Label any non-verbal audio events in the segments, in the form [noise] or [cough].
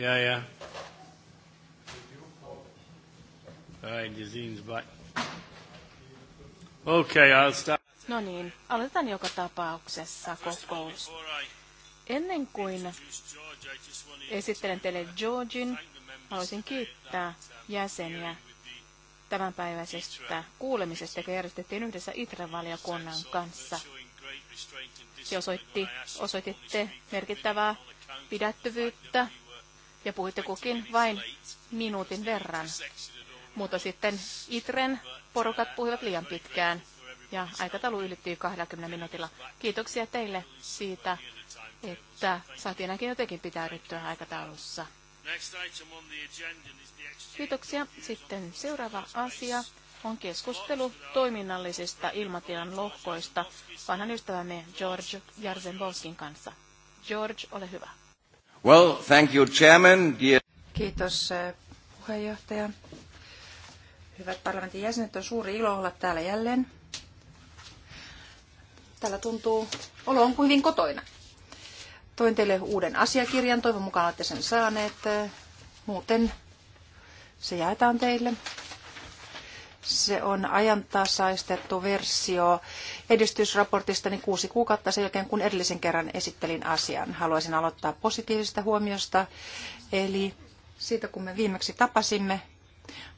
Yeah, yeah. Right, back. Okay, I'll start. No niin, aloitetaan joka tapauksessa kokous. Ennen kuin esittelen teille Georgin, haluaisin kiittää jäseniä tämänpäiväisestä kuulemisesta, joka järjestettiin yhdessä Itre-valiokunnan kanssa. Te osoitti, osoititte merkittävää pidättyvyyttä ja puhuitte kukin vain minuutin verran. Mutta sitten Itren porukat puhuivat liian pitkään ja aikataulu ylittyi 20 minuutilla. Kiitoksia teille siitä, että saatiin ainakin jotenkin pitäydyttyä aikataulussa. Kiitoksia. Sitten seuraava asia on keskustelu toiminnallisista ilmatilan lohkoista vanhan ystävämme George Jarzembowskin kanssa. George, ole hyvä. Well, thank you, Chairman. Dear... Kiitos eh, puheenjohtaja. Hyvät parlamentin jäsenet, on suuri ilo olla täällä jälleen. Täällä tuntuu, olo on kuin hyvin kotoina. Toin teille uuden asiakirjan, toivon mukaan olette sen saaneet. Eh, muuten se jaetaan teille. Se on ajantasaistettu versio edistysraportistani kuusi kuukautta sen jälkeen, kun edellisen kerran esittelin asian. Haluaisin aloittaa positiivisesta huomiosta, eli siitä kun me viimeksi tapasimme,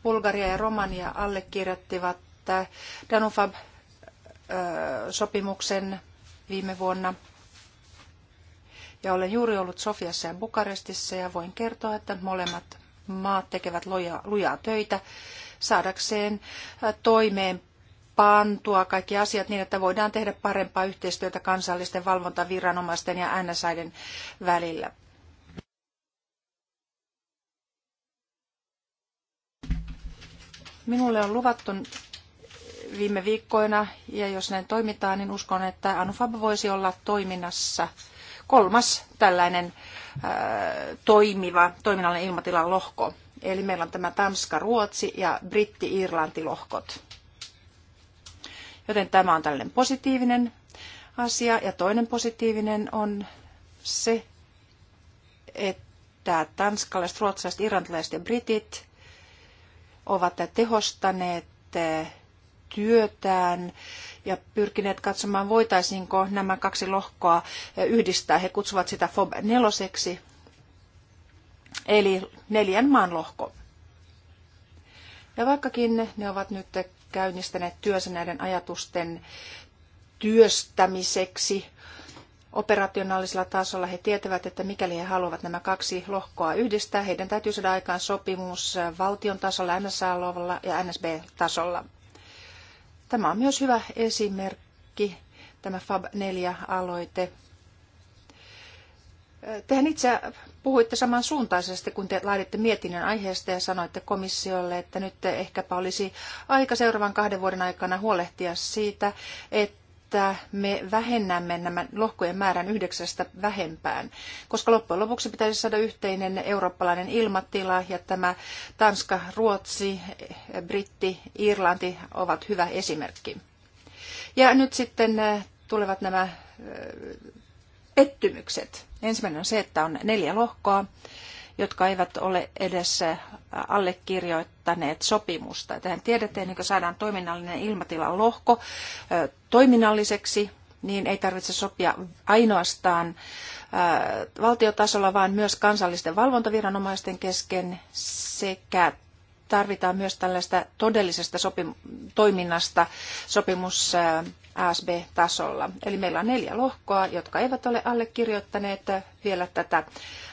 Bulgaria ja Romania allekirjoittivat äh, Danufab-sopimuksen äh, viime vuonna. Ja olen juuri ollut Sofiassa ja Bukarestissa ja voin kertoa, että molemmat maat tekevät lujaa, lujaa töitä saadakseen toimeen pantua kaikki asiat niin, että voidaan tehdä parempaa yhteistyötä kansallisten valvontaviranomaisten ja NSAiden välillä. Minulle on luvattu viime viikkoina, ja jos näin toimitaan, niin uskon, että Anufab voisi olla toiminnassa kolmas tällainen toimiva toiminnallinen ilmatilan lohko. Eli meillä on tämä Tanska, Ruotsi ja Britti-Irlanti-lohkot. Joten tämä on tällainen positiivinen asia. Ja toinen positiivinen on se, että tanskalaiset, ruotsalaiset, irlantilaiset ja britit ovat tehostaneet eh, työtään ja pyrkineet katsomaan, voitaisiinko nämä kaksi lohkoa eh, yhdistää. He kutsuvat sitä FOB neloseksi, eli neljän maan lohko. Ja vaikkakin ne ovat nyt käynnistäneet työnsä näiden ajatusten työstämiseksi operationaalisella tasolla, he tietävät, että mikäli he haluavat nämä kaksi lohkoa yhdistää, heidän täytyy saada aikaan sopimus valtion tasolla, NSA-luovalla ja NSB-tasolla. Tämä on myös hyvä esimerkki, tämä FAB 4-aloite Tehän itse puhuitte samansuuntaisesti, kun te laaditte mietinnön aiheesta ja sanoitte komissiolle, että nyt ehkäpä olisi aika seuraavan kahden vuoden aikana huolehtia siitä, että me vähennämme nämä lohkojen määrän yhdeksästä vähempään, koska loppujen lopuksi pitäisi saada yhteinen eurooppalainen ilmatila ja tämä Tanska, Ruotsi, Britti, Irlanti ovat hyvä esimerkki. Ja nyt sitten äh, tulevat nämä äh, pettymykset. Ensimmäinen on se, että on neljä lohkoa, jotka eivät ole edes allekirjoittaneet sopimusta. Tähän tiedetään, että saadaan toiminnallinen ilmatilan lohko toiminnalliseksi, niin ei tarvitse sopia ainoastaan valtiotasolla, vaan myös kansallisten valvontaviranomaisten kesken sekä tarvitaan myös tällaista todellisesta sopim- toiminnasta sopimus ASB-tasolla. Eli meillä on neljä lohkoa, jotka eivät ole allekirjoittaneet vielä tätä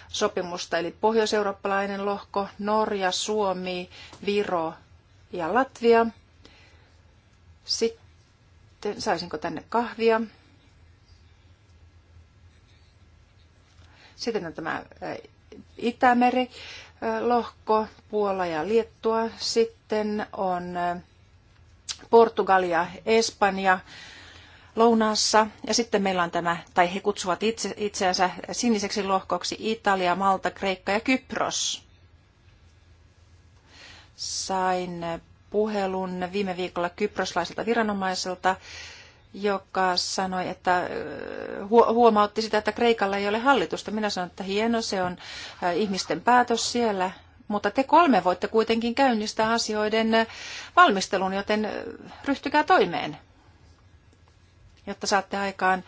sopimusta, eli pohjoiseurooppalainen lohko, Norja, Suomi, Viro ja Latvia. Sitten saisinko tänne kahvia? Sitten on tämä Itämeri, lohko, Puola ja Liettua. Sitten on Portugalia, Espanja lounaassa. Ja sitten meillä on tämä, tai he kutsuvat itse, itseänsä siniseksi lohkoksi Italia, Malta, Kreikka ja Kypros. Sain puhelun viime viikolla kyproslaiselta viranomaiselta, joka sanoi, että huomautti sitä, että Kreikalla ei ole hallitusta. Minä sanoin, että hieno, se on ihmisten päätös siellä, mutta te kolme voitte kuitenkin käynnistää asioiden valmistelun, joten ryhtykää toimeen, jotta saatte aikaan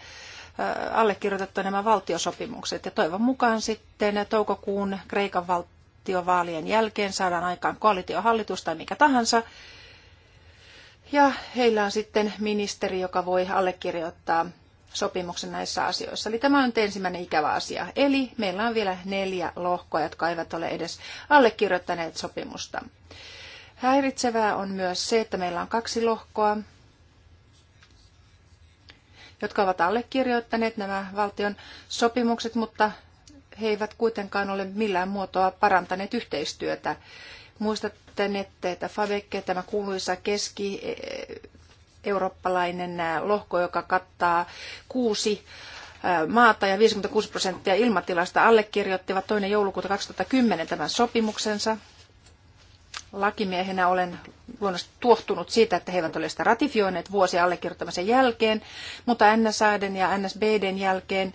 allekirjoitettua nämä valtiosopimukset. Ja toivon mukaan sitten toukokuun Kreikan valtiovaalien jälkeen saadaan aikaan koalitiohallitus tai mikä tahansa, ja heillä on sitten ministeri, joka voi allekirjoittaa sopimuksen näissä asioissa. Eli tämä on ensimmäinen ikävä asia. Eli meillä on vielä neljä lohkoa, jotka eivät ole edes allekirjoittaneet sopimusta. Häiritsevää on myös se, että meillä on kaksi lohkoa, jotka ovat allekirjoittaneet nämä valtion sopimukset, mutta he eivät kuitenkaan ole millään muotoa parantaneet yhteistyötä. Muistatte, että Fabeke, tämä kuuluisa keski-eurooppalainen lohko, joka kattaa kuusi maata ja 56 prosenttia ilmatilasta allekirjoittivat toinen joulukuuta 2010 tämän sopimuksensa. Lakimiehenä olen luonnollisesti tuohtunut siitä, että he eivät ole sitä ratifioineet vuosi allekirjoittamisen jälkeen, mutta NSAden ja NSBden jälkeen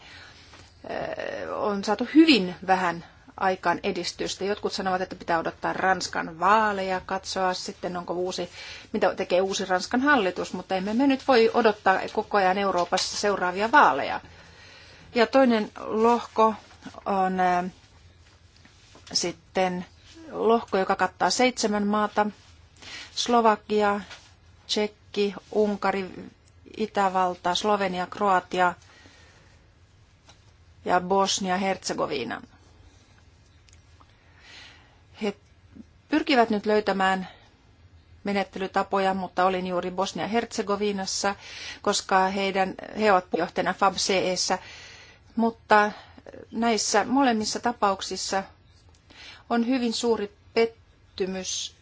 on saatu hyvin vähän aikaan edistystä. Jotkut sanovat, että pitää odottaa Ranskan vaaleja, katsoa sitten, onko uusi, mitä tekee uusi Ranskan hallitus, mutta emme me nyt voi odottaa koko ajan Euroopassa seuraavia vaaleja. Ja toinen lohko on sitten lohko, joka kattaa seitsemän maata. Slovakia, Tsekki, Unkari, Itävalta, Slovenia, Kroatia ja Bosnia-Herzegovina. He pyrkivät nyt löytämään menettelytapoja, mutta olin juuri Bosnia-Herzegovinassa, koska heidän, he ovat johtajana FABCEssä. Mutta näissä molemmissa tapauksissa on hyvin suuri pettymys,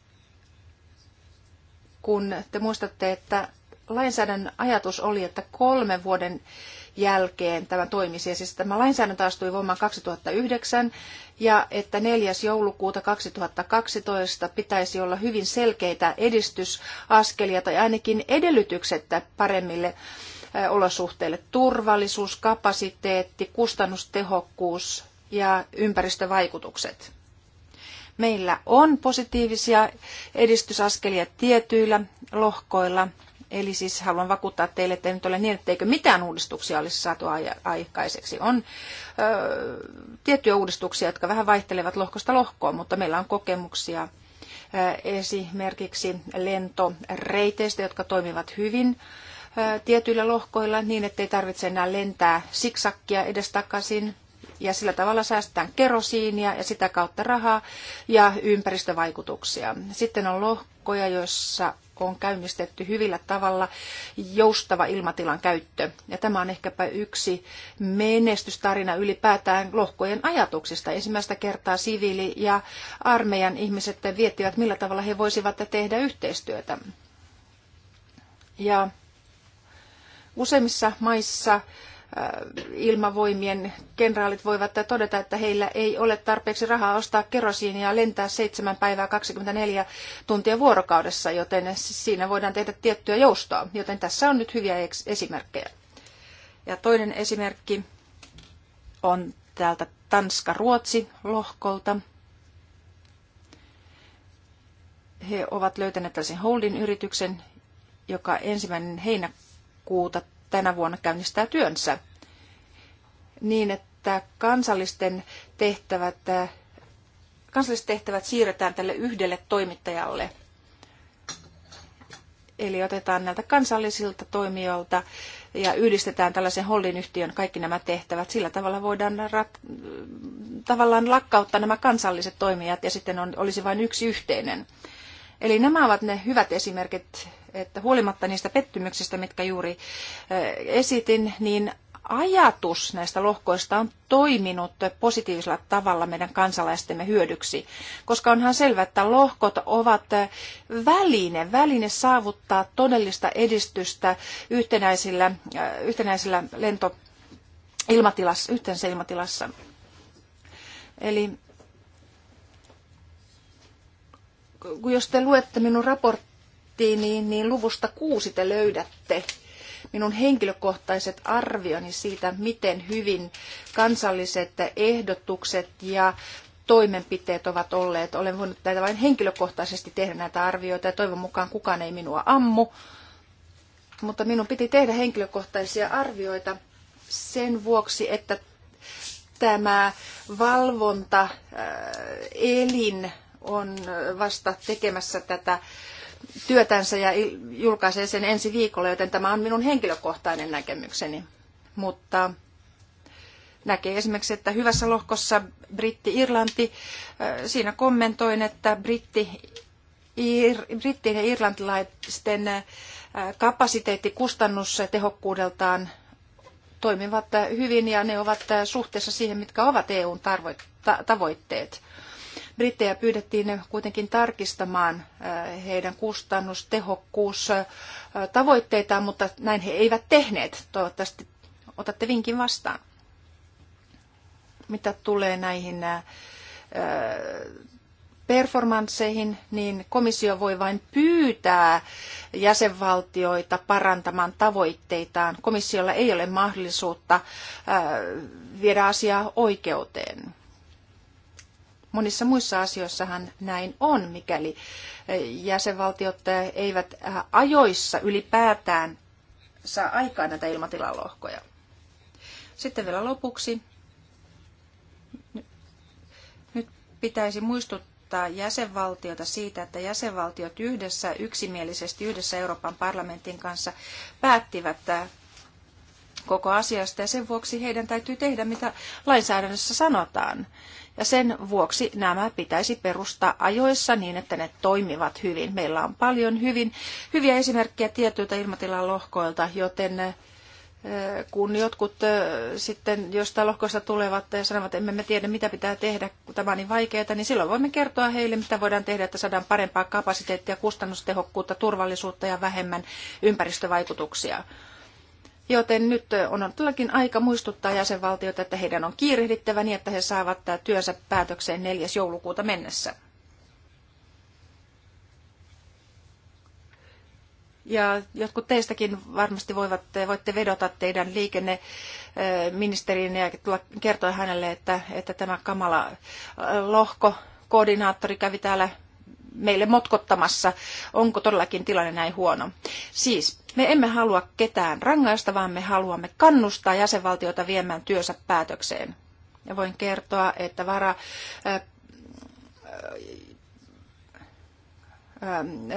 kun te muistatte, että lainsäädännön ajatus oli, että kolmen vuoden jälkeen tämä toimisi. Ja siis tämä lainsäädäntö astui voimaan 2009 ja että 4. joulukuuta 2012 pitäisi olla hyvin selkeitä edistysaskelia tai ainakin edellytykset paremmille olosuhteille. Turvallisuus, kapasiteetti, kustannustehokkuus ja ympäristövaikutukset. Meillä on positiivisia edistysaskelia tietyillä lohkoilla, Eli siis haluan vakuuttaa teille, että ei nyt ole niin, etteikö mitään uudistuksia olisi saatu aikaiseksi. On ö, tiettyjä uudistuksia, jotka vähän vaihtelevat lohkosta lohkoon, mutta meillä on kokemuksia esimerkiksi lentoreiteistä, jotka toimivat hyvin tietyillä lohkoilla niin, ettei tarvitse enää lentää siksakkia edestakaisin. Ja sillä tavalla säästetään kerosiinia ja sitä kautta rahaa ja ympäristövaikutuksia. Sitten on lohkoja, joissa on käynnistetty hyvillä tavalla joustava ilmatilan käyttö. Ja tämä on ehkäpä yksi menestystarina ylipäätään lohkojen ajatuksista. Ensimmäistä kertaa siviili- ja armeijan ihmiset viettivät, millä tavalla he voisivat tehdä yhteistyötä. Ja useimmissa maissa Äh, ilmavoimien kenraalit voivat todeta, että heillä ei ole tarpeeksi rahaa ostaa kerosiinia ja lentää seitsemän päivää 24 tuntia vuorokaudessa, joten siinä voidaan tehdä tiettyä joustoa. Joten tässä on nyt hyviä esimerkkejä. Ja toinen esimerkki on täältä Tanska-Ruotsi-lohkolta. He ovat löytäneet tällaisen holding-yrityksen, joka ensimmäinen heinäkuuta tänä vuonna käynnistää työnsä niin, että kansallisten tehtävät, kansalliset tehtävät siirretään tälle yhdelle toimittajalle. Eli otetaan näiltä kansallisilta toimijoilta ja yhdistetään tällaisen holdingyhtiön kaikki nämä tehtävät. Sillä tavalla voidaan rat- tavallaan lakkauttaa nämä kansalliset toimijat ja sitten on, olisi vain yksi yhteinen. Eli nämä ovat ne hyvät esimerkit että huolimatta niistä pettymyksistä, mitkä juuri esitin, niin ajatus näistä lohkoista on toiminut positiivisella tavalla meidän kansalaistemme hyödyksi, koska onhan selvää, että lohkot ovat väline, väline saavuttaa todellista edistystä yhtenäisillä, yhtenäisillä lento ilmatilassa, ilmatilassa. Eli jos te luette minun raporttia, nettiin, niin, niin luvusta kuusi te löydätte minun henkilökohtaiset arvioni siitä, miten hyvin kansalliset ehdotukset ja toimenpiteet ovat olleet. Olen voinut näitä vain henkilökohtaisesti tehdä näitä arvioita ja toivon mukaan kukaan ei minua ammu. Mutta minun piti tehdä henkilökohtaisia arvioita sen vuoksi, että tämä valvontaelin on vasta tekemässä tätä työtänsä ja julkaisee sen ensi viikolla, joten tämä on minun henkilökohtainen näkemykseni. Mutta näkee esimerkiksi, että hyvässä lohkossa Britti-Irlanti, siinä kommentoin, että Britti, ir, brittien ja irlantilaisten kapasiteetti kustannustehokkuudeltaan toimivat hyvin ja ne ovat suhteessa siihen, mitkä ovat EUn tavoitteet. Brittejä pyydettiin kuitenkin tarkistamaan äh, heidän kustannustehokkuus tavoitteitaan, mutta näin he eivät tehneet. Toivottavasti otatte vinkin vastaan. Mitä tulee näihin äh, performansseihin, niin komissio voi vain pyytää jäsenvaltioita parantamaan tavoitteitaan. Komissiolla ei ole mahdollisuutta äh, viedä asiaa oikeuteen. Monissa muissa asioissahan näin on, mikäli eh, jäsenvaltiot eh, eivät eh, ajoissa ylipäätään saa aikaan näitä ilmatilalohkoja. Sitten vielä lopuksi. Nyt pitäisi muistuttaa jäsenvaltiota siitä, että jäsenvaltiot yhdessä, yksimielisesti yhdessä Euroopan parlamentin kanssa päättivät koko asiasta ja sen vuoksi heidän täytyy tehdä, mitä lainsäädännössä sanotaan. Ja sen vuoksi nämä pitäisi perustaa ajoissa niin, että ne toimivat hyvin. Meillä on paljon hyvin, hyviä esimerkkejä tietyiltä ilmatilan lohkoilta, joten eh, kun jotkut eh, sitten jostain lohkoista tulevat ja sanovat, että emme me tiedä mitä pitää tehdä, kun tämä on niin vaikeaa, niin silloin voimme kertoa heille, mitä voidaan tehdä, että saadaan parempaa kapasiteettia, kustannustehokkuutta, turvallisuutta ja vähemmän ympäristövaikutuksia. Joten nyt on todellakin aika muistuttaa jäsenvaltioita, että heidän on kiirehdittävä niin, että he saavat työnsä päätökseen 4. joulukuuta mennessä. Ja jotkut teistäkin varmasti voivat, voitte vedota teidän liikenneministeriin ja kertoa hänelle, että, että tämä kamala lohko koordinaattori kävi täällä meille motkottamassa, onko todellakin tilanne näin huono. Siis me emme halua ketään rangaista, vaan me haluamme kannustaa jäsenvaltiota viemään työnsä päätökseen. Ja voin kertoa, että vara ää, äh, äh, ähm,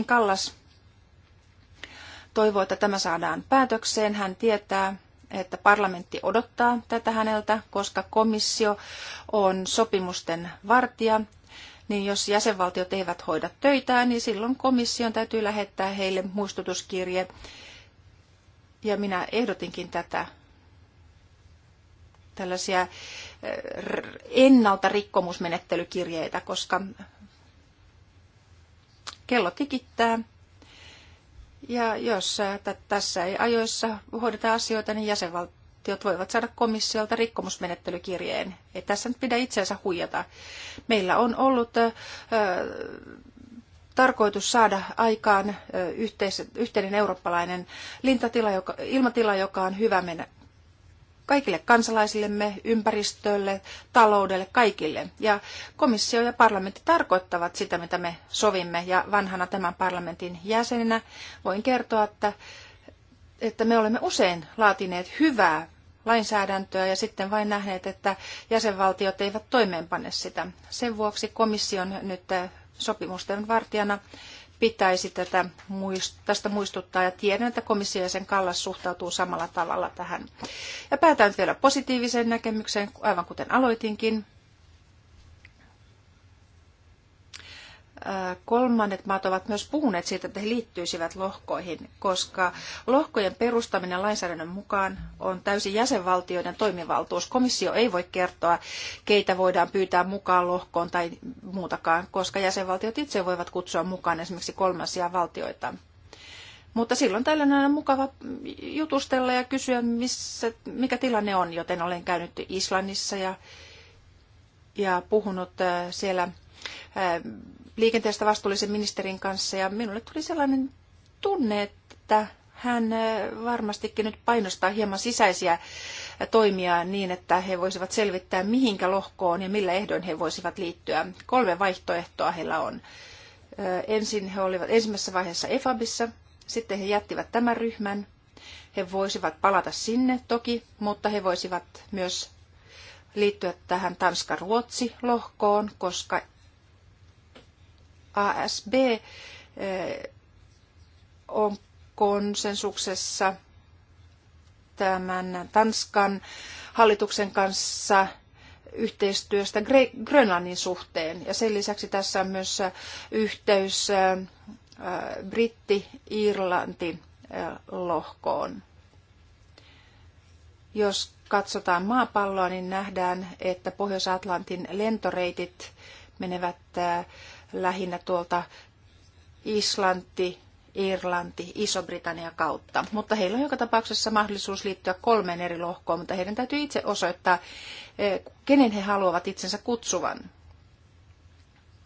ähm, Kallas toivoo, että tämä saadaan päätökseen. Hän tietää, että parlamentti odottaa tätä häneltä, koska komissio on sopimusten vartija niin jos jäsenvaltiot eivät hoida töitään, niin silloin komission täytyy lähettää heille muistutuskirje. Ja minä ehdotinkin tätä tällaisia eh, ennalta rikkomusmenettelykirjeitä, koska kello tikittää. Ja jos tässä ei ajoissa hoideta asioita, niin jäsenvaltio valtiot voivat saada komissiolta rikkomusmenettelykirjeen. Ei tässä nyt pidä itseänsä huijata. Meillä on ollut tarkoitus saada aikaan yhteis, yhteinen eurooppalainen lintatila, joka, ilmatila, joka on hyvä mennä kaikille kansalaisillemme, ympäristölle, taloudelle, kaikille. Ja komissio ja parlamentti tarkoittavat sitä, mitä me sovimme. Ja vanhana tämän parlamentin jäsenenä voin kertoa, että, että me olemme usein laatineet hyvää lainsäädäntöä ja sitten vain nähneet, että jäsenvaltiot eivät toimeenpane sitä. Sen vuoksi komission nyt äh, sopimusten vartijana pitäisi tätä, tästä muistuttaa ja tiedän, että komissio ja sen kallas suhtautuu samalla tavalla tähän. Ja päätän vielä positiiviseen näkemykseen, aivan kuten aloitinkin. kolmannet maat ovat myös puhuneet siitä, että he liittyisivät lohkoihin, koska lohkojen perustaminen lainsäädännön mukaan on täysin jäsenvaltioiden toimivaltuus. Komissio ei voi kertoa, keitä voidaan pyytää mukaan lohkoon tai muutakaan, koska jäsenvaltiot itse voivat kutsua mukaan esimerkiksi kolmansia valtioita. Mutta silloin tällöin on aina mukava jutustella ja kysyä, missä, mikä tilanne on, joten olen käynyt Islannissa ja, ja puhunut äh, siellä äh, liikenteestä vastuullisen ministerin kanssa ja minulle tuli sellainen tunne, että hän varmastikin nyt painostaa hieman sisäisiä toimia niin, että he voisivat selvittää, mihinkä lohkoon ja millä ehdoin he voisivat liittyä. Kolme vaihtoehtoa heillä on. Ensin he olivat ensimmäisessä vaiheessa EFABissa, sitten he jättivät tämän ryhmän. He voisivat palata sinne toki, mutta he voisivat myös liittyä tähän Tanska-Ruotsi-lohkoon, koska ASB eh, on konsensuksessa tämän Tanskan hallituksen kanssa yhteistyöstä Grönlannin suhteen. Ja sen lisäksi tässä on myös eh, yhteys eh, Britti-Irlanti-lohkoon. Jos katsotaan maapalloa, niin nähdään, että Pohjois-Atlantin lentoreitit menevät lähinnä tuolta Islanti, Irlanti, Iso-Britannia kautta. Mutta heillä on joka tapauksessa mahdollisuus liittyä kolmeen eri lohkoon, mutta heidän täytyy itse osoittaa, eh, kenen he haluavat itsensä kutsuvan.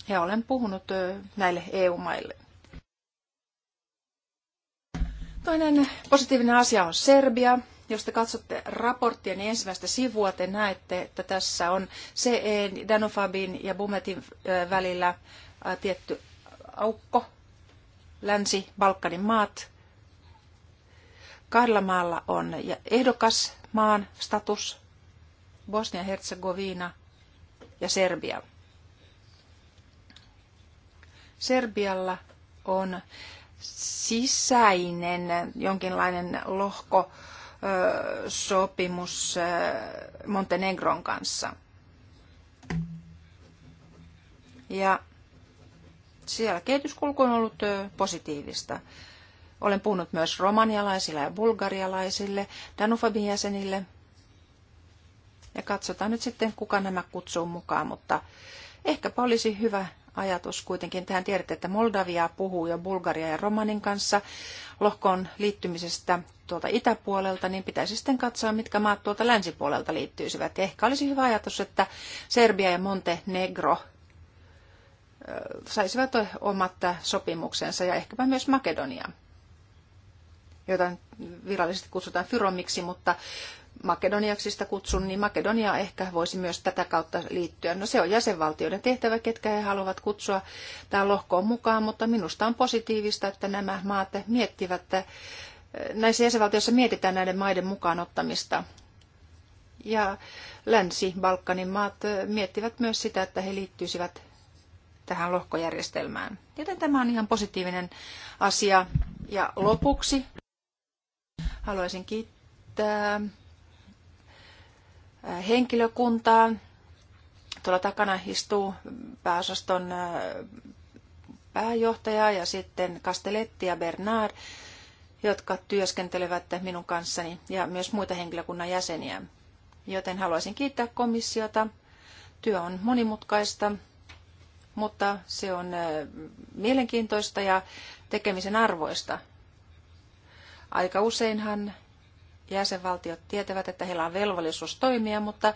Ja olen puhunut eh, näille EU-maille. Toinen positiivinen asia on Serbia. Jos te katsotte raporttia, niin ensimmäistä sivua te näette, että tässä on CE, Danofabin ja Bumetin eh, välillä tietty aukko, Länsi-Balkanin maat. Kahdella maalla on ehdokas maan status, Bosnia-Herzegovina ja Serbia. Serbialla on sisäinen jonkinlainen lohko sopimus Montenegron kanssa. Ja siellä kehityskulku on ollut positiivista. Olen puhunut myös romanialaisille ja bulgarialaisille, Danufabin jäsenille. Ja katsotaan nyt sitten, kuka nämä kutsuu mukaan, mutta ehkäpä olisi hyvä ajatus kuitenkin. Tähän tiedätte, että Moldavia puhuu jo Bulgaria ja Romanin kanssa lohkoon liittymisestä tuolta itäpuolelta, niin pitäisi sitten katsoa, mitkä maat tuolta länsipuolelta liittyisivät. ehkä olisi hyvä ajatus, että Serbia ja Montenegro saisivat omat sopimuksensa ja ehkäpä myös Makedonia, jota virallisesti kutsutaan Fyromiksi, mutta Makedoniaksi sitä kutsun, niin Makedonia ehkä voisi myös tätä kautta liittyä. No se on jäsenvaltioiden tehtävä, ketkä he haluavat kutsua tähän lohkoon mukaan, mutta minusta on positiivista, että nämä maat miettivät, että näissä jäsenvaltioissa mietitään näiden maiden mukaan ottamista. Ja Länsi-Balkanin maat miettivät myös sitä, että he liittyisivät tähän lohkojärjestelmään. Joten tämä on ihan positiivinen asia. Ja lopuksi haluaisin kiittää äh, henkilökuntaa. Tuolla takana istuu pääosaston äh, pääjohtaja ja sitten Castelletti ja Bernard, jotka työskentelevät minun kanssani ja myös muita henkilökunnan jäseniä. Joten haluaisin kiittää komissiota. Työ on monimutkaista, mutta se on mielenkiintoista ja tekemisen arvoista. Aika useinhan jäsenvaltiot tietävät, että heillä on velvollisuus toimia, mutta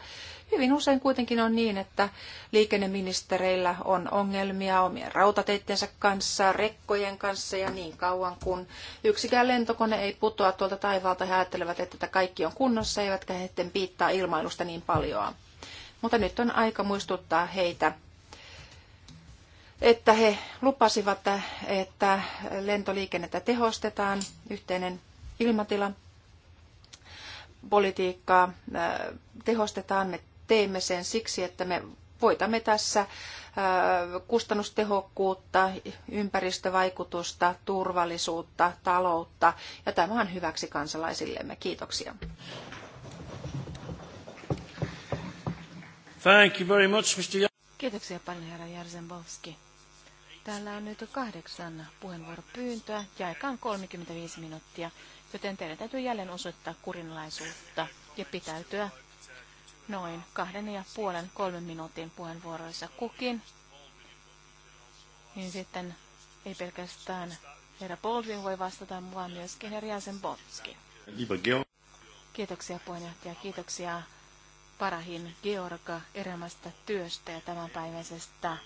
hyvin usein kuitenkin on niin, että liikenneministereillä on ongelmia omien rautateittensä kanssa, rekkojen kanssa ja niin kauan, kun yksikään lentokone ei putoa tuolta taivaalta. He ajattelevat, että kaikki on kunnossa, eivätkä he piittaa ilmailusta niin paljoa. Mutta nyt on aika muistuttaa heitä että he lupasivat, että lentoliikennettä tehostetaan, yhteinen ilmatila, politiikkaa äh, tehostetaan. Me teemme sen siksi, että me voitamme tässä äh, kustannustehokkuutta, ympäristövaikutusta, turvallisuutta, taloutta ja tämä on hyväksi kansalaisillemme. Kiitoksia. Thank you very much, Mr. Kiitoksia paljon, herra Täällä on nyt kahdeksan puheenvuoropyyntöä ja aika on 35 minuuttia, joten teidän täytyy jälleen osoittaa kurinlaisuutta ja pitäytyä noin kahden ja puolen kolmen minuutin puheenvuoroissa kukin. Niin sitten ei pelkästään herra Baldwin voi vastata, vaan myöskin herra Jäsenbotski. Kiitoksia puheenjohtaja, kiitoksia Parahin Georga erämästä työstä ja tämänpäiväisestä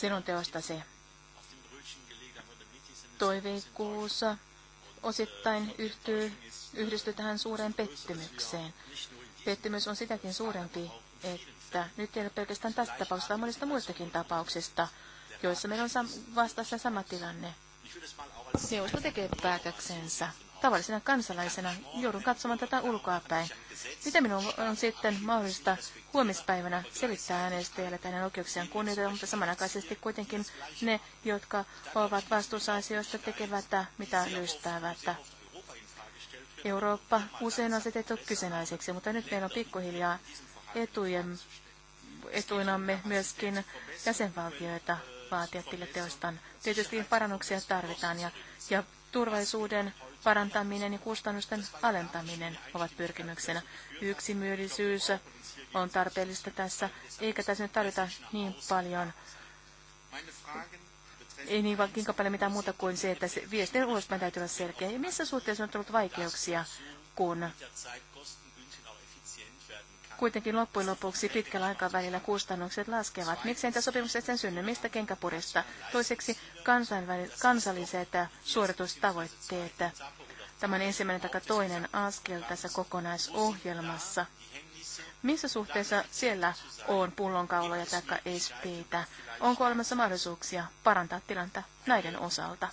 selonteosta se toiveikkuus osittain yhtyy, yhdistyy tähän suureen pettymykseen. Pettymys on sitäkin suurempi, että nyt ei ole pelkästään tästä tapauksesta, vaan monista muistakin tapauksista, joissa meillä on vastassa sama tilanne. Neuvosto tekee päätöksensä tavallisena kansalaisena joudun katsomaan tätä päin. Mitä minun on sitten mahdollista huomispäivänä selittää äänestäjälle tänne oikeuksien kunnioitetaan, mutta samanaikaisesti kuitenkin ne, jotka ovat vastuussa asioista, tekevät mitä lystäävät. Eurooppa usein on asetettu kyseenalaiseksi, mutta nyt meillä on pikkuhiljaa etujen, etuinamme myöskin jäsenvaltioita vaatia tille teostaan. Tietysti parannuksia tarvitaan ja, ja turvallisuuden parantaminen ja kustannusten alentaminen ovat pyrkimyksenä. Yksimyölisyys on tarpeellista tässä, eikä tässä nyt tarvita niin paljon ei niin kuinka paljon mitään muuta kuin se, että se viestin ulospäin täytyy olla selkeä. Ja missä suhteessa on tullut vaikeuksia, kun Kuitenkin loppujen lopuksi pitkällä aikavälillä kustannukset laskevat. Miksi entä sopimukset sen synny? Mistä kenkäpurista? Toiseksi kansalliset suoritustavoitteet. Tämä on ensimmäinen tai toinen askel tässä kokonaisohjelmassa. Missä suhteessa siellä on pullonkauloja tai espeitä. Onko olemassa mahdollisuuksia parantaa tilanta näiden osalta?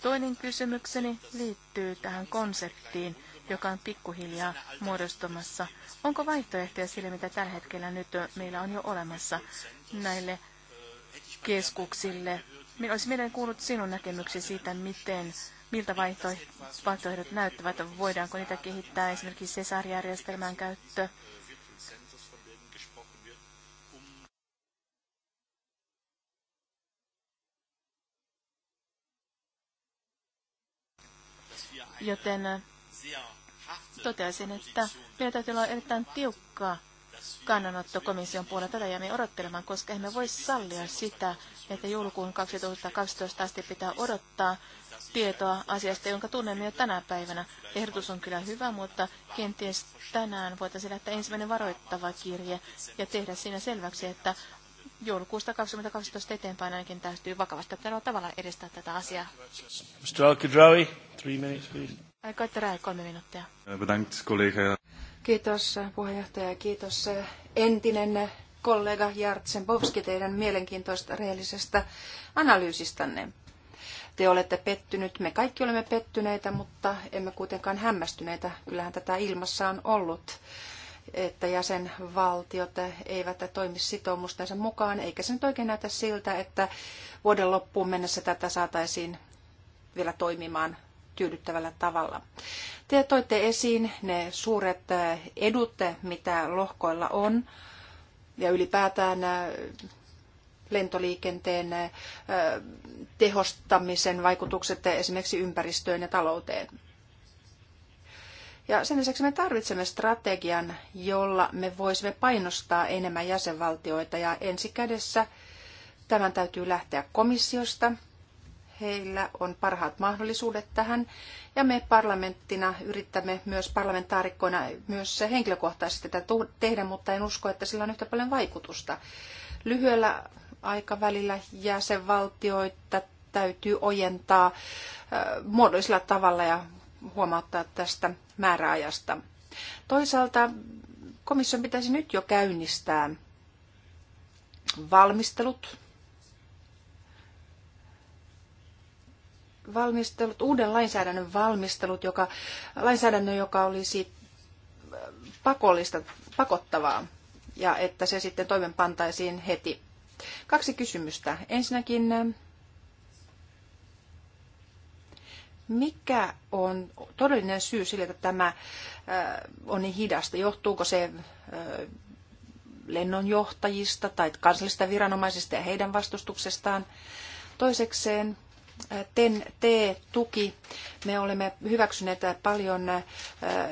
Toinen kysymykseni liittyy tähän konseptiin, joka on pikkuhiljaa muodostumassa. Onko vaihtoehtoja sille, mitä tällä hetkellä nyt meillä on jo olemassa näille keskuksille? Minä olisi mielelläni kuullut sinun näkemyksi siitä, miten, miltä vaihtoehdot näyttävät, voidaanko niitä kehittää, esimerkiksi sesarjärjestelmän käyttö, joten toteaisin, että meillä täytyy olla erittäin tiukkaa kannanotto komission puolella. Tätä jäämme odottelemaan, koska emme voi sallia sitä, että joulukuun 2012 asti pitää odottaa tietoa asiasta, jonka tunnemme jo tänä päivänä. Ehdotus on kyllä hyvä, mutta kenties tänään voitaisiin lähteä ensimmäinen varoittava kirje ja tehdä siinä selväksi, että joulukuusta 2012 eteenpäin ainakin täytyy vakavasti tavalla edistää tätä asiaa. Mr. al three minutes, please. Aika terää kolme minuuttia. Kiitos puheenjohtaja ja kiitos eh, entinen kollega Jartsenbovski teidän mielenkiintoista rehellisestä analyysistanne. Te olette pettynyt, me kaikki olemme pettyneitä, mutta emme kuitenkaan hämmästyneitä. Kyllähän tätä ilmassa on ollut että jäsenvaltiot eivät toimi sitoumustensa mukaan, eikä se nyt oikein näytä siltä, että vuoden loppuun mennessä tätä saataisiin vielä toimimaan tyydyttävällä tavalla. Te toitte esiin ne suuret äh, edut, mitä lohkoilla on, ja ylipäätään äh, lentoliikenteen äh, tehostamisen vaikutukset esimerkiksi ympäristöön ja talouteen. Ja sen lisäksi me tarvitsemme strategian, jolla me voisimme painostaa enemmän jäsenvaltioita ja ensi kädessä tämän täytyy lähteä komissiosta, heillä on parhaat mahdollisuudet tähän. Ja me parlamenttina yrittämme myös parlamentaarikkoina myös henkilökohtaisesti tätä tehdä, mutta en usko, että sillä on yhtä paljon vaikutusta. Lyhyellä aikavälillä jäsenvaltioita täytyy ojentaa muodollisella tavalla ja huomauttaa tästä määräajasta. Toisaalta komission pitäisi nyt jo käynnistää valmistelut valmistelut, uuden lainsäädännön valmistelut, joka, lainsäädännön, joka olisi äh, pakollista, pakottavaa ja että se sitten toimenpantaisiin heti. Kaksi kysymystä. Ensinnäkin, äh, mikä on todellinen syy sille, että tämä äh, on niin hidasta? Johtuuko se lennonjohtajista tai kansallisista viranomaisista ja heidän vastustuksestaan? Toisekseen, TEN-T-tuki. Me olemme hyväksyneet paljon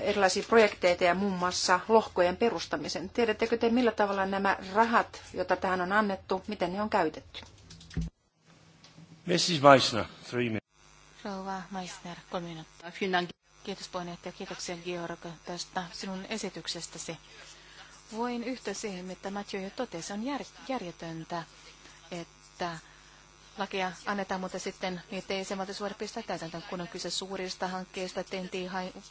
erilaisia projekteita ja muun muassa lohkojen perustamisen. Tiedättekö te, millä tavalla nämä rahat, joita tähän on annettu, miten ne on käytetty? Mrs. Meissner, three minutes. Rouva Meissner, kolme minuuttia. Kiitos puheenjohtaja, kiitoksia Georg tästä sinun esityksestäsi. Voin yhtä siihen, mitä Matjo jo totesi, on jär, järjetöntä, että lakeja annetaan, mutta sitten niitä ei jäsenvaltioissa voida pistää täysin, kun on kyse suurista hankkeista, tentiin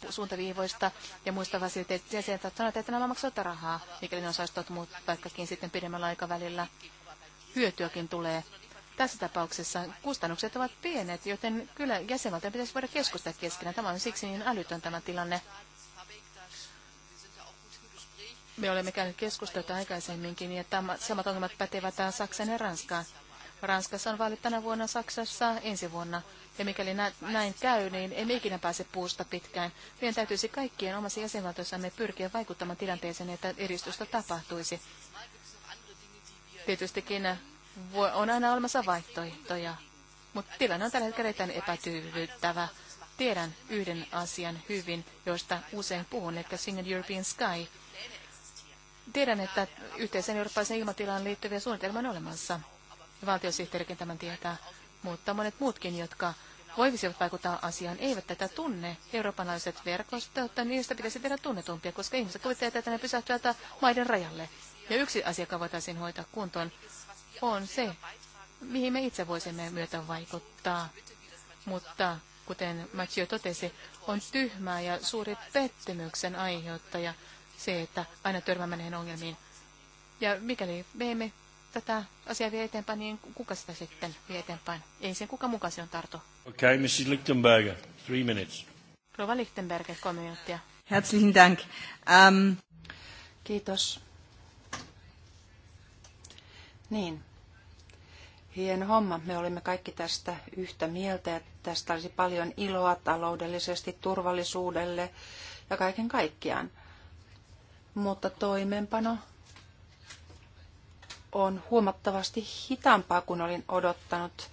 suuntaviivoista ja muista että Sen sieltä sanotaan, että nämä maksavat rahaa, mikäli ne osaistuvat, mutta vaikkakin sitten pidemmällä aikavälillä hyötyäkin tulee. Tässä tapauksessa kustannukset ovat pienet, joten kyllä jäsenvaltio pitäisi voida keskustella keskenään. Tämä on siksi niin älytön tämä tilanne. Me olemme käyneet keskustelua aikaisemminkin, ja samat ongelmat pätevät Saksan ja Ranskaan. Ranskassa on vaalit tänä vuonna, Saksassa ensi vuonna. Ja mikäli näin käy, niin emme ikinä pääse puusta pitkään. Meidän täytyisi kaikkien omassa jäsenvaltiossamme pyrkiä vaikuttamaan tilanteeseen, että edistystä tapahtuisi. Tietystikin on aina olemassa vaihtoehtoja, mutta tilanne on tällä hetkellä erittäin epätyydyttävä. Tiedän yhden asian hyvin, josta usein puhun, että Single European Sky. Tiedän, että yhteisen eurooppalaisen ilmatilaan liittyviä suunnitelmia on olemassa valtiosihteerikin tämän tietää, mutta monet muutkin, jotka voivisivat vaikuttaa asiaan, eivät tätä tunne. Euroopanlaiset verkostot, niistä pitäisi tehdä tunnetumpia, koska ihmiset kuvittelevat, että ne pysähtyvät maiden rajalle. Ja yksi asia, joka voitaisiin hoitaa kuntoon, on se, mihin me itse voisimme myötä vaikuttaa. Mutta kuten Mathieu totesi, on tyhmää ja suuri pettymyksen aiheuttaja se, että aina törmäämme näihin ongelmiin. Ja mikäli me emme tätä asiaa vie eteenpäin, niin kuka sitä sitten vie eteenpäin? Ei sen kuka mukaan se on tarto. Okay, Mrs. Lichtenberger, three minutes. Rova Lichtenberger, kolme minuuttia. Herzlichen Dank. Um... Kiitos. Niin. Hieno homma. Me olimme kaikki tästä yhtä mieltä, että tästä olisi paljon iloa taloudellisesti, turvallisuudelle ja kaiken kaikkiaan. Mutta toimenpano on huomattavasti hitaampaa kuin olin odottanut.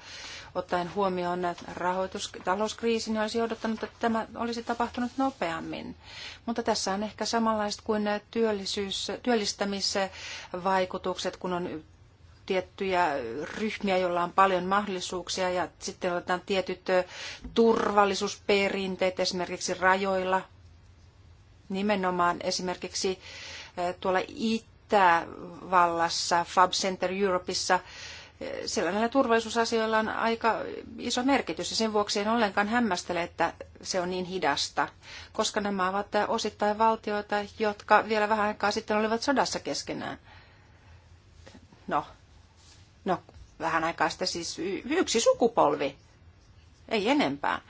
Ottaen huomioon rahoitus- talouskriisin, niin olisi odottanut, että tämä olisi tapahtunut nopeammin. Mutta tässä on ehkä samanlaiset kuin työllisyys, työllistämisvaikutukset, kun on tiettyjä ryhmiä, joilla on paljon mahdollisuuksia ja sitten otetaan tietyt turvallisuusperinteet esimerkiksi rajoilla. Nimenomaan esimerkiksi tuolla It- Itävallassa, Fab Center Europeissa, eh, siellä näillä turvallisuusasioilla on aika iso merkitys ja sen vuoksi en ollenkaan hämmästele, että se on niin hidasta, koska nämä ovat osittain valtioita, jotka vielä vähän aikaa sitten olivat sodassa keskenään. No, no vähän aikaa sitten siis yksi sukupolvi, ei enempää.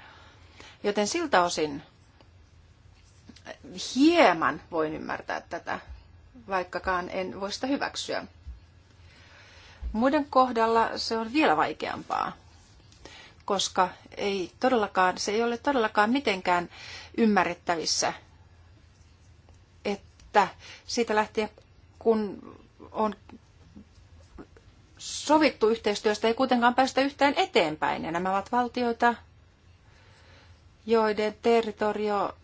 Joten siltä osin hieman voin ymmärtää tätä vaikkakaan en voi sitä hyväksyä. Muiden kohdalla se on vielä vaikeampaa, koska ei todellakaan, se ei ole todellakaan mitenkään ymmärrettävissä, että siitä lähtien, kun on sovittu yhteistyöstä, ei kuitenkaan päästä yhtään eteenpäin. Ja nämä ovat valtioita, joiden territorio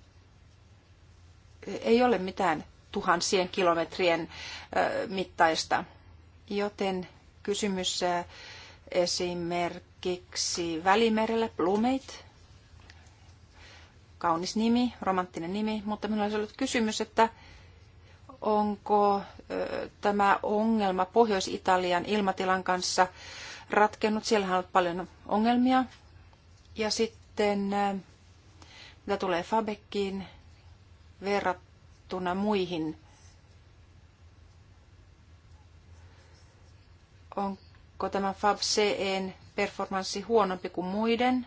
ei ole mitään tuhansien kilometrien mittaista. Joten kysymys esimerkiksi Välimerellä Plumeit, kaunis nimi, romanttinen nimi, mutta minulla olisi ollut kysymys, että onko tämä ongelma Pohjois-Italian ilmatilan kanssa ratkennut. Siellähän on ollut paljon ongelmia. Ja sitten mitä tulee Fabekkiin verrattuna verrattuna muihin? Onko tämä Fab CEn performanssi huonompi kuin muiden?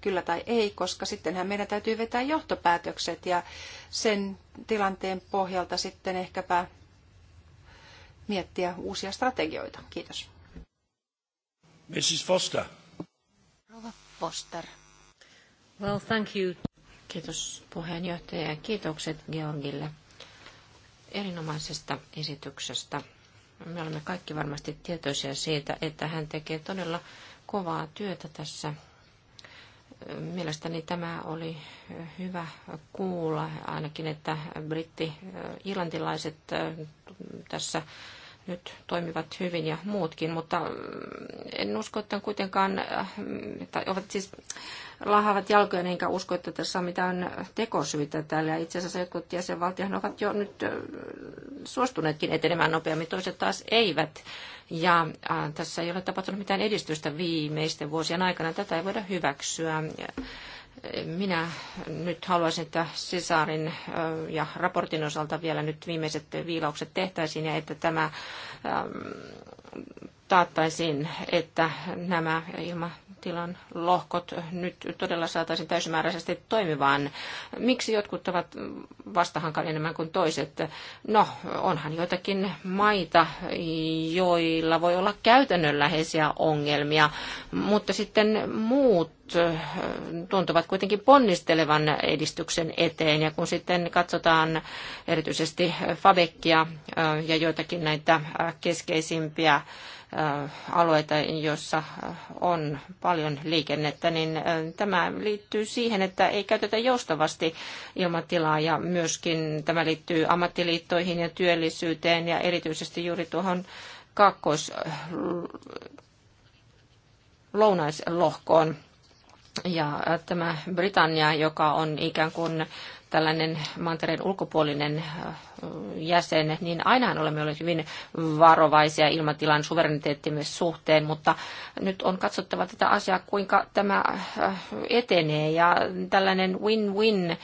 Kyllä tai ei, koska sittenhän meidän täytyy vetää johtopäätökset ja sen tilanteen pohjalta sitten ehkäpä miettiä uusia strategioita. Kiitos. Mrs. Foster. Rova Foster. Well, thank you. Kiitos puheenjohtaja ja kiitokset Georgille erinomaisesta esityksestä. Me olemme kaikki varmasti tietoisia siitä, että hän tekee todella kovaa työtä tässä. Mielestäni tämä oli hyvä kuulla, ainakin että britti-irlantilaiset äh, tässä nyt toimivat hyvin ja muutkin, mutta mm, en usko, että on kuitenkaan, mm, tai ovat siis lahavat jalkoja, enkä usko, että tässä on mitään tekosyitä täällä. Itse asiassa jotkut jäsenvaltiot ovat jo nyt mm, suostuneetkin etenemään nopeammin, toiset taas eivät. Ja äh, tässä ei ole tapahtunut mitään edistystä viimeisten vuosien aikana. Tätä ei voida hyväksyä. Minä nyt haluaisin, että Cesarin ja raportin osalta vielä nyt viimeiset viilaukset tehtäisiin ja että tämä taattaisiin, että nämä ilmatilan lohkot nyt todella saataisiin täysimääräisesti toimivaan. Miksi jotkut ovat vastahankan enemmän kuin toiset? No, onhan joitakin maita, joilla voi olla käytännönläheisiä ongelmia, mutta sitten muut eh, tuntuvat kuitenkin ponnistelevan edistyksen eteen. Ja kun sitten katsotaan erityisesti Fabekia eh, ja joitakin näitä eh, keskeisimpiä alueita, joissa on paljon liikennettä, niin tämä liittyy siihen, että ei käytetä joustavasti ilmatilaa ja myöskin tämä liittyy ammattiliittoihin ja työllisyyteen ja erityisesti juuri tuohon kaakkois lounaislohkoon. Ja tämä Britannia, joka on ikään kuin tällainen mantereen ulkopuolinen äh, jäsen, niin ainahan olemme olleet hyvin varovaisia ilmatilan suvereniteettimme suhteen, mutta nyt on katsottava tätä asiaa, kuinka tämä äh, etenee ja tällainen win-win äh,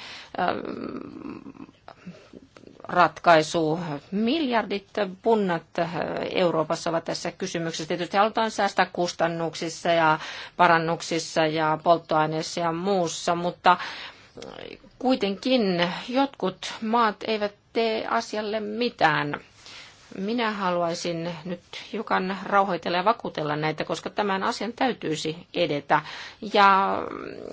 ratkaisu. Miljardit punnat Euroopassa ovat tässä kysymyksessä. Tietysti halutaan säästää kustannuksissa ja parannuksissa ja polttoaineissa ja muussa, mutta kuitenkin jotkut maat eivät tee asialle mitään. Minä haluaisin nyt hiukan rauhoitella ja vakuutella näitä, koska tämän asian täytyisi edetä. Ja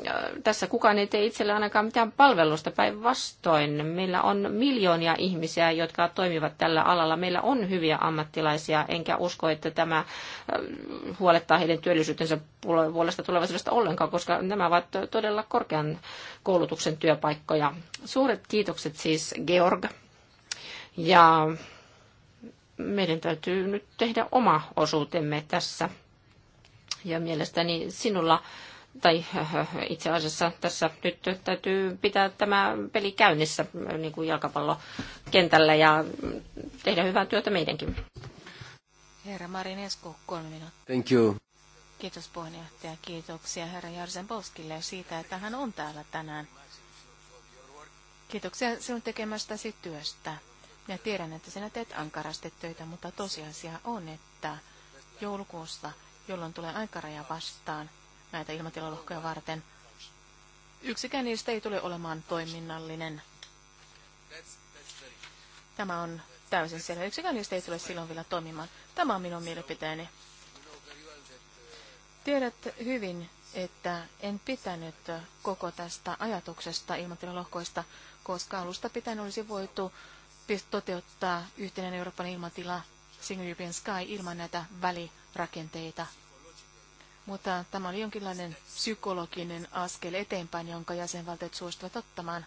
äh, tässä kukaan ei tee itselle ainakaan mitään palvelusta päinvastoin. Meillä on miljoonia ihmisiä, jotka toimivat tällä alalla. Meillä on hyviä ammattilaisia, enkä usko, että tämä äh, huolettaa heidän työllisyytensä puolesta tulevaisuudesta ollenkaan, koska nämä ovat todella korkean koulutuksen työpaikkoja. Suuret kiitokset siis Georg. Ja meidän täytyy nyt tehdä oma osuutemme tässä. Ja mielestäni sinulla, tai [laughs] itse asiassa tässä nyt täytyy pitää tämä peli käynnissä niin kuin jalkapallokentällä ja tehdä hyvää työtä meidänkin. Herra Marin Esko, kolme minuuttia. Thank you. Kiitos puheenjohtaja. Kiitoksia herra Jarsen Boskille siitä, että hän on täällä tänään. Kiitoksia sinun tekemästäsi työstä. Minä tiedän, että sinä teet ankarasti töitä, mutta tosiasia on, että joulukuussa, jolloin tulee aikaraja vastaan näitä ilmatilalohkoja varten, yksikään niistä ei tule olemaan toiminnallinen. Tämä on täysin selvä. Yksikään niistä ei tule silloin vielä toimimaan. Tämä on minun mielipiteeni. Tiedät hyvin, että en pitänyt koko tästä ajatuksesta ilmatilalohkoista, koska alusta pitäen olisi voitu toteuttaa yhteinen Euroopan ilmatila, Single European Sky, ilman näitä välirakenteita. Mutta tämä oli jonkinlainen psykologinen askel eteenpäin, jonka jäsenvaltiot suostuvat ottamaan.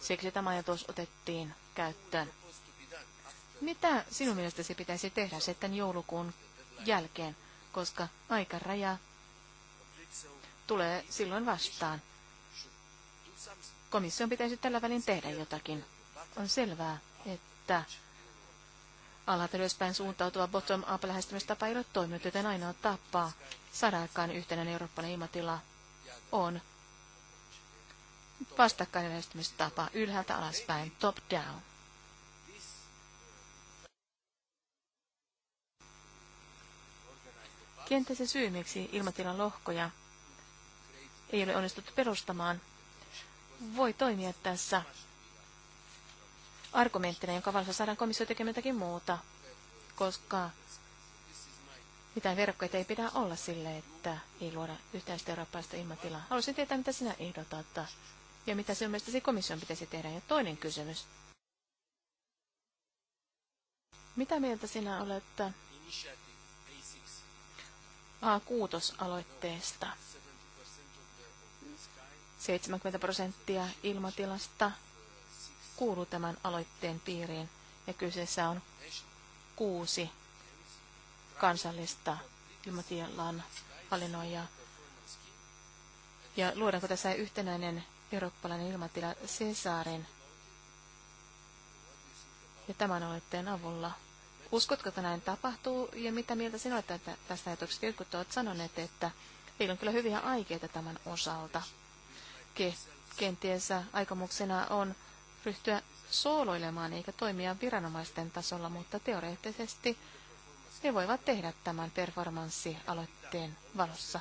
Siksi tämä ajatus otettiin käyttöön. Mitä sinun mielestäsi pitäisi tehdä sitten joulukuun jälkeen, koska aikaraja tulee silloin vastaan? Komission pitäisi tällä välin tehdä jotakin. On selvää, sitä alhaalta ylöspäin suuntautuva bottom-up lähestymistapa ei ole toiminut, joten ainoa tapa saada aikaan yhtenäinen Euroopan ilmatila on vastakkainen lähestymistapa ylhäältä alaspäin, top down. Kenttä se syy, miksi ilmatilan lohkoja ei ole onnistuttu perustamaan, voi toimia tässä argumenttina, jonka valossa saadaan komissio tekemään jotakin muuta, koska mitään verkkoita ei pidä olla sille, että ei luoda yhteistä eurooppalaista ilmatilaa. Haluaisin tietää, mitä sinä ehdotat ja mitä sinun mielestäsi komission pitäisi tehdä. Ja toinen kysymys. Mitä mieltä sinä olet A6-aloitteesta? 70 prosenttia ilmatilasta kuuluu tämän aloitteen piiriin ja kyseessä on kuusi kansallista ilmatielan hallinnoijaa. Ja luodaanko tässä yhtenäinen eurooppalainen ilmatila Cesarin ja tämän aloitteen avulla? Uskotko, että näin tapahtuu ja mitä mieltä sinä olet tästä ajatuksesta? Jotkut ovat sanoneet, että heillä on kyllä hyviä aikeita tämän osalta. Ke, kenties aikomuksena on ryhtyä sooloilemaan eikä toimia viranomaisten tasolla, mutta teoreettisesti he voivat tehdä tämän performanssialoitteen valossa.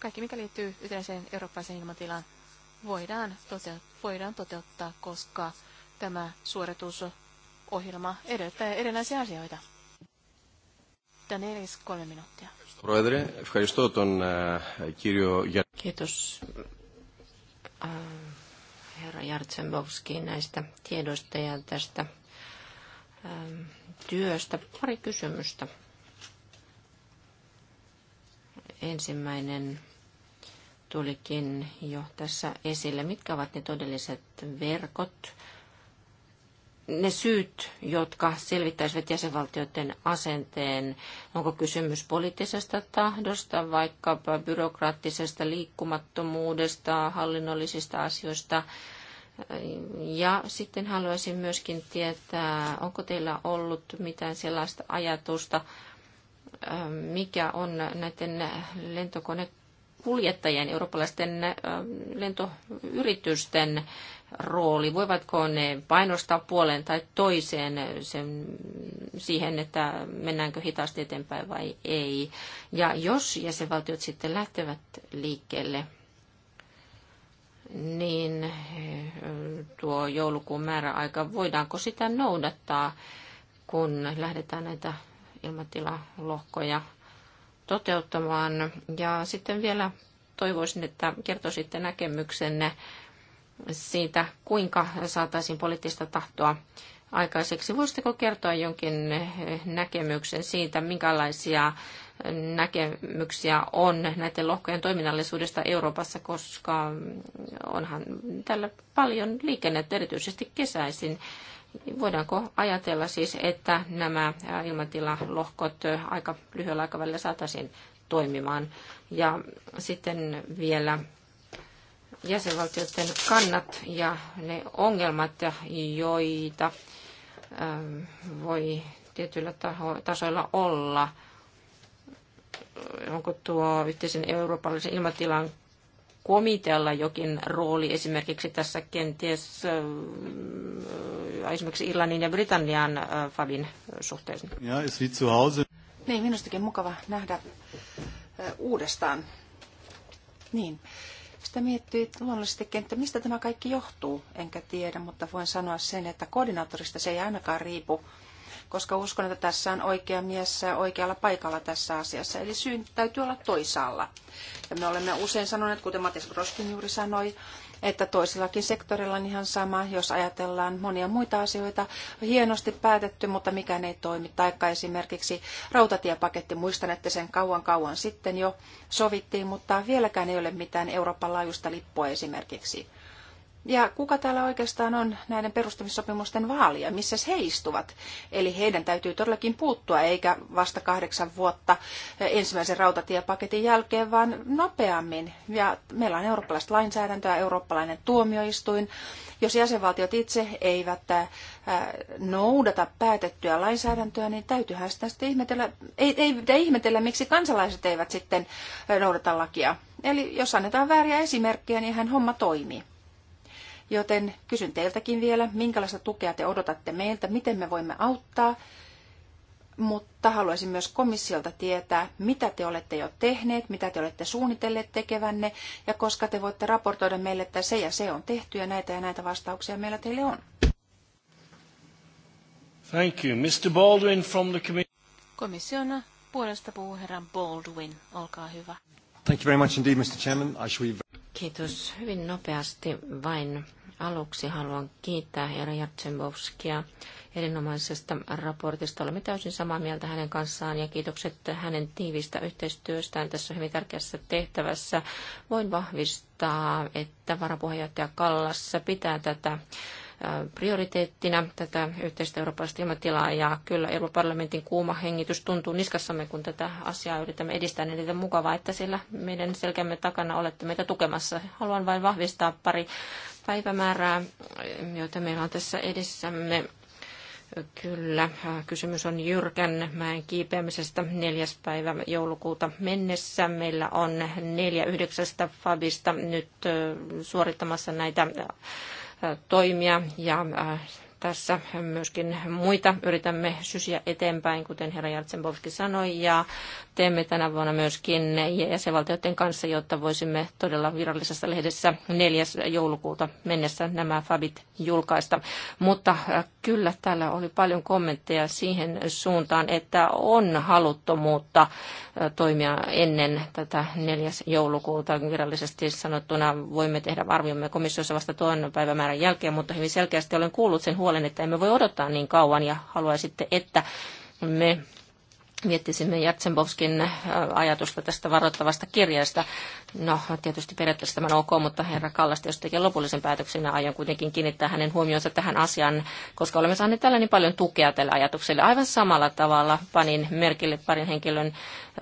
Kaikki, mikä liittyy yhteiseen eurooppalaiseen ilmatilaan, voidaan, toteut- voidaan toteuttaa, koska tämä suoritusohjelma edellyttää erilaisia asioita. Daniels, kolme minuuttia. Kiitos Äh, herra Jartsenbowski näistä tiedoista ja tästä ähm, työstä. Pari kysymystä. Ensimmäinen tulikin jo tässä esille. Mitkä ovat ne todelliset verkot? ne syyt, jotka selvittäisivät jäsenvaltioiden asenteen, onko kysymys poliittisesta tahdosta, vaikkapa byrokraattisesta liikkumattomuudesta, hallinnollisista asioista. Ja sitten haluaisin myöskin tietää, onko teillä ollut mitään sellaista ajatusta, mikä on näiden lentokone kuljettajien, eurooppalaisten lentoyritysten rooli? Voivatko ne painostaa puoleen tai toiseen sen, siihen, että mennäänkö hitaasti eteenpäin vai ei? Ja jos jäsenvaltiot sitten lähtevät liikkeelle, niin tuo joulukuun määräaika, voidaanko sitä noudattaa, kun lähdetään näitä ilmatilalohkoja toteuttamaan. Ja sitten vielä toivoisin, että kertoisitte näkemyksenne siitä, kuinka saataisiin poliittista tahtoa aikaiseksi. Voisitteko kertoa jonkin näkemyksen siitä, minkälaisia näkemyksiä on näiden lohkojen toiminnallisuudesta Euroopassa, koska onhan tällä paljon liikennettä, erityisesti kesäisin. Voidaanko ajatella siis, että nämä ilmatilalohkot aika lyhyellä aikavälillä saataisiin toimimaan? Ja sitten vielä jäsenvaltioiden kannat ja ne ongelmat, joita voi tietyillä tasoilla olla. Onko tuo yhteisen eurooppalaisen ilmatilan komitealla jokin rooli esimerkiksi tässä kenties äh, esimerkiksi Irlannin ja Britannian äh, Fabin suhteessa? Ja, es wie zu Hause. Niin, minustakin mukava nähdä äh, uudestaan. Niin. Sitä miettii luonnollisestikin, että mistä tämä kaikki johtuu, enkä tiedä, mutta voin sanoa sen, että koordinaattorista se ei ainakaan riipu koska uskon, että tässä on oikea mies oikealla paikalla tässä asiassa. Eli syy täytyy olla toisaalla. Ja me olemme usein sanoneet, kuten Matias Groskin juuri sanoi, että toisellakin sektorilla on ihan sama, jos ajatellaan monia muita asioita. Hienosti päätetty, mutta mikään ei toimi. Taikka esimerkiksi rautatiepaketti, muistan, että sen kauan kauan sitten jo sovittiin, mutta vieläkään ei ole mitään Euroopan laajuista lippua esimerkiksi. Ja kuka täällä oikeastaan on näiden perustamissopimusten vaalia, missä he istuvat? Eli heidän täytyy todellakin puuttua, eikä vasta kahdeksan vuotta ensimmäisen rautatiepaketin jälkeen, vaan nopeammin. Ja meillä on eurooppalaista lainsäädäntöä, eurooppalainen tuomioistuin. Jos jäsenvaltiot itse eivät äh, noudata päätettyä lainsäädäntöä, niin täytyyhän sitä sitten ihmetellä, ei, ei, ei ihmetellä, miksi kansalaiset eivät sitten äh, noudata lakia. Eli jos annetaan vääriä esimerkkejä, niin hän homma toimii. Joten kysyn teiltäkin vielä, minkälaista tukea te odotatte meiltä, miten me voimme auttaa, mutta haluaisin myös komissiolta tietää, mitä te olette jo tehneet, mitä te olette suunnitelleet tekevänne, ja koska te voitte raportoida meille, että se ja se on tehty, ja näitä ja näitä vastauksia meillä teille on. Thank you. Mr. Baldwin from the committee. Komission puolesta puhuu herra Baldwin. Olkaa hyvä. Thank you very much indeed, Mr. Chairman. I shall be... Kiitos hyvin nopeasti vain Aluksi haluan kiittää herra Jartsenbovskia erinomaisesta raportista. Olemme täysin samaa mieltä hänen kanssaan ja kiitokset hänen tiivistä yhteistyöstään tässä hyvin tärkeässä tehtävässä. Voin vahvistaa, että varapuheenjohtaja Kallassa pitää tätä prioriteettina tätä yhteistä eurooppalaista ilmatilaa ja kyllä Euroopan parlamentin kuuma hengitys tuntuu niskassamme, kun tätä asiaa yritämme edistää, niin on mukavaa, että siellä meidän selkämme takana olette meitä tukemassa. Haluan vain vahvistaa pari päivämäärää, jota meillä on tässä edessämme. Kyllä, kysymys on Jyrkän mäen kiipeämisestä neljäs päivä joulukuuta mennessä. Meillä on neljä yhdeksästä Fabista nyt suorittamassa näitä toimia ja tässä myöskin muita yritämme sysiä eteenpäin, kuten herra Jartsenbovski sanoi, ja teemme tänä vuonna myöskin jäsenvaltioiden kanssa, jotta voisimme todella virallisessa lehdessä 4. joulukuuta mennessä nämä fabit julkaista. Mutta äh, kyllä täällä oli paljon kommentteja siihen suuntaan, että on haluttomuutta äh, toimia ennen tätä 4. joulukuuta. Virallisesti sanottuna voimme tehdä arviomme komissiossa vasta tuon päivämäärän jälkeen, mutta hyvin selkeästi olen kuullut sen huolen, että emme voi odottaa niin kauan ja haluaisitte, että me miettisimme Jatsembovskin äh, ajatusta tästä varoittavasta kirjeestä. No, tietysti periaatteessa tämä on ok, mutta herra Kallasti, jos tekee lopullisen päätöksen, niin aion kuitenkin kiinnittää hänen huomionsa tähän asiaan, koska olemme saaneet tällä niin paljon tukea tälle ajatukselle. Aivan samalla tavalla panin merkille parin henkilön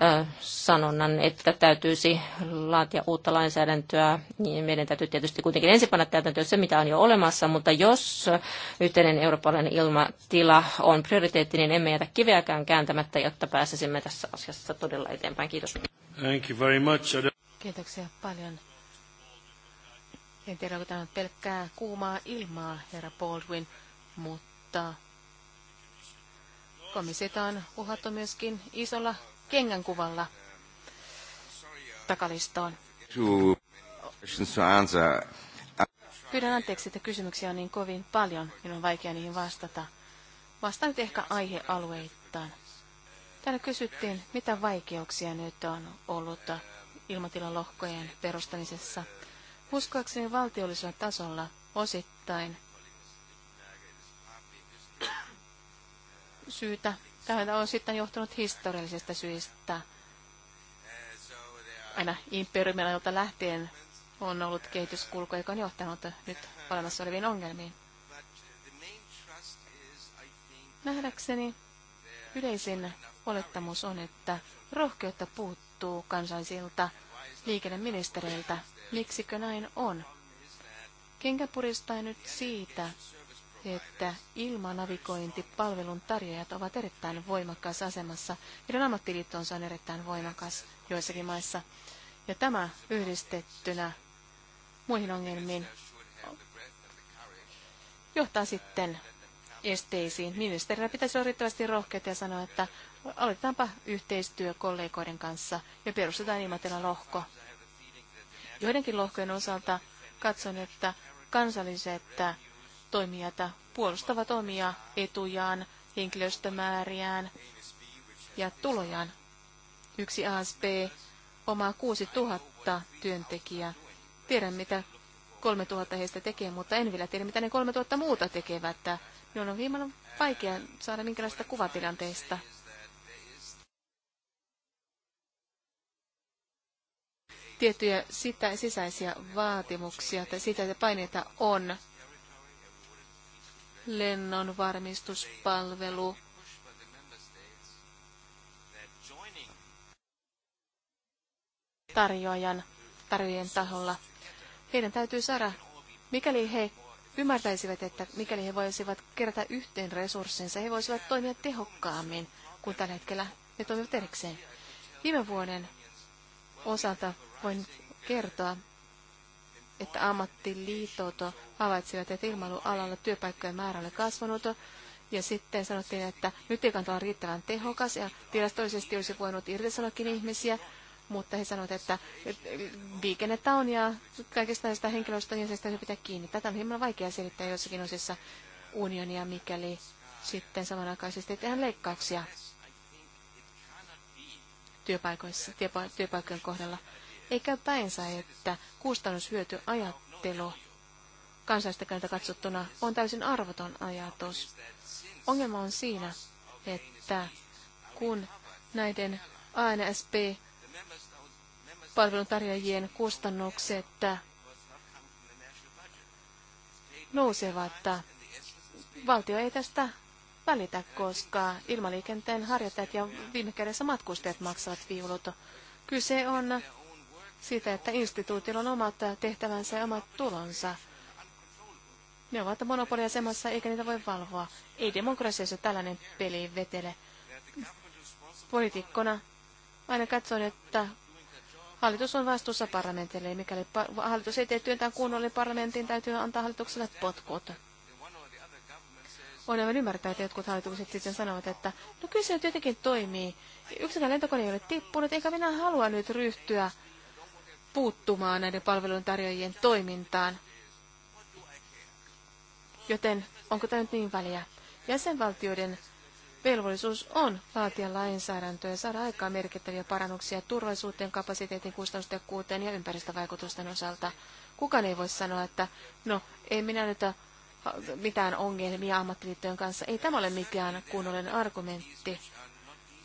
äh, sanonnan, että täytyisi laatia uutta lainsäädäntöä. Niin meidän täytyy tietysti kuitenkin ensin panna täytäntöön se, mitä on jo olemassa, mutta jos yhteinen eurooppalainen ilmatila on prioriteetti, niin emme jätä kiveäkään kääntämättä, jotta pääsisimme tässä asiassa todella eteenpäin. Kiitos. Thank you very much. Kiitoksia paljon. En tiedä, onko tämä pelkkää kuumaa ilmaa, herra Baldwin, mutta komissiota on uhattu myöskin isolla kengänkuvalla takalistoon. Pyydän anteeksi, että kysymyksiä on niin kovin paljon. Minun on vaikea niihin vastata. Vastaan nyt ehkä aihealueittain. Täällä kysyttiin, mitä vaikeuksia nyt on ollut ilmatilan lohkojen perustamisessa. Uskoakseni valtiollisella tasolla osittain syytä, tämä on sitten johtunut historiallisista syistä. Aina imperiumilailta lähtien on ollut kehityskulku, joka on johtanut nyt olemassa oleviin ongelmiin. Nähdäkseni yleisin olettamus on, että rohkeutta puuttuu kansaisilta liikenneministereiltä. Miksikö näin on? Kenkä puristaa nyt siitä, että ilmanavigointipalvelun tarjoajat ovat erittäin voimakkaassa asemassa. Heidän ammattiliittonsa on erittäin voimakas joissakin maissa. Ja tämä yhdistettynä muihin ongelmiin johtaa sitten esteisiin. Ministerillä pitäisi olla riittävästi rohkeutta ja sanoa, että Aloitetaanpa yhteistyö kollegoiden kanssa ja perustetaan ilmatila lohko. Joidenkin lohkojen osalta katson, että kansalliset toimijat puolustavat omia etujaan, henkilöstömääriään ja tulojaan. Yksi ASP omaa 6000 työntekijää. Tiedän, mitä 3000 heistä tekee, mutta en vielä tiedä, mitä ne 3000 muuta tekevät. Minun on hieman vaikea saada minkälaista kuvatilanteesta. tiettyjä sitä, sisäisiä vaatimuksia tai sitä, että paineita on lennon varmistuspalvelu, tarjoajan, tarjoajien taholla. Heidän täytyy saada, mikäli he ymmärtäisivät, että mikäli he voisivat kerätä yhteen resurssinsa, he voisivat toimia tehokkaammin kuin tällä hetkellä ne toimivat erikseen. Viime vuoden osalta Voin kertoa, että ammattiliitot havaitsivat, että ilmailualalla työpaikkojen määrä oli kasvanut, ja sitten sanottiin, että nyt ei kannata olla riittävän tehokas, ja tilastollisesti olisi voinut irtisanokin ihmisiä, mutta he sanoivat, että liikennettä on ja kaikista näistä henkilöstön jäsenistä pitää kiinni. Tätä on hieman vaikea selittää jossakin osissa unionia, mikäli sitten samanaikaisesti tehdään leikkauksia työpaikoissa, työpaikkojen kohdalla. Eikä päinsä, että kustannushyötyajattelu kansallista kannalta katsottuna on täysin arvoton ajatus. Ongelma on siinä, että kun näiden ANSP-palveluntarjoajien kustannukset nousevat, valtio ei tästä välitä, koska ilmaliikenteen harjoittajat ja viime kädessä matkustajat maksavat viulut. Kyse on siitä, että instituutilla on omat tehtävänsä ja omat tulonsa. Ne ovat monopoliasemassa eikä niitä voi valvoa. Ei demokratiassa tällainen peli vetele. Poliitikkona aina katson, että hallitus on vastuussa parlamentille. Mikäli hallitus ei tee työtään kunnolla, niin parlamentin täytyy antaa hallitukselle potkut. On aivan ymmärtää, että jotkut hallitukset sitten sanovat, että no kyllä se nyt jotenkin toimii. Yksikään lentokone ei ole tippunut, eikä minä halua nyt ryhtyä puuttumaan näiden palvelujen tarjoajien toimintaan. Joten onko tämä nyt niin väliä? Jäsenvaltioiden velvollisuus on laatia lainsäädäntöä ja saada aikaan merkittäviä parannuksia turvallisuuteen, kapasiteetin, kustannustehokkuuteen ja ympäristövaikutusten osalta. Kukaan ei voi sanoa, että no, ei minä nyt äh, mitään ongelmia ammattiliittojen kanssa. Ei tämä ole mikään kunnollinen argumentti.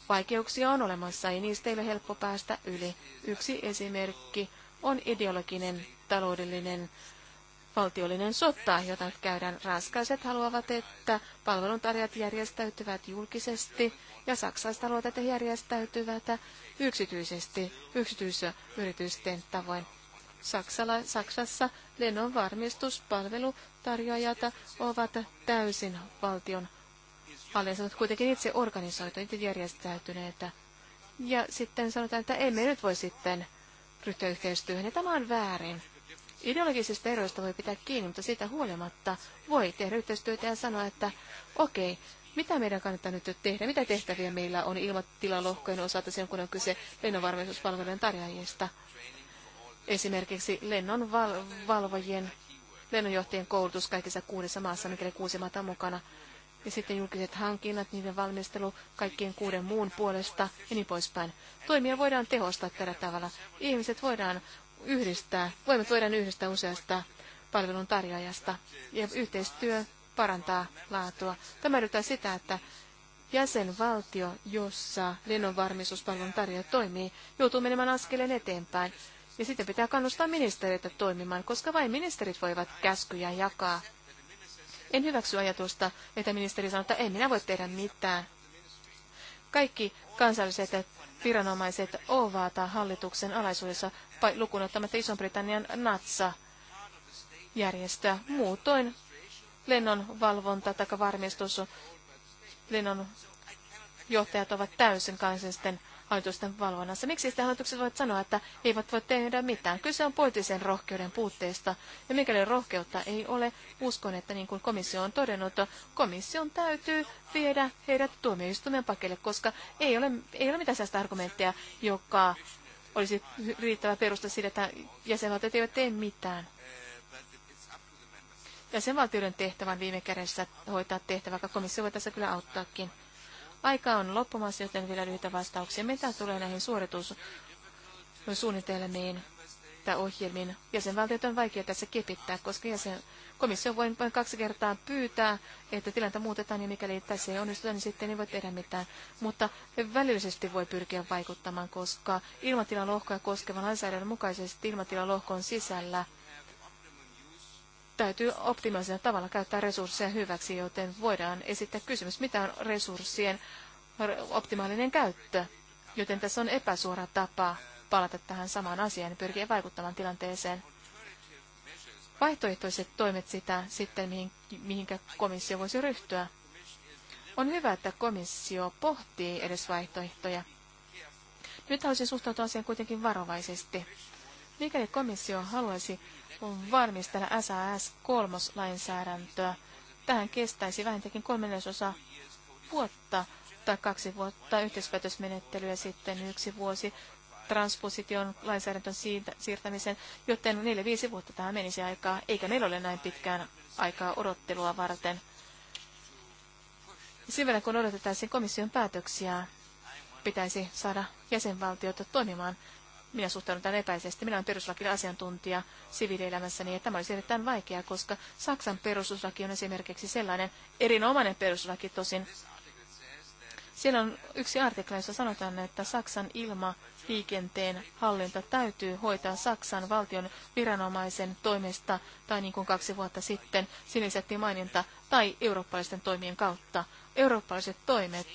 Vaikeuksia on olemassa, ei niistä ei ole helppo päästä yli. Yksi esimerkki on ideologinen, taloudellinen, valtiollinen sota, jota käydään. Ranskalaiset haluavat, että palveluntarjat järjestäytyvät julkisesti ja saksalaiset haluavat, että järjestäytyvät yksityisesti, yksityisyritysten tavoin. Saksala, Saksassa lennon varmistuspalvelutarjoajat ovat täysin valtion paljon sanot kuitenkin itse itse järjestäytyneitä. Ja sitten sanotaan, että emme nyt voi sitten ryhtyä yhteistyöhön, ja tämä on väärin. Ideologisista eroista voi pitää kiinni, mutta siitä huolimatta voi tehdä yhteistyötä ja sanoa, että okei, okay, mitä meidän kannattaa nyt tehdä, mitä tehtäviä meillä on ilmatilalohkojen osalta silloin, kun on kyse lennonvarmistuspalvelujen tarjoajista. Esimerkiksi lennon lennonjohtajien koulutus kaikissa kuudessa maassa, mikäli kuusi maata on mukana ja sitten julkiset hankinnat, niiden valmistelu kaikkien kuuden muun puolesta ja niin poispäin. Toimia voidaan tehostaa tällä tavalla. Ihmiset voidaan yhdistää, voimat voidaan yhdistää useasta palvelun tarjoajasta ja yhteistyö parantaa laatua. Tämä edellyttää sitä, että jäsenvaltio, jossa lennonvarmistuspalvelun tarjoaja toimii, joutuu menemään askeleen eteenpäin. Ja sitten pitää kannustaa ministeriötä toimimaan, koska vain ministerit voivat käskyjä jakaa en hyväksy ajatusta, että ministeri sanoo, että ei minä voi tehdä mitään. Kaikki kansalliset viranomaiset ovat hallituksen alaisuudessa, lukuun ottamatta iso britannian natsa järjestää. Muutoin lennon valvonta tai varmistus lennon johtajat ovat täysin kansallisten hallitusten valvonnassa. Miksi sitten hallitukset voivat sanoa, että eivät voi tehdä mitään? Kyse on poliittisen rohkeuden puutteesta, ja mikäli rohkeutta ei ole, uskon, että niin kuin komissio on todennut, komission täytyy viedä heidät tuomioistuimen pakelle, koska ei ole, ei ole mitään sellaista argumenttia, joka olisi riittävä perusta sille, että jäsenvaltiot eivät tee mitään. Jäsenvaltioiden tehtävän viime kädessä hoitaa tehtävä, vaikka komissio voi tässä kyllä auttaakin. Aika on loppumassa, joten vielä lyhyitä vastauksia. Mitä tulee näihin suoritussuunnitelmiin tai ohjelmiin? Jäsenvaltiot on vaikea tässä kepittää, koska jäsen, komissio voi vain kaksi kertaa pyytää, että tilannetta muutetaan, ja mikäli tässä ei onnistuta, niin sitten ei voi tehdä mitään. Mutta välillisesti voi pyrkiä vaikuttamaan, koska ilmatilan lohkoja koskevan lainsäädännön mukaisesti ilmatilan lohkon sisällä – täytyy optimaalisella tavalla käyttää resursseja hyväksi, joten voidaan esittää kysymys, mitä on resurssien optimaalinen käyttö. Joten tässä on epäsuora tapa palata tähän samaan asiaan ja pyrkiä vaikuttamaan tilanteeseen. Vaihtoehtoiset toimet sitä sitten, mihin, mihinkä komissio voisi ryhtyä. On hyvä, että komissio pohtii edes vaihtoehtoja. Nyt haluaisin suhtautua asiaan kuitenkin varovaisesti. Mikäli komissio haluaisi varmistella SAS kolmoslainsäädäntöä. Tähän kestäisi vähintäänkin kolmennesosa vuotta tai kaksi vuotta yhteispäätösmenettelyä sitten yksi vuosi transposition lainsäädäntön siirtämisen, joten 4-5 vuotta tähän menisi aikaa, eikä meillä ole näin pitkään aikaa odottelua varten. Sen verran kun odotetaan sen komission päätöksiä, pitäisi saada jäsenvaltiota toimimaan minä suhtaudun tämän epäisesti. Minä olen perustuslakin asiantuntija siviilielämässäni ja tämä olisi erittäin vaikeaa, koska Saksan perustuslaki on esimerkiksi sellainen erinomainen perustuslaki tosin. Siellä on yksi artikla, jossa sanotaan, että Saksan ilmaliikenteen hallinta täytyy hoitaa Saksan valtion viranomaisen toimesta, tai niin kuin kaksi vuotta sitten, sinne lisättiin maininta, tai eurooppalaisten toimien kautta. Eurooppalaiset toimet.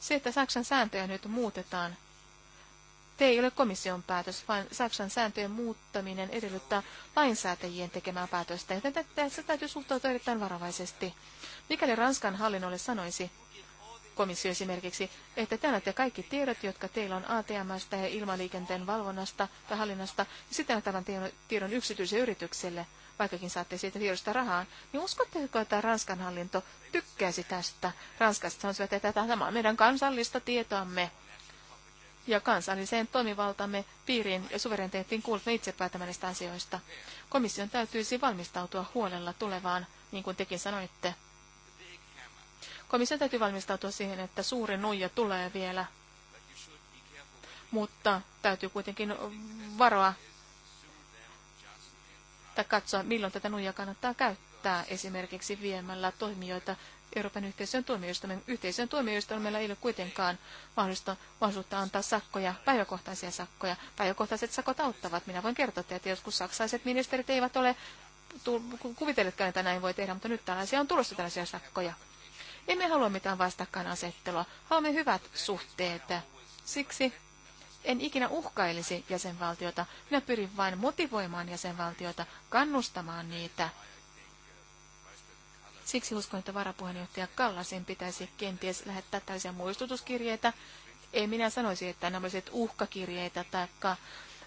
Se, että Saksan sääntöjä nyt muutetaan, ei ole komission päätös, vaan Saksan sääntöjen muuttaminen edellyttää lainsäätäjien tekemää päätöstä, joten tässä täytyy suhtautua erittäin varovaisesti. Mikäli Ranskan hallinnolle sanoisi komissio esimerkiksi, että te annatte kaikki tiedot, jotka teillä on ATMstä ja ilmaliikenteen valvonnasta tai hallinnasta, ja sitten tämän tiedon yksityiselle yritykselle, vaikkakin saatte siitä tiedosta rahaa, niin uskotteko, että Ranskan hallinto tykkäisi tästä? Ranskasta sanoisivat, että tämä on meidän kansallista tietoamme ja kansalliseen toimivaltamme piiriin ja suvereniteettiin kuuluvan itse päätämällisistä asioista. Komission täytyisi valmistautua huolella tulevaan, niin kuin tekin sanoitte. Komission täytyy valmistautua siihen, että suuri nuija tulee vielä, mutta täytyy kuitenkin varoa tai katsoa, milloin tätä nuijaa kannattaa käyttää esimerkiksi viemällä toimijoita Euroopan yhteisön tuomioistuimen. Yhteisön tuomioistuimella ei ole kuitenkaan mahdollista, mahdollisuutta antaa sakkoja, päiväkohtaisia sakkoja. Päiväkohtaiset sakot auttavat. Minä voin kertoa teille, että joskus saksalaiset ministerit eivät ole kuvitelleetkään, että näin voi tehdä, mutta nyt tällaisia on tulossa tällaisia sakkoja. Emme halua mitään vastakkainasettelua. Haluamme hyvät suhteet. Siksi en ikinä uhkailisi jäsenvaltiota. Minä pyrin vain motivoimaan jäsenvaltiota, kannustamaan niitä Siksi uskon, että varapuheenjohtaja Kallasen pitäisi kenties lähettää tällaisia muistutuskirjeitä. Ei minä sanoisi, että nämä olisivat uhkakirjeitä tai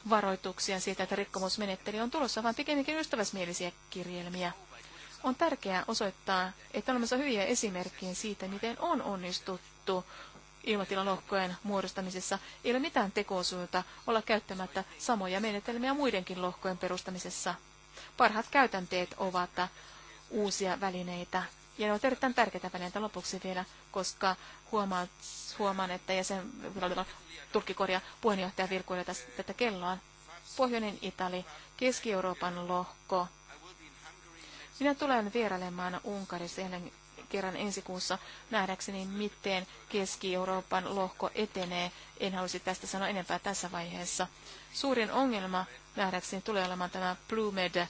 varoituksia siitä, että rikkomusmenettely on tulossa, vaan pikemminkin ystäväsmielisiä kirjelmiä. On tärkeää osoittaa, että on olemassa hyviä esimerkkejä siitä, miten on onnistuttu ilmatilalohkojen muodostamisessa. Ei ole mitään tekosuilta olla käyttämättä samoja menetelmiä muidenkin lohkojen perustamisessa. Parhaat käytänteet ovat uusia välineitä. Ja ne ovat erittäin tärkeitä välineitä lopuksi vielä, koska huomaan, huomaan että jäsen, tulkkikorja puheenjohtaja virkuilee tätä kelloa. Pohjoinen Itali, Keski-Euroopan lohko. Minä tulen vierailemaan Unkarissa jälleen kerran ensi kuussa nähdäkseni, miten Keski-Euroopan lohko etenee. En halusi tästä sanoa enempää tässä vaiheessa. Suurin ongelma nähdäkseni tulee olemaan tämä Med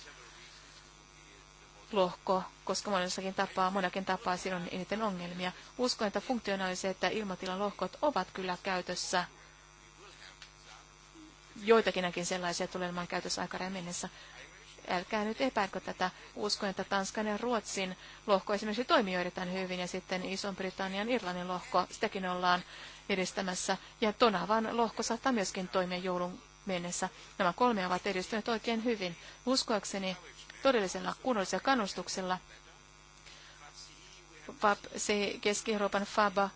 lohko, koska monessakin tapaa, monakin tapaa siinä on eniten ongelmia. Uskon, että funktionaaliset ja ilmatilan lohkot ovat kyllä käytössä. Joitakinkin sellaisia tulee olemaan käytössä aikareen mennessä. Älkää nyt epäilkö tätä. Uskon, että Tanskan ja Ruotsin lohko esimerkiksi toimii erittäin hyvin ja sitten iso britannian Irlannin lohko, sitäkin ollaan edistämässä. Ja Tonavan lohko saattaa myöskin toimia joulun mennessä. Nämä kolme ovat edistyneet oikein hyvin. Uskoakseni todellisella kunnollisella kannustuksella. Fab, se Keski-Euroopan FABA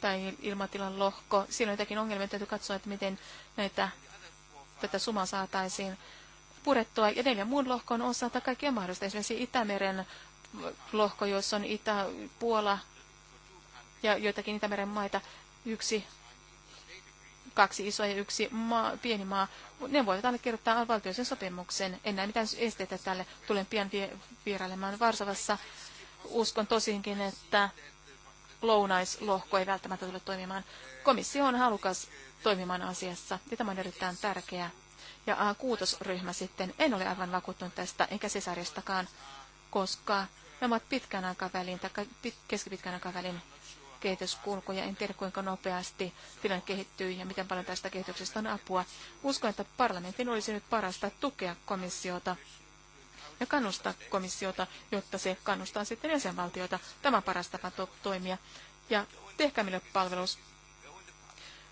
tai ilmatilan lohko, siinä on jotakin ongelmia, täytyy katsoa, että miten näitä, tätä sumaa saataisiin purettua. Ja neljän muun lohkon on kaikki kaikkea mahdollista. Esimerkiksi Itämeren lohko, jossa on Itä-Puola ja joitakin Itämeren maita, yksi kaksi isoa ja yksi maa, pieni maa, ne voivat allekirjoittaa valtioisen sopimuksen. En näe mitään esteitä tälle. Tulen pian vierailemaan Varsovassa. Uskon tosinkin, että lounaislohko ei välttämättä tule toimimaan. Komissio on halukas toimimaan asiassa, ja tämä on erittäin tärkeää. Ja A6-ryhmä sitten, en ole aivan vakuuttunut tästä, enkä sisarjastakaan, koska nämä ovat pitkän aikavälin tai keskipitkän aikavälin ja En tiedä, kuinka nopeasti tilanne kehittyy ja miten paljon tästä kehityksestä on apua. Uskon, että parlamentin olisi nyt parasta tukea komissiota ja kannustaa komissiota, jotta se kannustaa sitten jäsenvaltioita. Tämä on paras tapa to- toimia. Ja tehkää meille palvelus.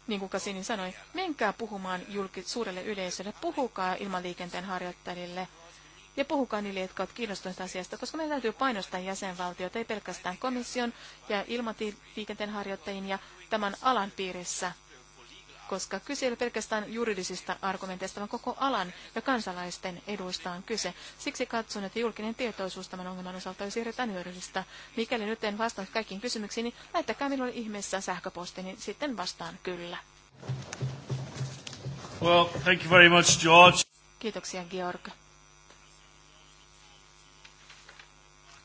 Niin kuin Kasini sanoi, menkää puhumaan julki- suurelle yleisölle, puhukaa ilmaliikenteen harjoittajille – ja puhukaa niille, jotka ovat kiinnostuneet asiasta, koska meidän täytyy painostaa jäsenvaltioita, ei pelkästään komission ja ilmatiikenteen harjoittajien ja tämän alan piirissä, koska kyse ei ole pelkästään juridisista argumenteista, vaan koko alan ja kansalaisten eduista on kyse. Siksi katson, että julkinen tietoisuus tämän ongelman osalta olisi erittäin hyödyllistä. Mikäli nyt en vastannut kaikkiin kysymyksiin, niin lähettäkää minulle ihmeessä sähköposti, niin sitten vastaan kyllä. Well, thank you very much, George. Kiitoksia, Georg.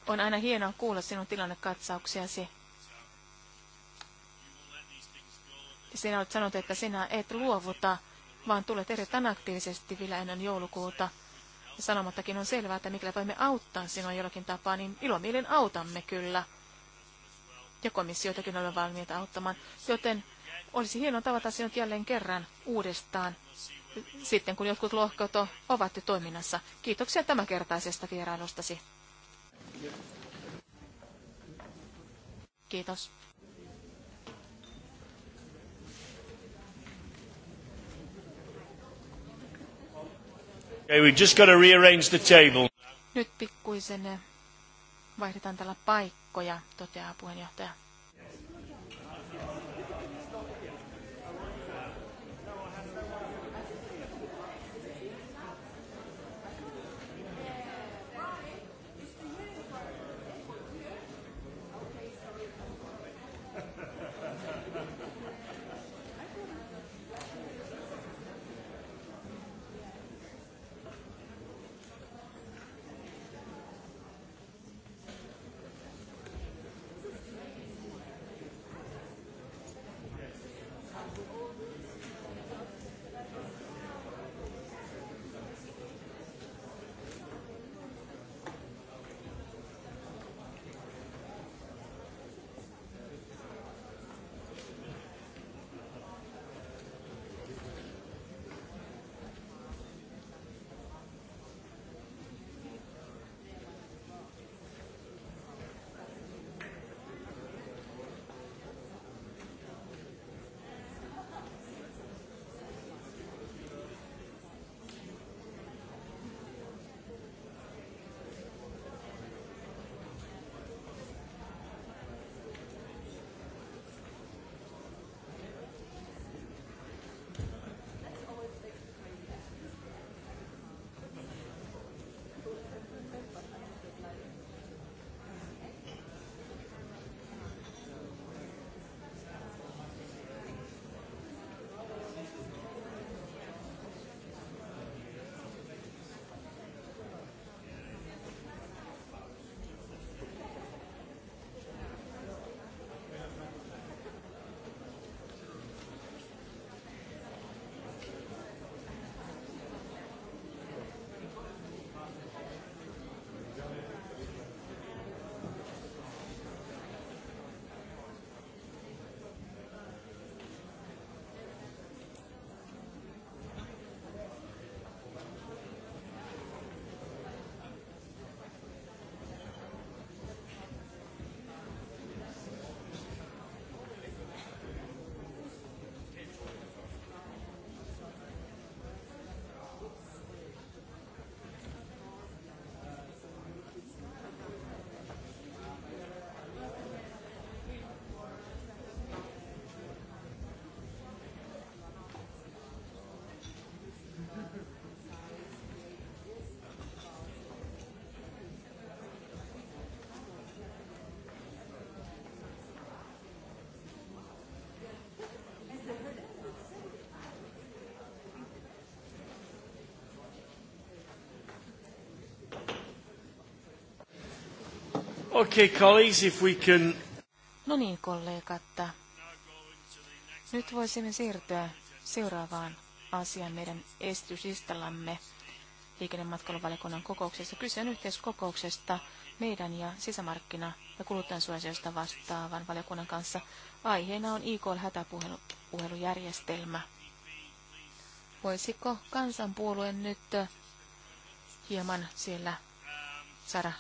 On aina hienoa kuulla sinun tilannekatsauksiasi. Sinä olet sanonut, että sinä et luovuta, vaan tulet erittäin aktiivisesti vielä ennen joulukuuta. Ja sanomattakin on selvää, että mikä voimme auttaa sinua jollakin tapaa, niin ilomielin autamme kyllä. Ja komissioitakin olemme valmiita auttamaan. Joten olisi hienoa tavata sinut jälleen kerran uudestaan, sitten kun jotkut lohkot ovat jo toiminnassa. Kiitoksia tämänkertaisesta vierailustasi. Kiitos. Okay, we just got to rearrange the table. Nyt pikkuisen eh, vaihdetaan tällä paikkoja, toteaa puheenjohtaja. Okay, colleagues, if we can... No niin, kollegat. Nyt voisimme siirtyä seuraavaan asiaan meidän esityslistallamme liikennematkailuvaliokunnan kokouksessa. Kyse on yhteiskokouksesta meidän ja sisämarkkina- ja kuluttajansuosiosta vastaavan valiokunnan kanssa. Aiheena on ikl hätäpuhelujärjestelmä Voisiko kansanpuolue nyt hieman siellä saada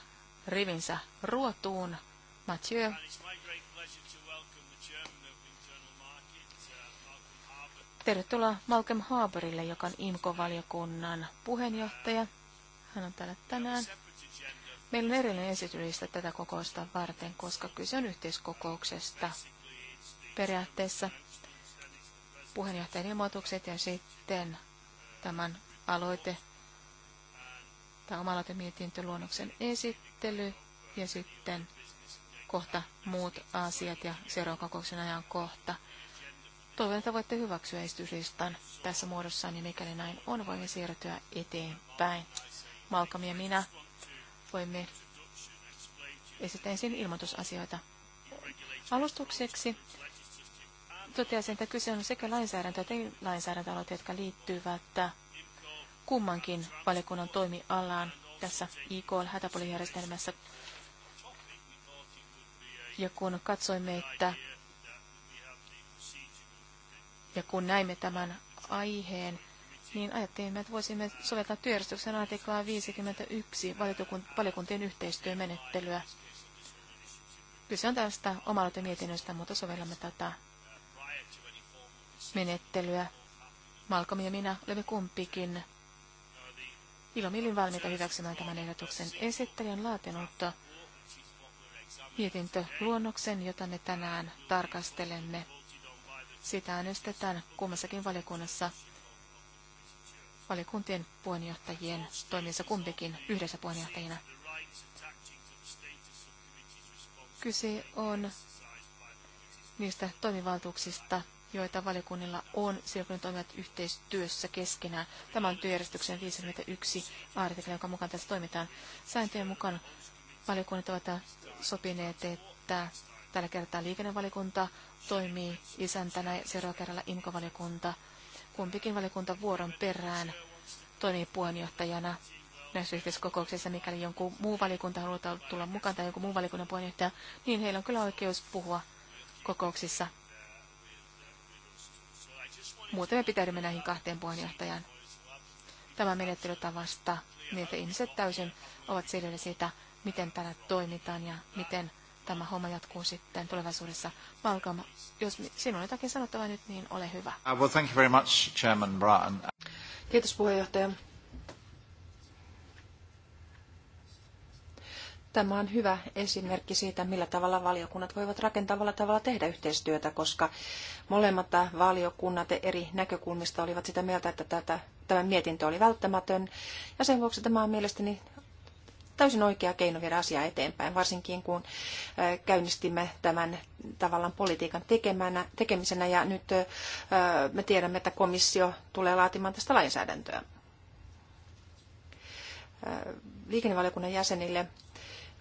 rivinsä ruotuun. Mathieu. Tervetuloa Malcolm Haberille, joka on imco valiokunnan puheenjohtaja. Hän on täällä tänään. Meillä on erillinen esitylistä tätä kokousta varten, koska kyse on yhteiskokouksesta. Periaatteessa puheenjohtajan ilmoitukset ja sitten tämän aloite tai oma aloitemietintö esittely käsittely ja sitten kohta muut asiat ja seuraavan kokouksen ajan kohta. Toivon, että voitte hyväksyä esityslistan tässä muodossa, niin mikäli näin on, voimme siirtyä eteenpäin. Malkam ja minä voimme esittää ensin ilmoitusasioita. Alustukseksi toteaisin, että kyse on sekä lainsäädäntö- että lainsäädäntöaloite, jotka liittyvät kummankin valiokunnan toimialaan tässä IKL-hätäpuolijärjestelmässä. Ja kun katsoimme, että ja kun näimme tämän aiheen, niin ajattelimme, että voisimme soveltaa työjärjestyksen artiklaa 51 valiokuntien yhteistyömenettelyä. Kyse on tästä omalta mietinnöstä, mutta sovellamme tätä menettelyä. Malcolm ja minä olemme kumpikin ilomielin valmiita hyväksymään tämän ehdotuksen. Esittelijä on mietintöluonnoksen, jota me tänään tarkastelemme. Sitä äänestetään kummassakin valiokunnassa valiokuntien puheenjohtajien toimissa kumpikin yhdessä puheenjohtajina. Kyse on niistä toimivaltuuksista, joita valiokunnilla on silloin, kun ne toimivat yhteistyössä keskenään. Tämä on työjärjestyksen 51 artikla, jonka mukaan tässä toimitaan. Sääntöjen mukaan valiokunnat ovat sopineet, että tällä kertaa liikennevalikunta toimii isäntänä ja seuraavalla kerralla imkovalikunta. Kumpikin valikunta vuoron perään toimii puheenjohtajana näissä yhteiskokouksissa, mikäli jonkun muu valikunta halutaan tulla mukaan tai jonkun muun valikunnan puheenjohtaja, niin heillä on kyllä oikeus puhua kokouksissa Muuten me pitäydymme näihin kahteen puheenjohtajan tämä menettelytavasta, niin että ihmiset täysin ovat selvillä siitä, miten täällä toimitaan ja miten tämä homma jatkuu sitten tulevaisuudessa. Malcolm, jos sinulla on jotakin sanottavaa nyt, niin ole hyvä. Uh, well, thank you very much, Chairman Kiitos puheenjohtaja. Tämä on hyvä esimerkki siitä, millä tavalla valiokunnat voivat rakentavalla tavalla tehdä yhteistyötä, koska molemmat valiokunnat eri näkökulmista olivat sitä mieltä, että tätä, tämä mietintö oli välttämätön. Ja sen vuoksi tämä on mielestäni täysin oikea keino viedä asiaa eteenpäin, varsinkin kun käynnistimme tämän tavallaan politiikan tekemänä, tekemisenä ja nyt me tiedämme, että komissio tulee laatimaan tästä lainsäädäntöä. Liikennevaliokunnan jäsenille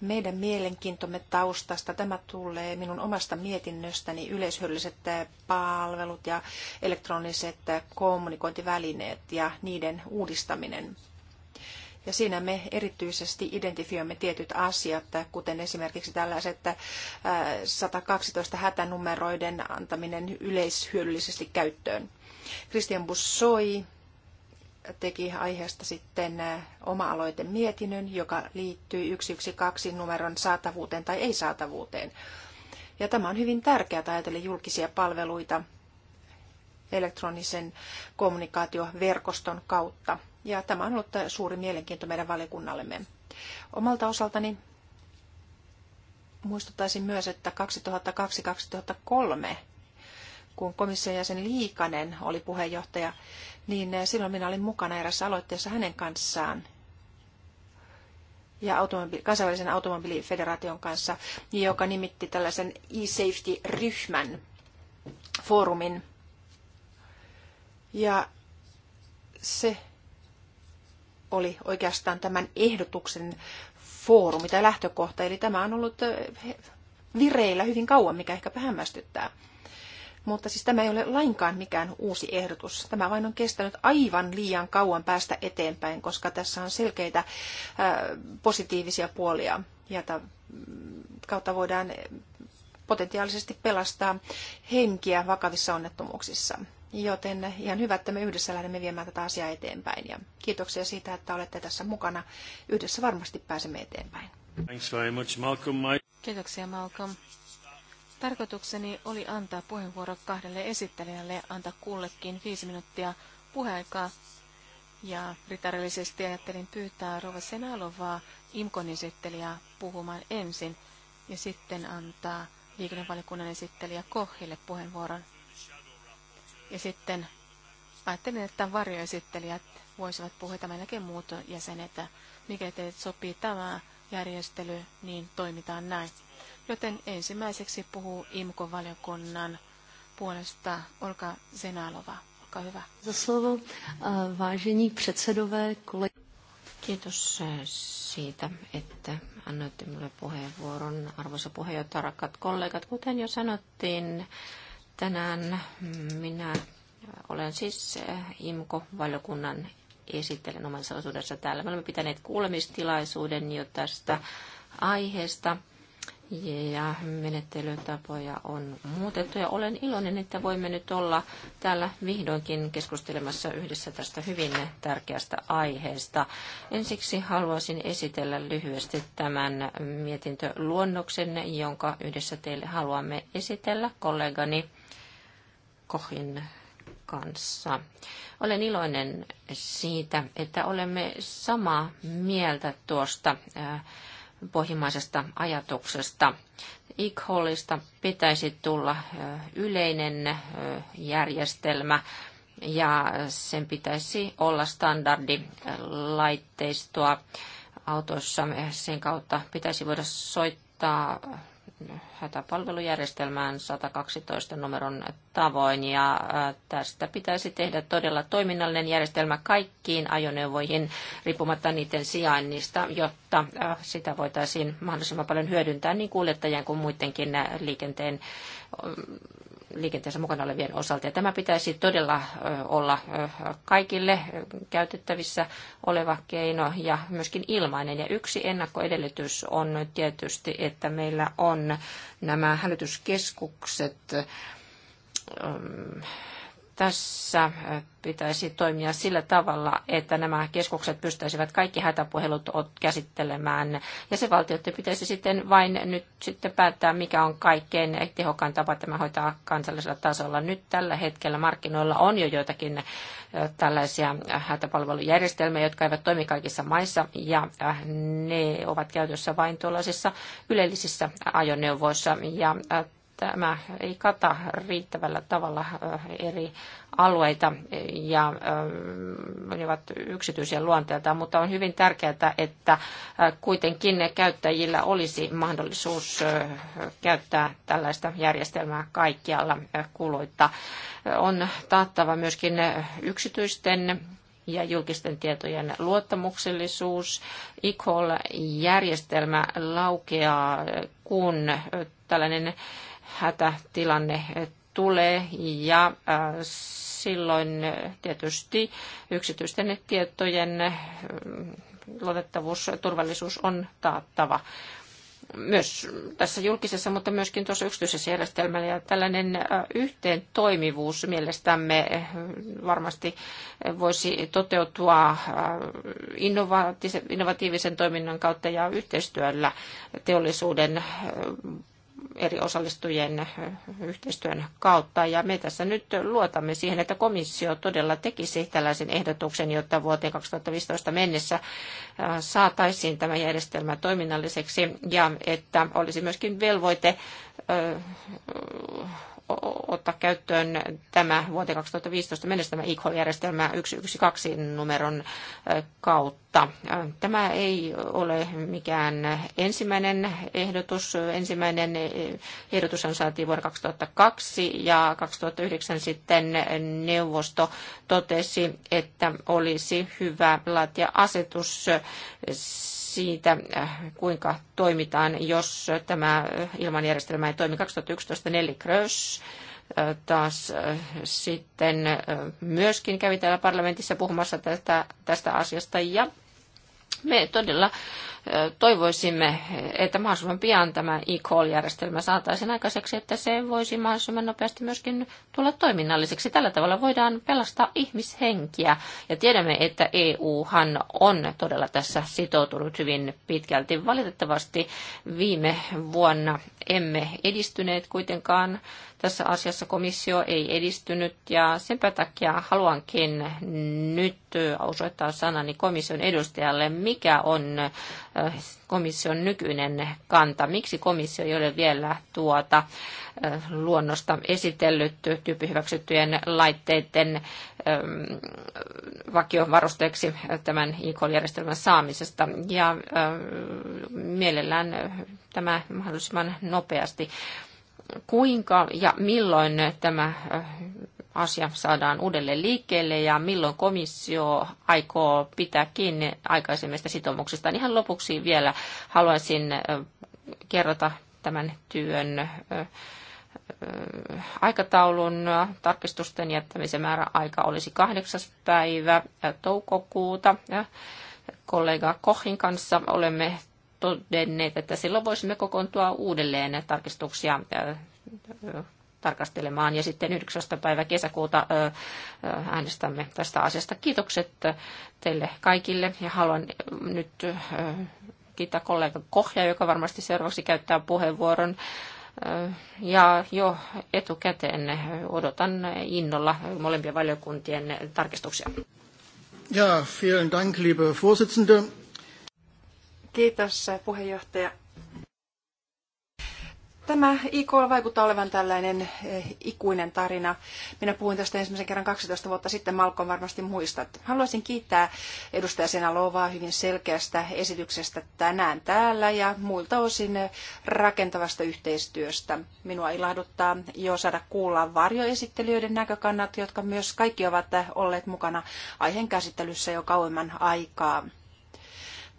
meidän mielenkiintomme taustasta. Tämä tulee minun omasta mietinnöstäni yleishyödylliset eh, palvelut ja elektroniset eh, kommunikointivälineet ja niiden uudistaminen. Ja siinä me erityisesti identifioimme tietyt asiat, eh, kuten esimerkiksi tällaiset 112 hätänumeroiden antaminen yleishyödyllisesti käyttöön. Christian Bussoi teki aiheesta sitten oma-aloitemietinnön, joka liittyy 112 numeron saatavuuteen tai ei-saatavuuteen. Ja tämä on hyvin tärkeää ajatella julkisia palveluita elektronisen kommunikaatioverkoston kautta. Ja tämä on ollut suuri mielenkiinto meidän valiokunnallemme. Omalta osaltani muistuttaisin myös, että 2002-2003 kun komission jäsen Liikanen oli puheenjohtaja, niin eh, silloin minä olin mukana erässä aloitteessa hänen kanssaan ja automobi- kansainvälisen automobiilifederaation kanssa, joka nimitti tällaisen e-safety-ryhmän foorumin. Ja se oli oikeastaan tämän ehdotuksen foorumi tai lähtökohta, eli tämä on ollut eh, vireillä hyvin kauan, mikä ehkä hämmästyttää. Mutta siis tämä ei ole lainkaan mikään uusi ehdotus. Tämä vain on kestänyt aivan liian kauan päästä eteenpäin, koska tässä on selkeitä positiivisia puolia, jota mm, kautta voidaan potentiaalisesti pelastaa henkiä vakavissa onnettomuuksissa. Joten ihan hyvä, että me yhdessä lähdemme viemään tätä asiaa eteenpäin. Ja kiitoksia siitä, että olette tässä mukana. Yhdessä varmasti pääsemme eteenpäin. Thanks very much, Malcolm. Kiitoksia, Malcolm. Tarkoitukseni oli antaa puheenvuoro kahdelle esittelijälle, antaa kullekin viisi minuuttia puheaikaa. Ja ritarillisesti ajattelin pyytää Rova Senalovaa, Imkon esittelijää, puhumaan ensin ja sitten antaa liikennevalikunnan esittelijä Kohille puheenvuoron. Ja sitten ajattelin, että varjoesittelijät voisivat puhua tämän jälkeen muut jäsenet. Mikä teille sopii tämä järjestely, niin toimitaan näin. Joten ensimmäiseksi puhuu IMKO-valiokunnan puolesta Olka Zenalova. Olkaa hyvä. Za slovo, vážení předsedové, Kiitos eh, siitä, että annoitte minulle puheenvuoron. Arvoisa puheenjohtaja, rakkaat kollegat, kuten jo sanottiin, tänään minä olen siis eh, IMKO-valiokunnan esittelen omassa osuudessa täällä. Me olemme pitäneet kuulemistilaisuuden jo tästä aiheesta ja menettelytapoja on muutettu ja olen iloinen, että voimme nyt olla täällä vihdoinkin keskustelemassa yhdessä tästä hyvin tärkeästä aiheesta. Ensiksi haluaisin esitellä lyhyesti tämän mietintöluonnoksen, jonka yhdessä teille haluamme esitellä kollegani Kohin kanssa. Olen iloinen siitä, että olemme samaa mieltä tuosta pohjimmaisesta ajatuksesta. Ikholista pitäisi tulla yleinen järjestelmä ja sen pitäisi olla standardilaitteistoa autoissa. Sen kautta pitäisi voida soittaa hätäpalvelujärjestelmään 112 numeron tavoin ja tästä pitäisi tehdä todella toiminnallinen järjestelmä kaikkiin ajoneuvoihin riippumatta niiden sijainnista, jotta sitä voitaisiin mahdollisimman paljon hyödyntää niin kuljettajien kuin muidenkin liikenteen liikenteessä mukana olevien osalta. Ja tämä pitäisi todella olla kaikille käytettävissä oleva keino ja myöskin ilmainen. Ja yksi ennakkoedellytys on tietysti, että meillä on nämä hälytyskeskukset tässä äh, pitäisi toimia sillä tavalla, että nämä keskukset pystyisivät kaikki hätäpuhelut käsittelemään. Ja se valtioiden pitäisi sitten vain nyt sitten päättää, mikä on kaikkein tehokkain tapa tämä hoitaa kansallisella tasolla. Nyt tällä hetkellä markkinoilla on jo joitakin äh, tällaisia äh, hätäpalvelujärjestelmiä, jotka eivät toimi kaikissa maissa, ja ne ovat käytössä vain tuollaisissa ylellisissä ajoneuvoissa. Ja tämä ei kata riittävällä tavalla äh, eri alueita ja äh, ne ovat yksityisiä luonteelta, mutta on hyvin tärkeää, että äh, kuitenkin käyttäjillä olisi mahdollisuus käyttää tällaista järjestelmää kaikkialla kuluitta. On taattava myöskin yksityisten ja julkisten tietojen luottamuksellisuus. ICOL-järjestelmä laukeaa, kun tällainen hätätilanne tulee ja äh, silloin tietysti yksityisten tietojen äh, luotettavuus, turvallisuus on taattava myös tässä julkisessa, mutta myöskin tuossa yksityisessä järjestelmällä. Ja tällainen äh, yhteen toimivuus mielestämme varmasti voisi toteutua innovatiivisen toiminnan kautta ja yhteistyöllä teollisuuden eri osallistujien eh, yhteistyön kautta. Ja me tässä nyt luotamme siihen, että komissio todella tekisi tällaisen ehdotuksen, jotta vuoteen 2015 mennessä eh, saataisiin tämä järjestelmä toiminnalliseksi ja että olisi myöskin velvoite eh, ottaa käyttöön tämä vuoteen 2015 mennessä tämä ICHO-järjestelmä 112 numeron kautta. Tämä ei ole mikään ensimmäinen ehdotus. Ensimmäinen on saatiin vuonna 2002 ja 2009 sitten neuvosto totesi, että olisi hyvä laatia asetus siitä, äh, kuinka toimitaan, jos tämä ilmanjärjestelmä ei toimi. 2011 Nelly Krös äh, taas äh, sitten myöskin kävi täällä parlamentissa puhumassa tästä, tästä asiasta ja me todella toivoisimme, että mahdollisimman pian tämä e-call-järjestelmä saataisiin aikaiseksi, että se voisi mahdollisimman nopeasti myöskin tulla toiminnalliseksi. Tällä tavalla voidaan pelastaa ihmishenkiä. Ja tiedämme, että EUhan on todella tässä sitoutunut hyvin pitkälti. Valitettavasti viime vuonna emme edistyneet kuitenkaan tässä asiassa komissio ei edistynyt ja sen takia haluankin nyt osoittaa sanani komission edustajalle, mikä on eh, komission nykyinen kanta. Miksi komissio ei ole vielä tuota eh, luonnosta esitellyt tyyppihyväksyttyjen laitteiden eh, vakiovarusteeksi tämän IK-järjestelmän saamisesta. Ja mielellään tämä mahdollisimman nopeasti kuinka ja milloin tämä äh, asia saadaan uudelleen liikkeelle ja milloin komissio aikoo pitää kiinni aikaisemmista sitoumuksista. Ihan lopuksi vielä haluaisin äh, kerrota tämän työn äh, aikataulun tarkistusten jättämisen määräaika olisi kahdeksas päivä toukokuuta. Kollega Kohin kanssa olemme todenneet, että silloin voisimme kokoontua uudelleen tarkistuksia tarkastelemaan. Ja sitten 19. päivä kesäkuuta äänestämme tästä asiasta. Kiitokset teille kaikille ja haluan nyt kiittää kollega Kohja, joka varmasti seuraavaksi käyttää puheenvuoron. Ja jo etukäteen odotan innolla molempien valiokuntien tarkistuksia. Ja, vielen Dank, liebe Vorsitzende. Kiitos puheenjohtaja. Tämä IK vaikuttaa olevan tällainen eh, ikuinen tarina. Minä puhuin tästä ensimmäisen kerran 12 vuotta sitten, Malkon varmasti muistat. Haluaisin kiittää edustaja Sena Lovaa hyvin selkeästä esityksestä tänään täällä ja muilta osin eh, rakentavasta yhteistyöstä. Minua ilahduttaa jo saada kuulla varjoesittelijöiden näkökannat, jotka myös kaikki ovat eh, olleet mukana aiheen käsittelyssä jo kauemman aikaa.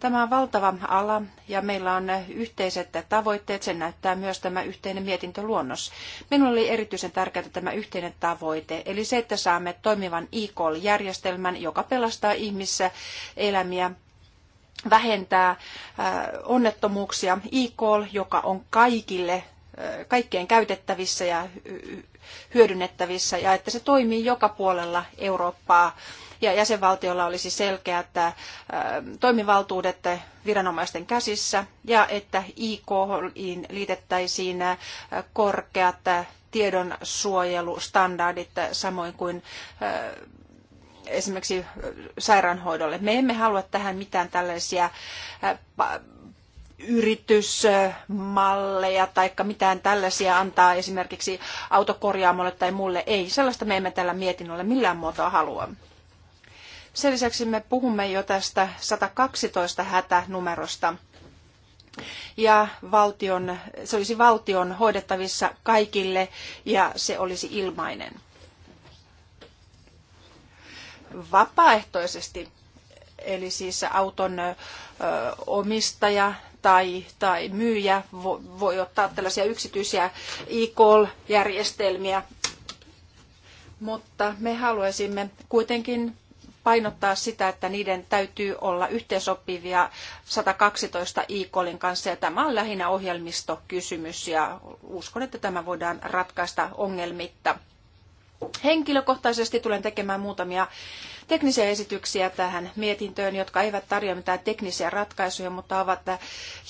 Tämä on valtava ala ja meillä on yhteiset tavoitteet. Sen näyttää myös tämä yhteinen mietintöluonnos. Minulle oli erityisen tärkeää tämä yhteinen tavoite, eli se, että saamme toimivan e-call-järjestelmän, joka pelastaa ihmissä elämiä vähentää äh, onnettomuuksia. e joka on kaikille äh, kaikkien käytettävissä ja hyödynnettävissä ja että se toimii joka puolella Eurooppaa. Ja jäsenvaltiolla olisi selkeät äh, toimivaltuudet viranomaisten käsissä ja että IK liitettäisiin äh, korkeat äh, tiedonsuojelustandardit samoin kuin esimerkiksi sairaanhoidolle. Me emme halua tähän mitään tällaisia yritysmalleja tai mitään tällaisia antaa esimerkiksi autokorjaamolle tai mulle. Ei, sellaista me emme tällä mietinnöllä millään muotoa halua. Sen lisäksi me puhumme jo tästä 112 hätänumerosta. Ja valtion, se olisi valtion hoidettavissa kaikille ja se olisi ilmainen. Vapaaehtoisesti, eli siis auton omistaja tai, tai myyjä voi, voi ottaa tällaisia yksityisiä e-call-järjestelmiä. Mutta me haluaisimme kuitenkin painottaa sitä, että niiden täytyy olla yhteensopivia 112 e-callin kanssa. Ja tämä on lähinnä ohjelmistokysymys ja uskon, että tämä voidaan ratkaista ongelmitta. Henkilökohtaisesti tulen tekemään muutamia teknisiä esityksiä tähän mietintöön, jotka eivät tarjoa mitään teknisiä ratkaisuja, mutta ovat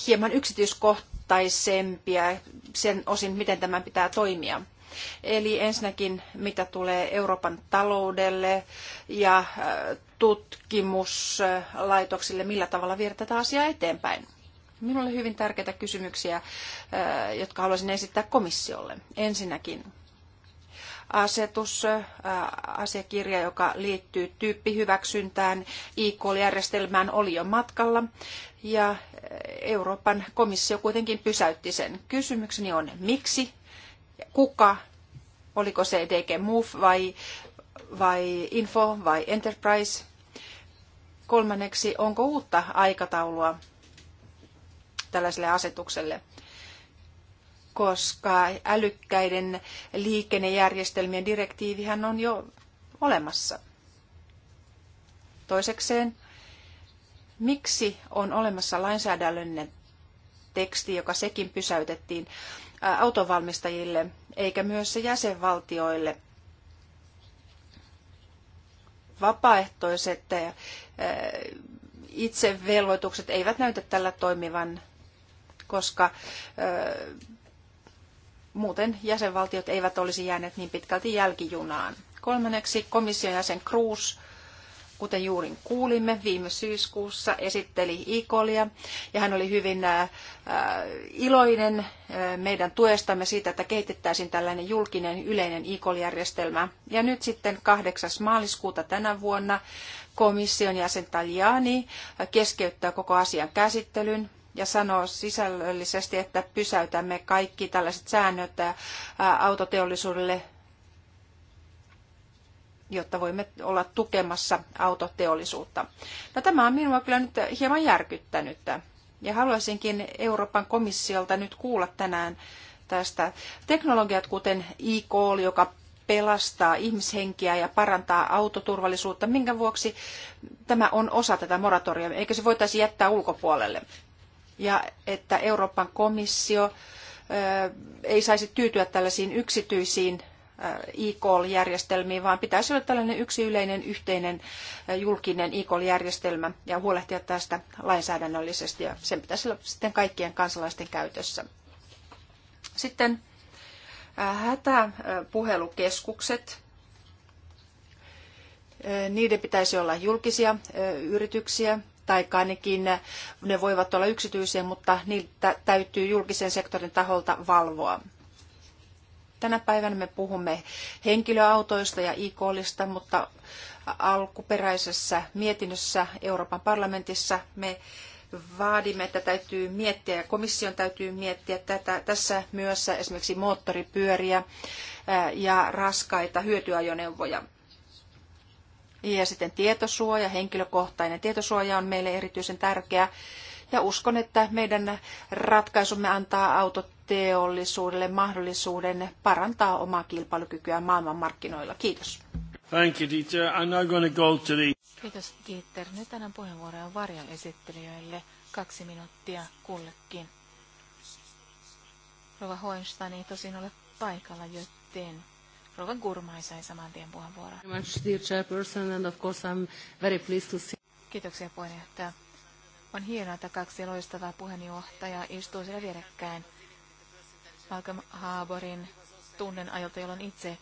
hieman yksityiskohtaisempia sen osin, miten tämän pitää toimia. Eli ensinnäkin, mitä tulee Euroopan taloudelle ja äh, tutkimuslaitoksille, millä tavalla viedä tätä asiaa eteenpäin. Minulle hyvin tärkeitä kysymyksiä, äh, jotka haluaisin esittää komissiolle. Ensinnäkin, asetus, asiakirja, joka liittyy tyyppihyväksyntään, IK-järjestelmään oli jo matkalla ja Euroopan komissio kuitenkin pysäytti sen. Kysymykseni on, miksi, kuka, oliko se DG Move vai, vai Info vai Enterprise? Kolmanneksi, onko uutta aikataulua tällaiselle asetukselle? koska älykkäiden liikennejärjestelmien direktiivihän on jo olemassa. Toisekseen, miksi on olemassa lainsäädännöllinen teksti, joka sekin pysäytettiin autovalmistajille eikä myös jäsenvaltioille. Vapaaehtoiset itsevelvoitukset eivät näytä tällä toimivan, koska Muuten jäsenvaltiot eivät olisi jääneet niin pitkälti jälkijunaan. Kolmanneksi komission jäsen Cruz, kuten juuri kuulimme, viime syyskuussa esitteli Ikolia ja hän oli hyvin äh, äh, iloinen äh, meidän tuestamme siitä, että kehitettäisiin tällainen julkinen yleinen Ikol-järjestelmä. Ja nyt sitten 8. maaliskuuta tänä vuonna komission jäsen Tajani keskeyttää koko asian käsittelyn ja sanoo sisällöllisesti, että pysäytämme kaikki tällaiset säännöt autoteollisuudelle, jotta voimme olla tukemassa autoteollisuutta. No, tämä on minua kyllä nyt hieman järkyttänyt. Ja haluaisinkin Euroopan komissiolta nyt kuulla tänään tästä teknologiat, kuten e joka pelastaa ihmishenkiä ja parantaa autoturvallisuutta, minkä vuoksi tämä on osa tätä moratoriumia, eikö se voitaisi jättää ulkopuolelle ja että Euroopan komissio ei saisi tyytyä tällaisiin yksityisiin e-call-järjestelmiin, vaan pitäisi olla tällainen yksi yleinen yhteinen julkinen e-call-järjestelmä ja huolehtia tästä lainsäädännöllisesti ja sen pitäisi olla sitten kaikkien kansalaisten käytössä. Sitten hätäpuhelukeskukset. Niiden pitäisi olla julkisia yrityksiä tai ainakin ne voivat olla yksityisiä, mutta niitä täytyy julkisen sektorin taholta valvoa. Tänä päivänä me puhumme henkilöautoista ja ikolista, mutta alkuperäisessä mietinnössä Euroopan parlamentissa me vaadimme, että täytyy miettiä ja komission täytyy miettiä tätä, tässä myös esimerkiksi moottoripyöriä ja raskaita hyötyajoneuvoja. Ja sitten tietosuoja, henkilökohtainen tietosuoja on meille erityisen tärkeä. Ja uskon, että meidän ratkaisumme antaa autoteollisuudelle mahdollisuuden parantaa omaa kilpailukykyä maailmanmarkkinoilla. Kiitos. Thank you, Dieter. I'm now going to go to the... Kiitos, Dieter. Nyt annan puheenvuoroja varjon esittelijöille. Kaksi minuuttia kullekin. Rova Hoinstani, tosin ole paikalla, joten Rova Gurmai sai saman tien puheenvuoron. Kiitoksia puheenjohtaja. On hienoa, että kaksi loistavaa puheenjohtajaa istuu siellä vierekkäin. Malcolm Haaborin tunnen ajalta, jolloin itse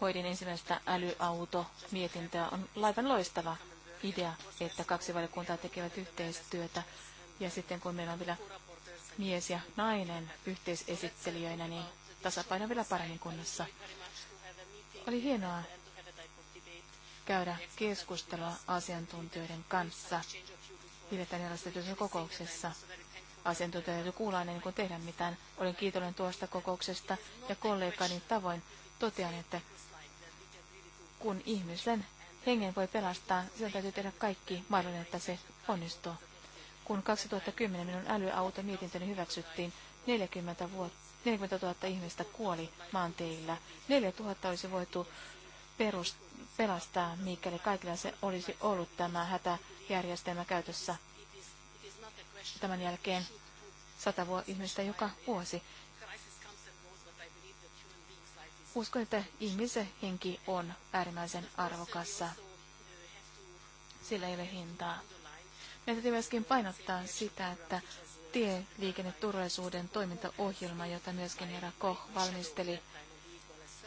hoidin ensimmäistä älyauto-mietintöä. On laivan loistava idea, että kaksi valiokuntaa tekevät yhteistyötä. Ja sitten kun meillä on vielä mies ja nainen yhteisesittelijöinä, niin tasapaino vielä paremmin kunnossa. Oli hienoa käydä keskustelua asiantuntijoiden kanssa hiljattain järjestetyssä kokouksessa. Asiantuntijoita ei kuulla ennen kuin tehdä mitään. Olen kiitollinen tuosta kokouksesta ja kollegani tavoin totean, että kun ihmisen hengen voi pelastaa, sen täytyy tehdä kaikki mahdollinen, että se onnistuu. Kun 2010 minun älyauto mietintöni hyväksyttiin 40 vuotta 40 000 ihmistä kuoli maanteillä. 4 000 olisi voitu perust- pelastaa, mikäli kaikilla se olisi ollut tämä hätäjärjestelmä käytössä. Tämän jälkeen 100 vuo- ihmistä joka vuosi. Uskon, että ihmisen henki on äärimmäisen arvokassa. Sillä ei ole hintaa. Meidän täytyy myöskin painottaa sitä, että tieliikenneturvallisuuden toimintaohjelma, jota myöskin herra Koch valmisteli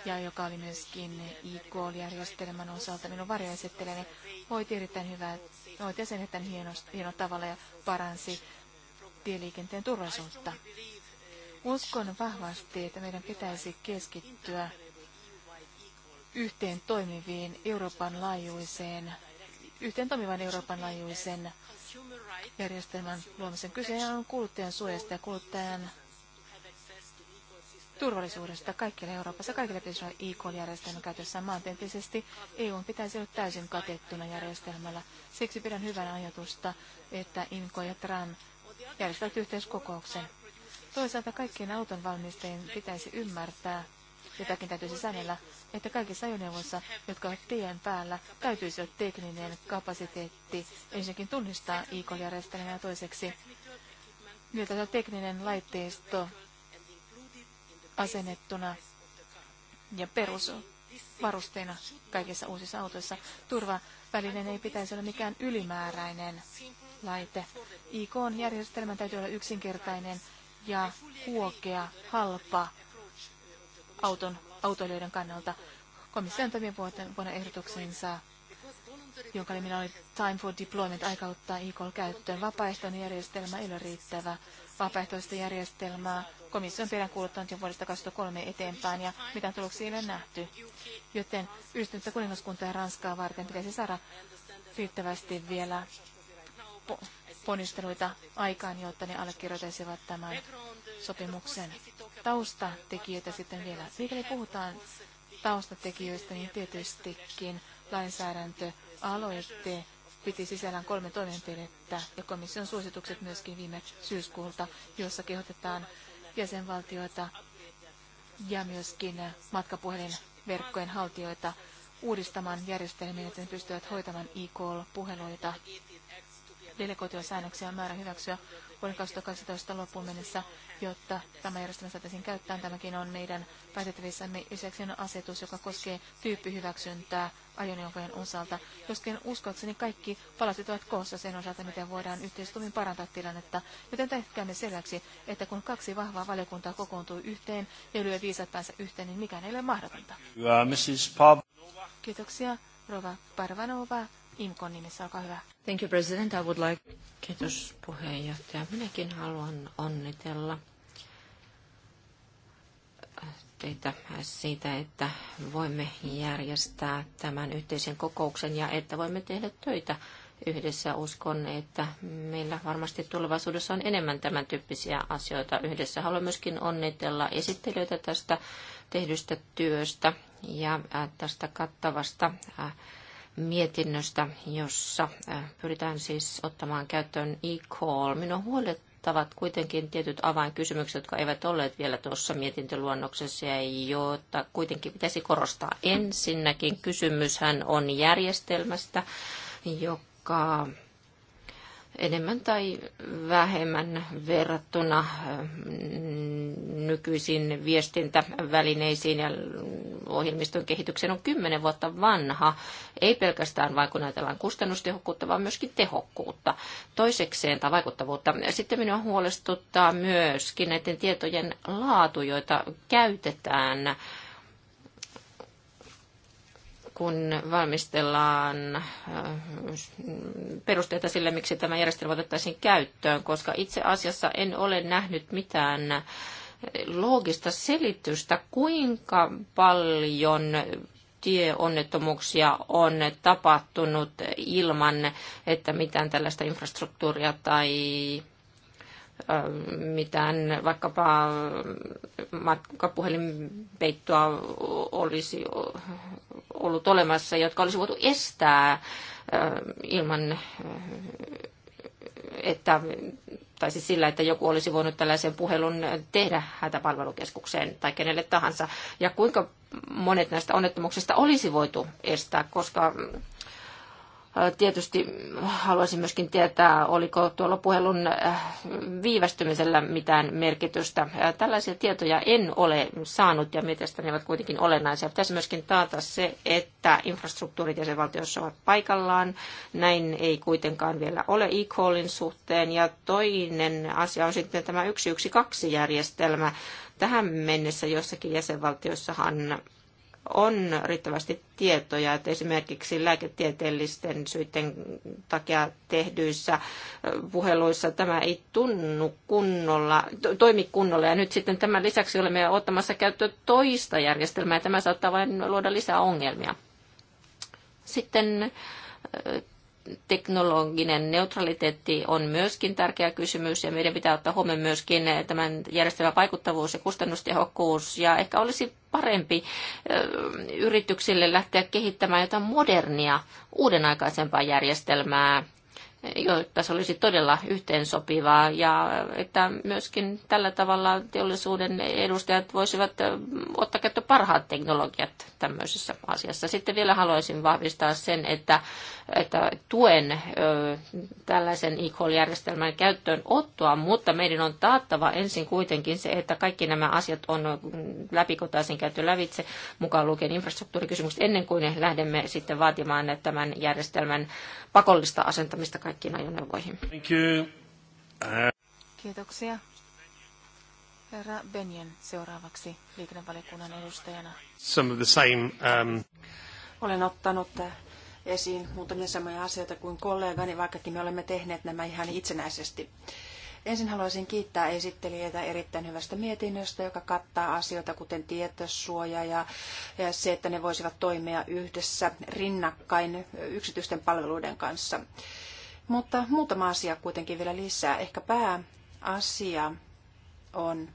ja joka oli myöskin IKL-järjestelmän osalta minun varjoesittelijäni, hoiti erittäin hyvää, hoiti sen erittäin hienolla tavalla ja paransi tieliikenteen turvallisuutta. Uskon vahvasti, että meidän pitäisi keskittyä yhteen toimiviin Euroopan laajuiseen, yhteen toimivan Euroopan laajuisen järjestelmän luomisen. Kyse on kuluttajan suojasta ja kuluttajan turvallisuudesta kaikille Euroopassa. Kaikille pitäisi olla e-call-järjestelmä käytössä maantieteellisesti. EU pitäisi olla täysin katettuna järjestelmällä. Siksi pidän hyvän ajatusta, että INKO ja TRAN järjestävät yhteiskokouksen. Toisaalta kaikkien auton valmistajien pitäisi ymmärtää, jotakin täytyisi sanella, että kaikissa ajoneuvoissa, jotka ovat tien päällä, täytyisi olla tekninen kapasiteetti ensinnäkin tunnistaa IK-järjestelmää toiseksi. Nyt tämä tekninen laitteisto asennettuna ja perusvarusteina kaikissa uusissa autoissa. Turvavälineen ei pitäisi olla mikään ylimääräinen laite. IK-järjestelmän täytyy olla yksinkertainen ja huokea, halpa auton, autoilijoiden kannalta. Komission toimien vuonna ehdotuksensa, jonka nimi oli Time for Deployment, aika ottaa IKL käyttöön. Vapaaehtoinen järjestelmä ei ole riittävä. Vapaaehtoista järjestelmää komission peräänkuuluttanut jo vuodesta 2003 eteenpäin ja mitä tuloksia ei ole nähty. Joten yhdistynyttä kuningaskuntaa ja Ranskaa varten pitäisi saada riittävästi vielä po- ponnisteluita aikaan, jotta ne allekirjoitaisivat tämän sopimuksen taustatekijöitä sitten vielä. Mikäli puhutaan taustatekijöistä, niin tietystikin lainsäädäntöaloitteen piti sisällään kolme toimenpidettä ja komission suositukset myöskin viime syyskuulta, jossa kehotetaan jäsenvaltioita ja myöskin matkapuhelinverkkojen haltijoita uudistamaan järjestelmiä, että ne pystyvät hoitamaan e-call-puheluita. Delegoituja säännöksiä on määrä hyväksyä vuoden 2012 loppuun mennessä, jotta tämä järjestelmä saataisiin käyttää. Tämäkin on meidän päätettävissämme lisäksi on asetus, joka koskee tyyppihyväksyntää ajoneuvojen osalta. Joskin uskoakseni kaikki palaset ovat koossa sen osalta, miten voidaan yhteistumin parantaa tilannetta, joten tehkäämme selväksi, että kun kaksi vahvaa valiokuntaa kokoontuu yhteen ja lyö viisat päänsä yhteen, niin mikään ei ole mahdotonta. Kiitoksia, Rova Parvanova. IMKOn nimissä, olkaa hyvä. Thank you, President. I would like... Kiitos puheenjohtaja. Minäkin haluan onnitella teitä siitä, että voimme järjestää tämän yhteisen kokouksen ja että voimme tehdä töitä yhdessä. Uskon, että meillä varmasti tulevaisuudessa on enemmän tämän tyyppisiä asioita yhdessä. Haluan myöskin onnitella esittelijöitä tästä tehdystä työstä ja tästä kattavasta mietinnöstä, jossa äh, pyritään siis ottamaan käyttöön e-call. Minua huolettavat kuitenkin tietyt avainkysymykset, jotka eivät olleet vielä tuossa mietintöluonnoksessa ja joita kuitenkin pitäisi korostaa. Ensinnäkin kysymyshän on järjestelmästä, joka enemmän tai vähemmän verrattuna äh, nykyisiin viestintävälineisiin ja ohjelmiston kehitykseen on kymmenen vuotta vanha. Ei pelkästään vain kun ajatellaan kustannustehokkuutta, vaan myöskin tehokkuutta. Toisekseen tai vaikuttavuutta. Sitten minua huolestuttaa myöskin näiden tietojen laatu, joita käytetään kun valmistellaan äh, perusteita sille, miksi tämä järjestelmä otettaisiin käyttöön, koska itse asiassa en ole nähnyt mitään loogista selitystä, kuinka paljon tieonnettomuuksia on tapahtunut ilman, että mitään tällaista infrastruktuuria tai mitään vaikkapa matkapuhelinpeittoa olisi ollut olemassa, jotka olisi voitu estää ilman, että, tai siis sillä, että joku olisi voinut tällaisen puhelun tehdä hätäpalvelukeskukseen tai kenelle tahansa. Ja kuinka monet näistä onnettomuuksista olisi voitu estää, koska Tietysti haluaisin myöskin tietää, oliko tuolla puhelun äh, viivästymisellä mitään merkitystä. Tällaisia tietoja en ole saanut ja mitestä ne ovat kuitenkin olennaisia. Pitäisi myöskin taata se, että infrastruktuurit valtiossa ovat paikallaan. Näin ei kuitenkaan vielä ole e-callin suhteen. Ja toinen asia on sitten tämä 112-järjestelmä. Tähän mennessä jossakin jäsenvaltioissahan on riittävästi tietoja, että esimerkiksi lääketieteellisten syiden takia tehdyissä puheluissa tämä ei tunnu kunnolla, toimi kunnolla. Ja nyt sitten tämän lisäksi olemme ottamassa käyttöön toista järjestelmää ja tämä saattaa vain luoda lisää ongelmia. Sitten teknologinen neutraliteetti on myöskin tärkeä kysymys ja meidän pitää ottaa huomioon myöskin tämän järjestelmän vaikuttavuus ja kustannustehokkuus ja ehkä olisi parempi yrityksille lähteä kehittämään jotain modernia, uudenaikaisempaa järjestelmää jotta se olisi todella yhteensopivaa ja että myöskin tällä tavalla teollisuuden edustajat voisivat ottaa käyttöön parhaat teknologiat tämmöisessä asiassa. Sitten vielä haluaisin vahvistaa sen, että, että tuen ö, tällaisen e-call-järjestelmän käyttöön ottoa, mutta meidän on taattava ensin kuitenkin se, että kaikki nämä asiat on läpikotaisin käyty lävitse, mukaan lukien infrastruktuurikysymykset, ennen kuin lähdemme sitten vaatimaan tämän järjestelmän pakollista asentamista kaikkiin ajoneuvoihin. Thank you. Uh, Kiitoksia. Herra Benjen seuraavaksi liikennevaliokunnan edustajana. Some of the same, um... Olen ottanut esiin muutamia samoja asioita kuin kollegani, vaikkakin me olemme tehneet nämä ihan itsenäisesti. Ensin haluaisin kiittää esittelijöitä erittäin hyvästä mietinnöstä, joka kattaa asioita kuten tietosuoja ja, ja se, että ne voisivat toimia yhdessä rinnakkain yksityisten palveluiden kanssa. Mutta muutama asia kuitenkin vielä lisää. Ehkä pääasia on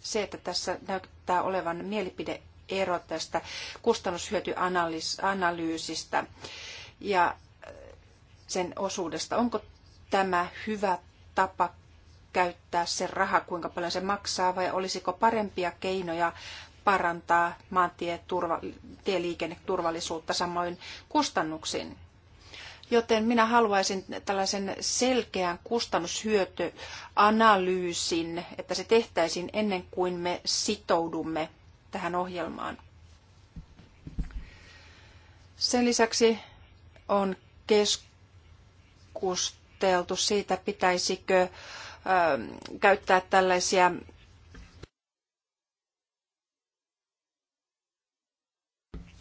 se, että tässä näyttää olevan mielipideero tästä kustannushyötyanalyysistä ja sen osuudesta. Onko tämä hyvä tapa käyttää se raha, kuinka paljon se maksaa, vai olisiko parempia keinoja parantaa maantieliikenneturvallisuutta samoin kustannuksin? Joten minä haluaisin tällaisen selkeän kustannushyötyanalyysin, että se tehtäisiin ennen kuin me sitoudumme tähän ohjelmaan. Sen lisäksi on keskusteltu siitä, pitäisikö ähm, käyttää tällaisia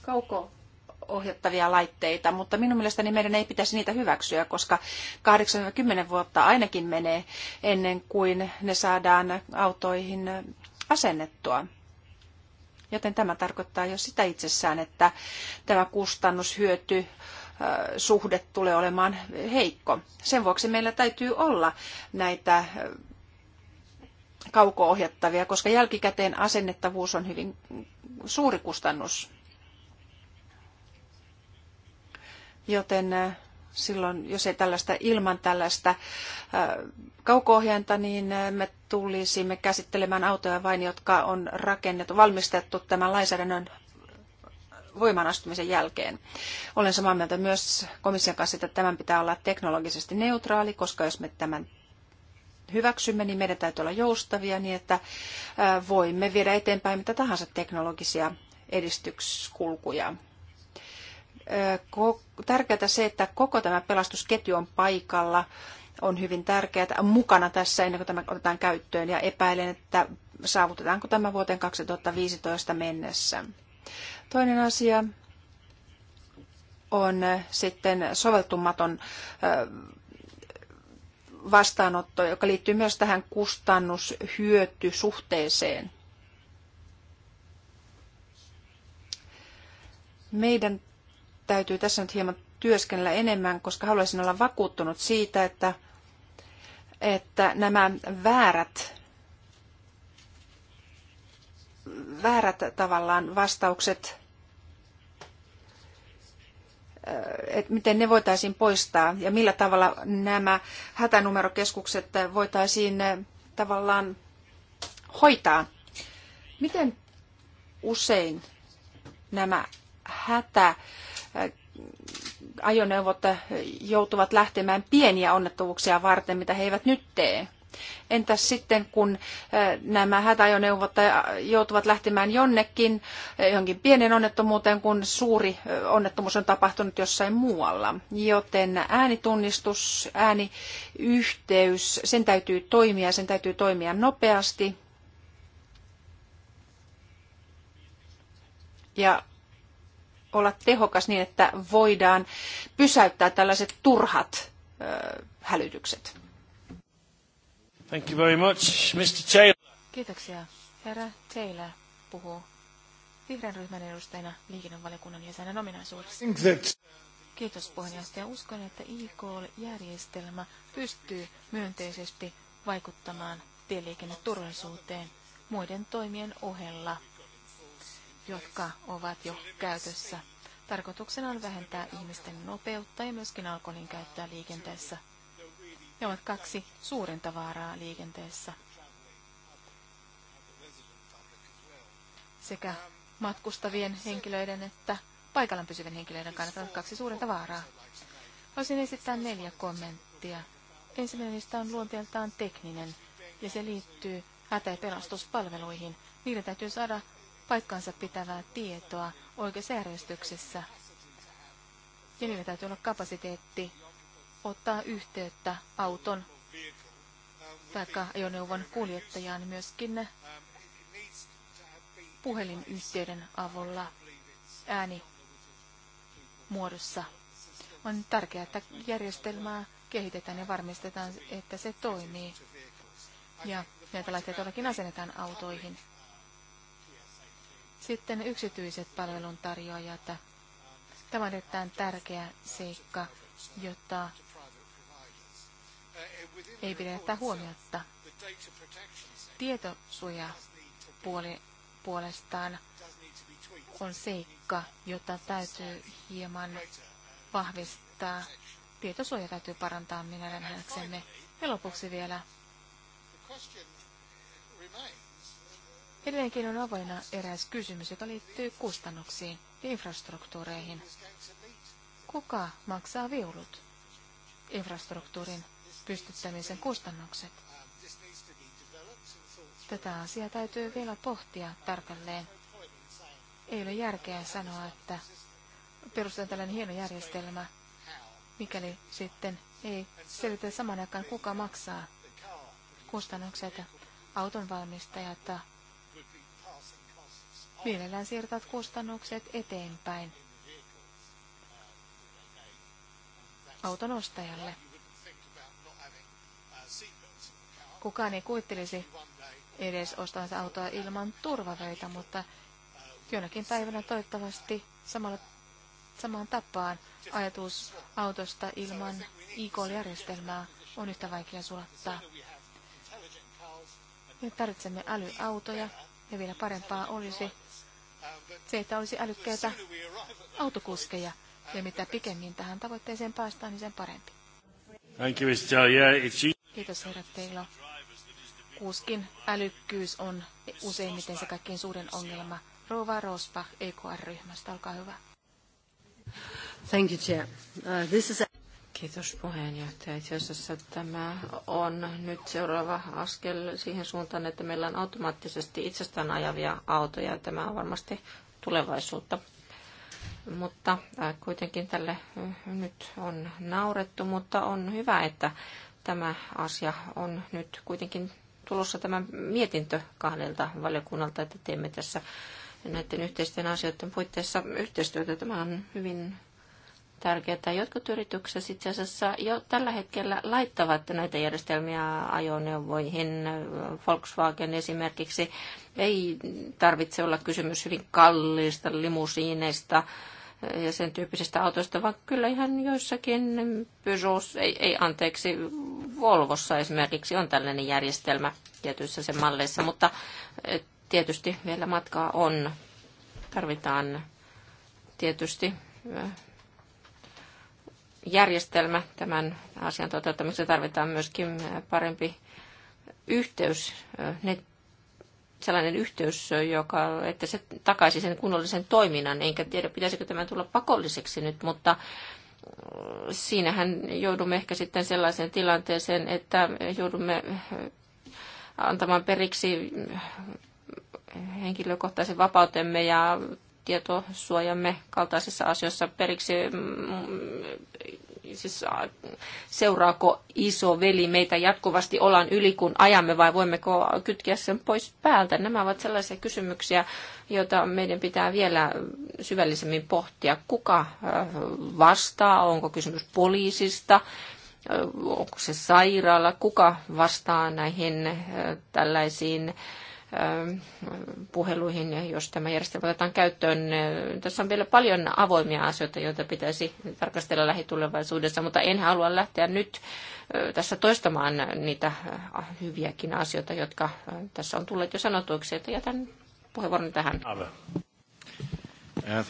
kauko ohjattavia laitteita, mutta minun mielestäni meidän ei pitäisi niitä hyväksyä, koska 80 vuotta ainakin menee ennen kuin ne saadaan autoihin asennettua. Joten tämä tarkoittaa jo sitä itsessään, että tämä kustannushyöty suhde tulee olemaan heikko. Sen vuoksi meillä täytyy olla näitä kauko-ohjattavia, koska jälkikäteen asennettavuus on hyvin suuri kustannus. Joten äh, silloin, jos ei tällaista ilman tällaista äh, kauko niin äh, me tulisimme käsittelemään autoja vain, jotka on rakennettu, valmistettu tämän lainsäädännön voimanastumisen jälkeen. Olen samaa mieltä myös komission kanssa, että tämän pitää olla teknologisesti neutraali, koska jos me tämän hyväksymme, niin meidän täytyy olla joustavia niin, että voimme viedä eteenpäin mitä tahansa teknologisia edistyskulkuja tärkeää se, että koko tämä pelastusketju on paikalla, on hyvin tärkeää mukana tässä ennen kuin tämä otetaan käyttöön ja epäilen, että saavutetaanko tämä vuoteen 2015 mennessä. Toinen asia on sitten soveltumaton vastaanotto, joka liittyy myös tähän kustannushyötysuhteeseen. Meidän täytyy tässä nyt hieman työskennellä enemmän, koska haluaisin olla vakuuttunut siitä, että, että nämä väärät, väärät tavallaan vastaukset, äh, että miten ne voitaisiin poistaa ja millä tavalla nämä hätänumerokeskukset voitaisiin äh, tavallaan hoitaa. Miten usein nämä hätä ajoneuvot joutuvat lähtemään pieniä onnettomuuksia varten, mitä he eivät nyt tee. Entäs sitten, kun nämä hätäajoneuvot joutuvat lähtemään jonnekin, johonkin pienen onnettomuuteen, kun suuri onnettomuus on tapahtunut jossain muualla. Joten äänitunnistus, ääniyhteys, sen täytyy toimia, sen täytyy toimia nopeasti. Ja olla tehokas niin, että voidaan pysäyttää tällaiset turhat hälytykset. Thank you very much, Mr. Taylor. Kiitoksia. Herra Taylor puhuu vihreän ryhmän edustajana liikennevaliokunnan jäsenen ominaisuudessa. Kiitos puheenjohtaja. Uskon, että IKL-järjestelmä pystyy myönteisesti vaikuttamaan tieliikenneturvallisuuteen muiden toimien ohella jotka ovat jo käytössä. Tarkoituksena on vähentää ihmisten nopeutta ja myöskin alkoholin käyttöä liikenteessä. Ne ovat kaksi suurinta vaaraa liikenteessä. Sekä matkustavien henkilöiden että paikallaan pysyvien henkilöiden kannalta ovat kaksi suurinta vaaraa. Voisin esittää neljä kommenttia. Ensimmäinen niistä on luonteeltaan tekninen ja se liittyy hätä- ja pelastuspalveluihin. Niiden täytyy saada paikkansa pitävää tietoa oikeassa järjestyksessä. Ja niillä täytyy olla kapasiteetti ottaa yhteyttä auton tai ajoneuvon kuljettajaan myöskin puhelinyhteyden avulla ääni muodossa. On tärkeää, että järjestelmää kehitetään ja varmistetaan, että se toimii. Ja näitä laitteita todellakin asennetaan autoihin. Sitten yksityiset palveluntarjoajat. Tämä on erittäin tärkeä seikka, jota ei pidä jättää huomiota. Tietosuoja puoli, puolestaan on seikka, jota täytyy hieman vahvistaa. Tietosuoja täytyy parantaa minä nähdäksemme. Ja lopuksi vielä Edelleenkin on avoinna eräs kysymys, joka liittyy kustannuksiin ja infrastruktuureihin. Kuka maksaa viulut? Infrastruktuurin pystyttämisen kustannukset. Tätä asiaa täytyy vielä pohtia tarkalleen. Ei ole järkeä sanoa, että perustetaan tällainen hieno järjestelmä, mikäli sitten ei selitä saman aikaan, kuka maksaa kustannukset, auton valmistajat, mielellään siirtävät kustannukset eteenpäin auton ostajalle. Kukaan ei kuittelisi edes ostavansa autoa ilman turvavöitä, mutta jonakin päivänä toivottavasti samalla, samaan tapaan ajatus autosta ilman e järjestelmää on yhtä vaikea sulattaa. Me tarvitsemme älyautoja ja vielä parempaa olisi, se, että olisi älykkäitä autokuskeja. Ja mitä pikemmin tähän tavoitteeseen päästään, niin sen parempi. Kiitos, herra teillä. Kuuskin älykkyys on useimmiten se kaikkein suurin ongelma. Rova Rosbach EKR-ryhmästä, olkaa hyvä. Thank you, Chair. Uh, this is a... Kiitos puheenjohtaja. Itse asiassa tämä on nyt seuraava askel siihen suuntaan, että meillä on automaattisesti itsestään ajavia autoja. Tämä on varmasti tulevaisuutta. Mutta äh, kuitenkin tälle äh, nyt on naurettu, mutta on hyvä, että tämä asia on nyt kuitenkin tulossa tämä mietintö kahdelta valiokunnalta, että teemme tässä näiden yhteisten asioiden puitteissa yhteistyötä. Tämä on hyvin tärkeää. Jotkut yritykset itse asiassa jo tällä hetkellä laittavat näitä järjestelmiä ajoneuvoihin. Volkswagen esimerkiksi ei tarvitse olla kysymys hyvin kalliista limusiineista ja sen tyyppisistä autoista, vaan kyllä ihan joissakin pysuus, ei, ei anteeksi, Volvossa esimerkiksi on tällainen järjestelmä tietyissä sen malleissa, mutta eh, tietysti vielä matkaa on. Tarvitaan tietysti eh, järjestelmä tämän asian toteuttamiseksi. Tarvitaan myöskin parempi yhteys, net, sellainen yhteys, joka, että se takaisi sen kunnollisen toiminnan. Enkä tiedä, pitäisikö tämä tulla pakolliseksi nyt, mutta siinähän joudumme ehkä sitten sellaiseen tilanteeseen, että joudumme antamaan periksi henkilökohtaisen vapautemme ja tietosuojamme kaltaisissa asioissa periksi, mm, siis seuraako iso veli meitä jatkuvasti ollaan yli, kun ajamme vai voimmeko kytkeä sen pois päältä? Nämä ovat sellaisia kysymyksiä, joita meidän pitää vielä syvällisemmin pohtia. Kuka vastaa? Onko kysymys poliisista? Onko se sairaala? Kuka vastaa näihin tällaisiin Ähm, puheluihin, jos tämä järjestelmä otetaan käyttöön. Tässä on vielä paljon avoimia asioita, joita pitäisi tarkastella lähitulevaisuudessa, mutta en halua lähteä nyt äh, tässä toistamaan niitä äh, hyviäkin asioita, jotka äh, tässä on tulleet jo sanotuiksi, että jätän puheenvuoron tähän. Thank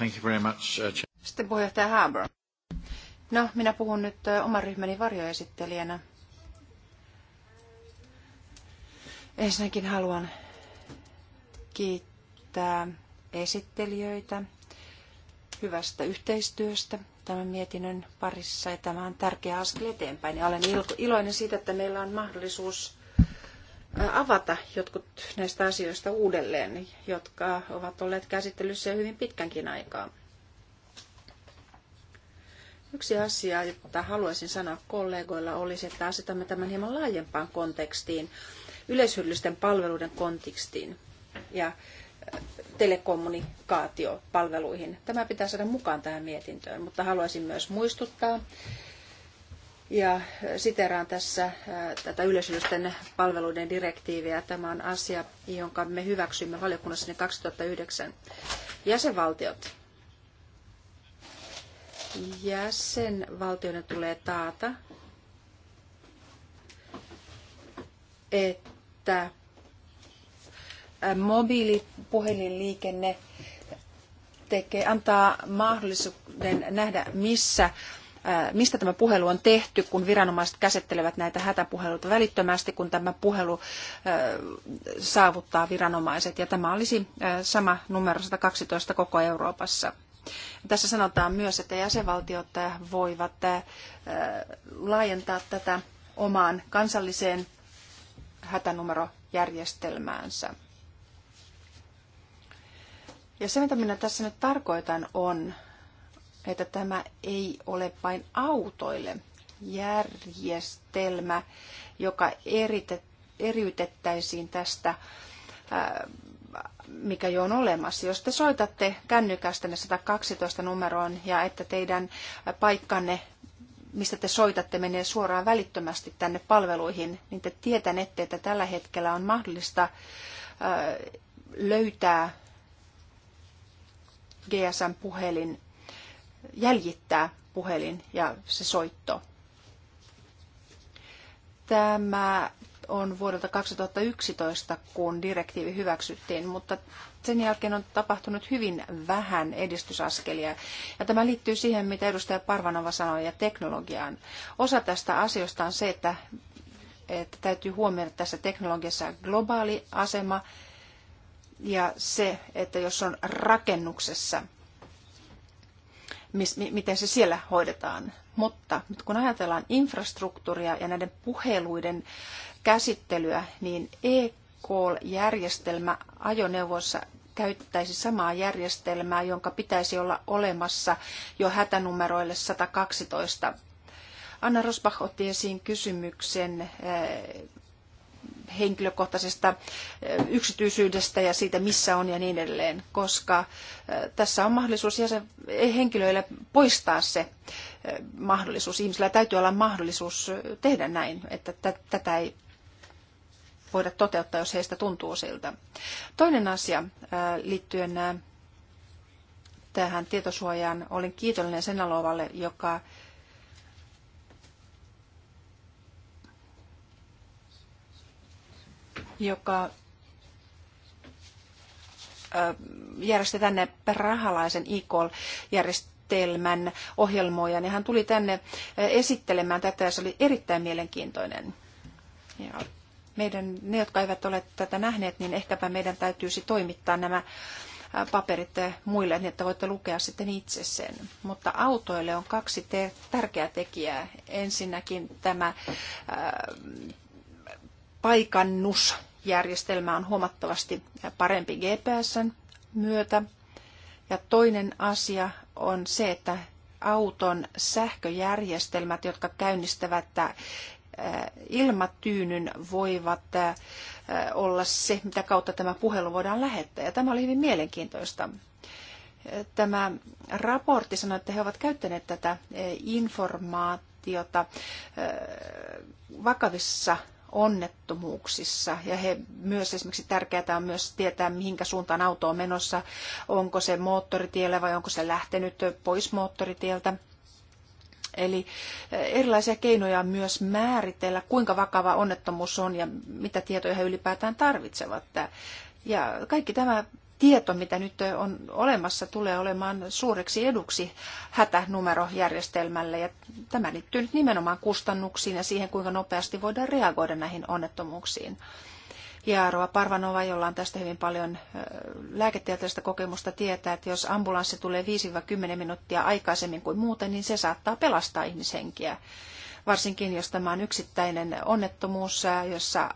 you very much. Uh, Sitten puheenjohtaja Haber. No, minä puhun nyt oman ryhmäni varjoesittelijänä. Ensinnäkin haluan kiittää esittelijöitä hyvästä yhteistyöstä tämän mietinnön parissa ja tämä on tärkeä askel eteenpäin. Ja olen iloinen siitä, että meillä on mahdollisuus avata jotkut näistä asioista uudelleen, jotka ovat olleet käsittelyssä jo hyvin pitkänkin aikaa. Yksi asia, jota haluaisin sanoa kollegoilla, olisi, että asetamme tämän hieman laajempaan kontekstiin, yleishyödyllisten palveluiden kontekstiin ja äh, telekommunikaatiopalveluihin. Tämä pitää saada mukaan tähän mietintöön, mutta haluaisin myös muistuttaa ja äh, siteraan tässä äh, tätä yleisöllisten palveluiden direktiiviä. Tämä on asia, jonka me hyväksyimme valiokunnassa 2009. Jäsenvaltiot. Jäsenvaltioiden tulee taata, että mobiilipuhelinliikenne tekee, antaa mahdollisuuden nähdä, missä, äh, mistä tämä puhelu on tehty, kun viranomaiset käsittelevät näitä hätäpuheluita välittömästi, kun tämä puhelu äh, saavuttaa viranomaiset. Ja tämä olisi äh, sama numero 112 koko Euroopassa. Tässä sanotaan myös, että jäsenvaltiot voivat laajentaa tätä omaan kansalliseen hätänumerojärjestelmäänsä. Ja se, mitä minä tässä nyt tarkoitan, on, että tämä ei ole vain autoille järjestelmä, joka eritet, eriytettäisiin tästä, äh, mikä jo on olemassa. Jos te soitatte kännykästä, ne 112 numeroon ja että teidän paikkanne, mistä te soitatte, menee suoraan välittömästi tänne palveluihin, niin te tietänette, että tällä hetkellä on mahdollista äh, löytää GSM-puhelin jäljittää puhelin ja se soitto. Tämä on vuodelta 2011, kun direktiivi hyväksyttiin, mutta sen jälkeen on tapahtunut hyvin vähän edistysaskelia. Ja tämä liittyy siihen, mitä edustaja Parvanova sanoi, ja teknologiaan. Osa tästä asiasta on se, että, että täytyy huomioida tässä teknologiassa globaali asema ja se, että jos on rakennuksessa, mis, miten se siellä hoidetaan. Mutta nyt kun ajatellaan infrastruktuuria ja näiden puheluiden käsittelyä, niin e-call-järjestelmä ajoneuvoissa käyttäisi samaa järjestelmää, jonka pitäisi olla olemassa jo hätänumeroille 112. Anna Rosbach otti esiin kysymyksen eh, henkilökohtaisesta yksityisyydestä ja siitä, missä on ja niin edelleen, koska tässä on mahdollisuus jäsen, henkilöille poistaa se mahdollisuus. Ihmisillä täytyy olla mahdollisuus tehdä näin, että tätä ei voida toteuttaa, jos heistä tuntuu siltä. Toinen asia liittyen tähän tietosuojaan. Olin kiitollinen Senalovalle, joka joka järjesti tänne rahalaisen IKOL-järjestelmän ohjelmoijan. Ja niin hän tuli tänne esittelemään tätä ja se oli erittäin mielenkiintoinen. Ja meidän, ne, jotka eivät ole tätä nähneet, niin ehkäpä meidän täytyisi toimittaa nämä paperit muille, niin että voitte lukea sitten itse sen. Mutta autoille on kaksi te- tärkeää tekijää. Ensinnäkin tämä paikannusjärjestelmä on huomattavasti parempi GPSn myötä. Ja toinen asia on se, että auton sähköjärjestelmät, jotka käynnistävät äh, ilmatyynyn, voivat äh, olla se, mitä kautta tämä puhelu voidaan lähettää. Ja tämä oli hyvin mielenkiintoista. Tämä raportti sanoi, että he ovat käyttäneet tätä äh, informaatiota vakavissa onnettomuuksissa. Ja he myös esimerkiksi tärkeää on myös tietää, mihinkä suuntaan auto on menossa, onko se moottoritiellä vai onko se lähtenyt pois moottoritieltä. Eli eh, erilaisia keinoja on myös määritellä, kuinka vakava onnettomuus on ja mitä tietoja he ylipäätään tarvitsevat. Ja kaikki tämä tieto, mitä nyt on olemassa, tulee olemaan suureksi eduksi hätänumerojärjestelmälle. Ja tämä liittyy nyt nimenomaan kustannuksiin ja siihen, kuinka nopeasti voidaan reagoida näihin onnettomuuksiin. Ja Roa Parvanova, jolla on tästä hyvin paljon lääketieteellistä kokemusta, tietää, että jos ambulanssi tulee 5-10 minuuttia aikaisemmin kuin muuten, niin se saattaa pelastaa ihmishenkiä varsinkin jos tämä on yksittäinen onnettomuus, jossa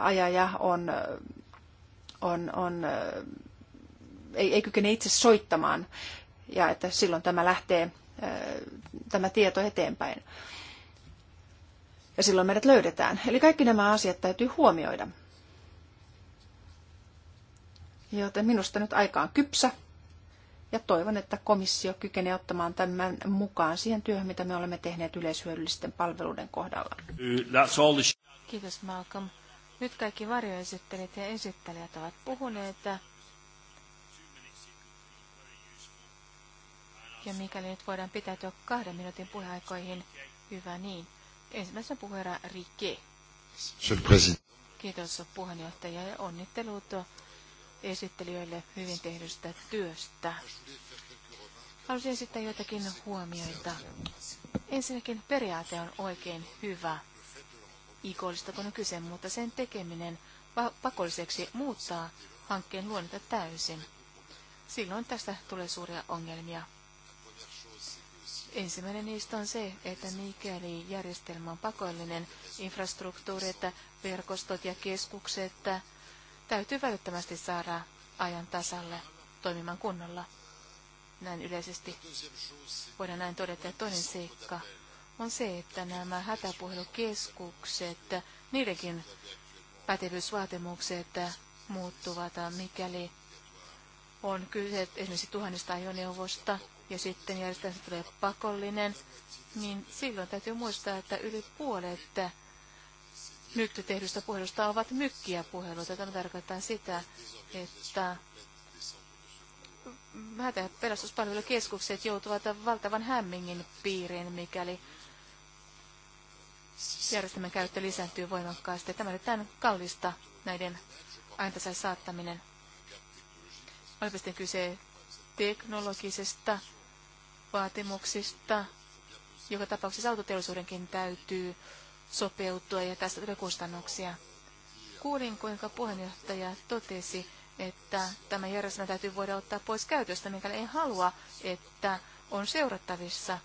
ajaja on, on, on ei, ei kykene itse soittamaan ja että silloin tämä lähtee tämä tieto eteenpäin. Ja silloin meidät löydetään. Eli kaikki nämä asiat täytyy huomioida. Joten minusta nyt aika on kypsä. Ja toivon, että komissio kykenee ottamaan tämän mukaan siihen työhön, mitä me olemme tehneet yleishyödyllisten palveluiden kohdalla. Kiitos Malcolm. Nyt kaikki varjoesittelijät ja esittelijät ovat puhuneet. Ja mikäli nyt voidaan pitäytyä kahden minuutin puheaikoihin, hyvä niin. Ensimmäisenä puheenjohtaja Rike. Kiitos puheenjohtaja ja onnittelut esittelijöille hyvin tehdystä työstä. Haluaisin esittää jotakin huomioita. Ensinnäkin periaate on oikein hyvä. Ikollista kun on kyse, mutta sen tekeminen pakolliseksi muuttaa hankkeen luonnetta täysin. Silloin tästä tulee suuria ongelmia Ensimmäinen niistä on se, että mikäli järjestelmä on pakollinen, infrastruktuuri, että verkostot ja keskukset täytyy välittömästi saada ajan tasalle toimimaan kunnolla. Näin yleisesti voidaan näin todeta. Ja toinen seikka on se, että nämä hätäpuhelukeskukset, niidenkin pätevyysvaatimukset muuttuvat, mikäli on kyse esimerkiksi tuhannesta ajoneuvosta, ja sitten järjestelmä tulee pakollinen, niin silloin täytyy muistaa, että yli puolet mykty tehdystä puhelusta ovat mykkiä puheluita. Tämä tarkoittaa sitä, että hätä- ja pelastuspalvelukeskukset joutuvat valtavan hämmingin piiriin, mikäli järjestelmän käyttö lisääntyy voimakkaasti. Tämä on tämän kallista näiden ajantasaisaattaminen. saattaminen. Olipa sitten kyse teknologisesta vaatimuksista. Joka tapauksessa autoteollisuudenkin täytyy sopeutua ja tästä tulee kustannuksia. Kuulin, kuinka puheenjohtaja totesi, että tämä järjestelmä täytyy voida ottaa pois käytöstä, mikäli ei halua, että on seurattavissa.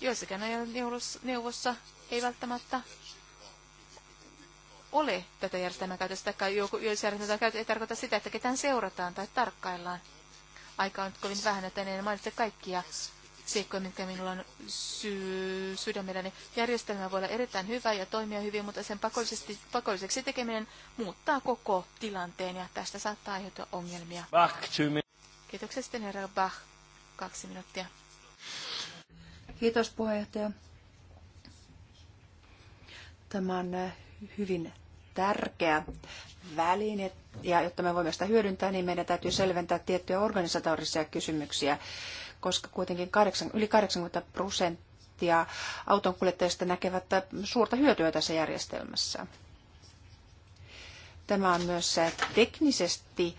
Joissakin neuvossa ei välttämättä ole tätä järjestelmää käytössä, tai joku järjestelmä käytössä ei tarkoita sitä, että ketään seurataan tai tarkkaillaan. Aika on kovin vähän, että en mainitse kaikkia seikkoja, mitkä minulla on sy- sydämelläni. Järjestelmä voi olla erittäin hyvä ja toimia hyvin, mutta sen pakollisesti, pakolliseksi tekeminen muuttaa koko tilanteen ja tästä saattaa aiheutua ongelmia. Bach, Kiitoksia sitten herra Bach. Kaksi minuuttia. Kiitos puheenjohtaja. Tämä on äh, hyvin tärkeä väline, ja jotta me voimme sitä hyödyntää, niin meidän täytyy selventää tiettyjä organisatorisia kysymyksiä koska kuitenkin yli 80 prosenttia autonkuljettajista näkevät suurta hyötyä tässä järjestelmässä. Tämä on myös teknisesti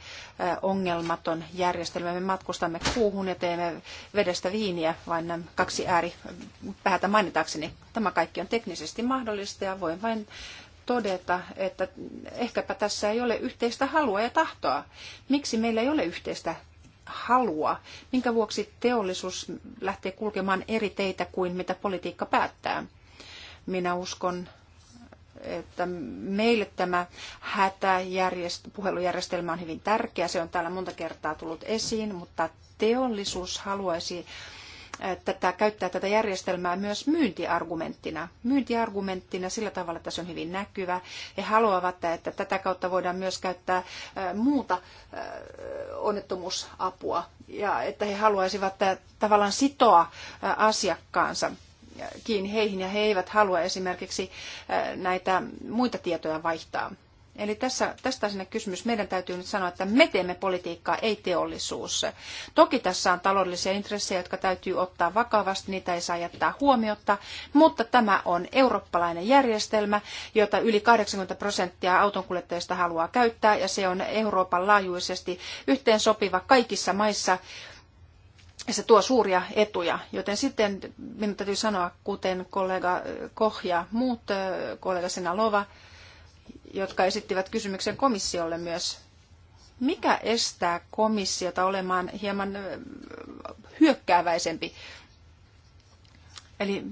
ongelmaton järjestelmä. Me matkustamme kuuhun ja teemme vedestä viiniä, vain nämä kaksi ääri päätä mainitakseni. Tämä kaikki on teknisesti mahdollista ja voin vain todeta, että ehkäpä tässä ei ole yhteistä halua ja tahtoa. Miksi meillä ei ole yhteistä halua? Minkä vuoksi teollisuus lähtee kulkemaan eri teitä kuin mitä politiikka päättää? Minä uskon, että meille tämä hätäpuhelujärjestelmä on hyvin tärkeä. Se on täällä monta kertaa tullut esiin, mutta teollisuus haluaisi tätä, käyttää tätä järjestelmää myös myyntiargumenttina. Myyntiargumenttina sillä tavalla, että se on hyvin näkyvä. He haluavat, että tätä kautta voidaan myös käyttää muuta onnettomuusapua ja että he haluaisivat tavallaan sitoa asiakkaansa kiinni heihin ja he eivät halua esimerkiksi näitä muita tietoja vaihtaa Eli tässä, tästä sinne kysymys. Meidän täytyy nyt sanoa, että me teemme politiikkaa, ei teollisuus. Toki tässä on taloudellisia intressejä, jotka täytyy ottaa vakavasti, niitä ei saa jättää huomiota, mutta tämä on eurooppalainen järjestelmä, jota yli 80 prosenttia autonkuljettajista haluaa käyttää, ja se on Euroopan laajuisesti yhteen sopiva kaikissa maissa se tuo suuria etuja. Joten sitten minun täytyy sanoa, kuten kollega Koh ja muut, kollega Senalova, jotka esittivät kysymyksen komissiolle myös. Mikä estää komissiota olemaan hieman hyökkääväisempi? Eli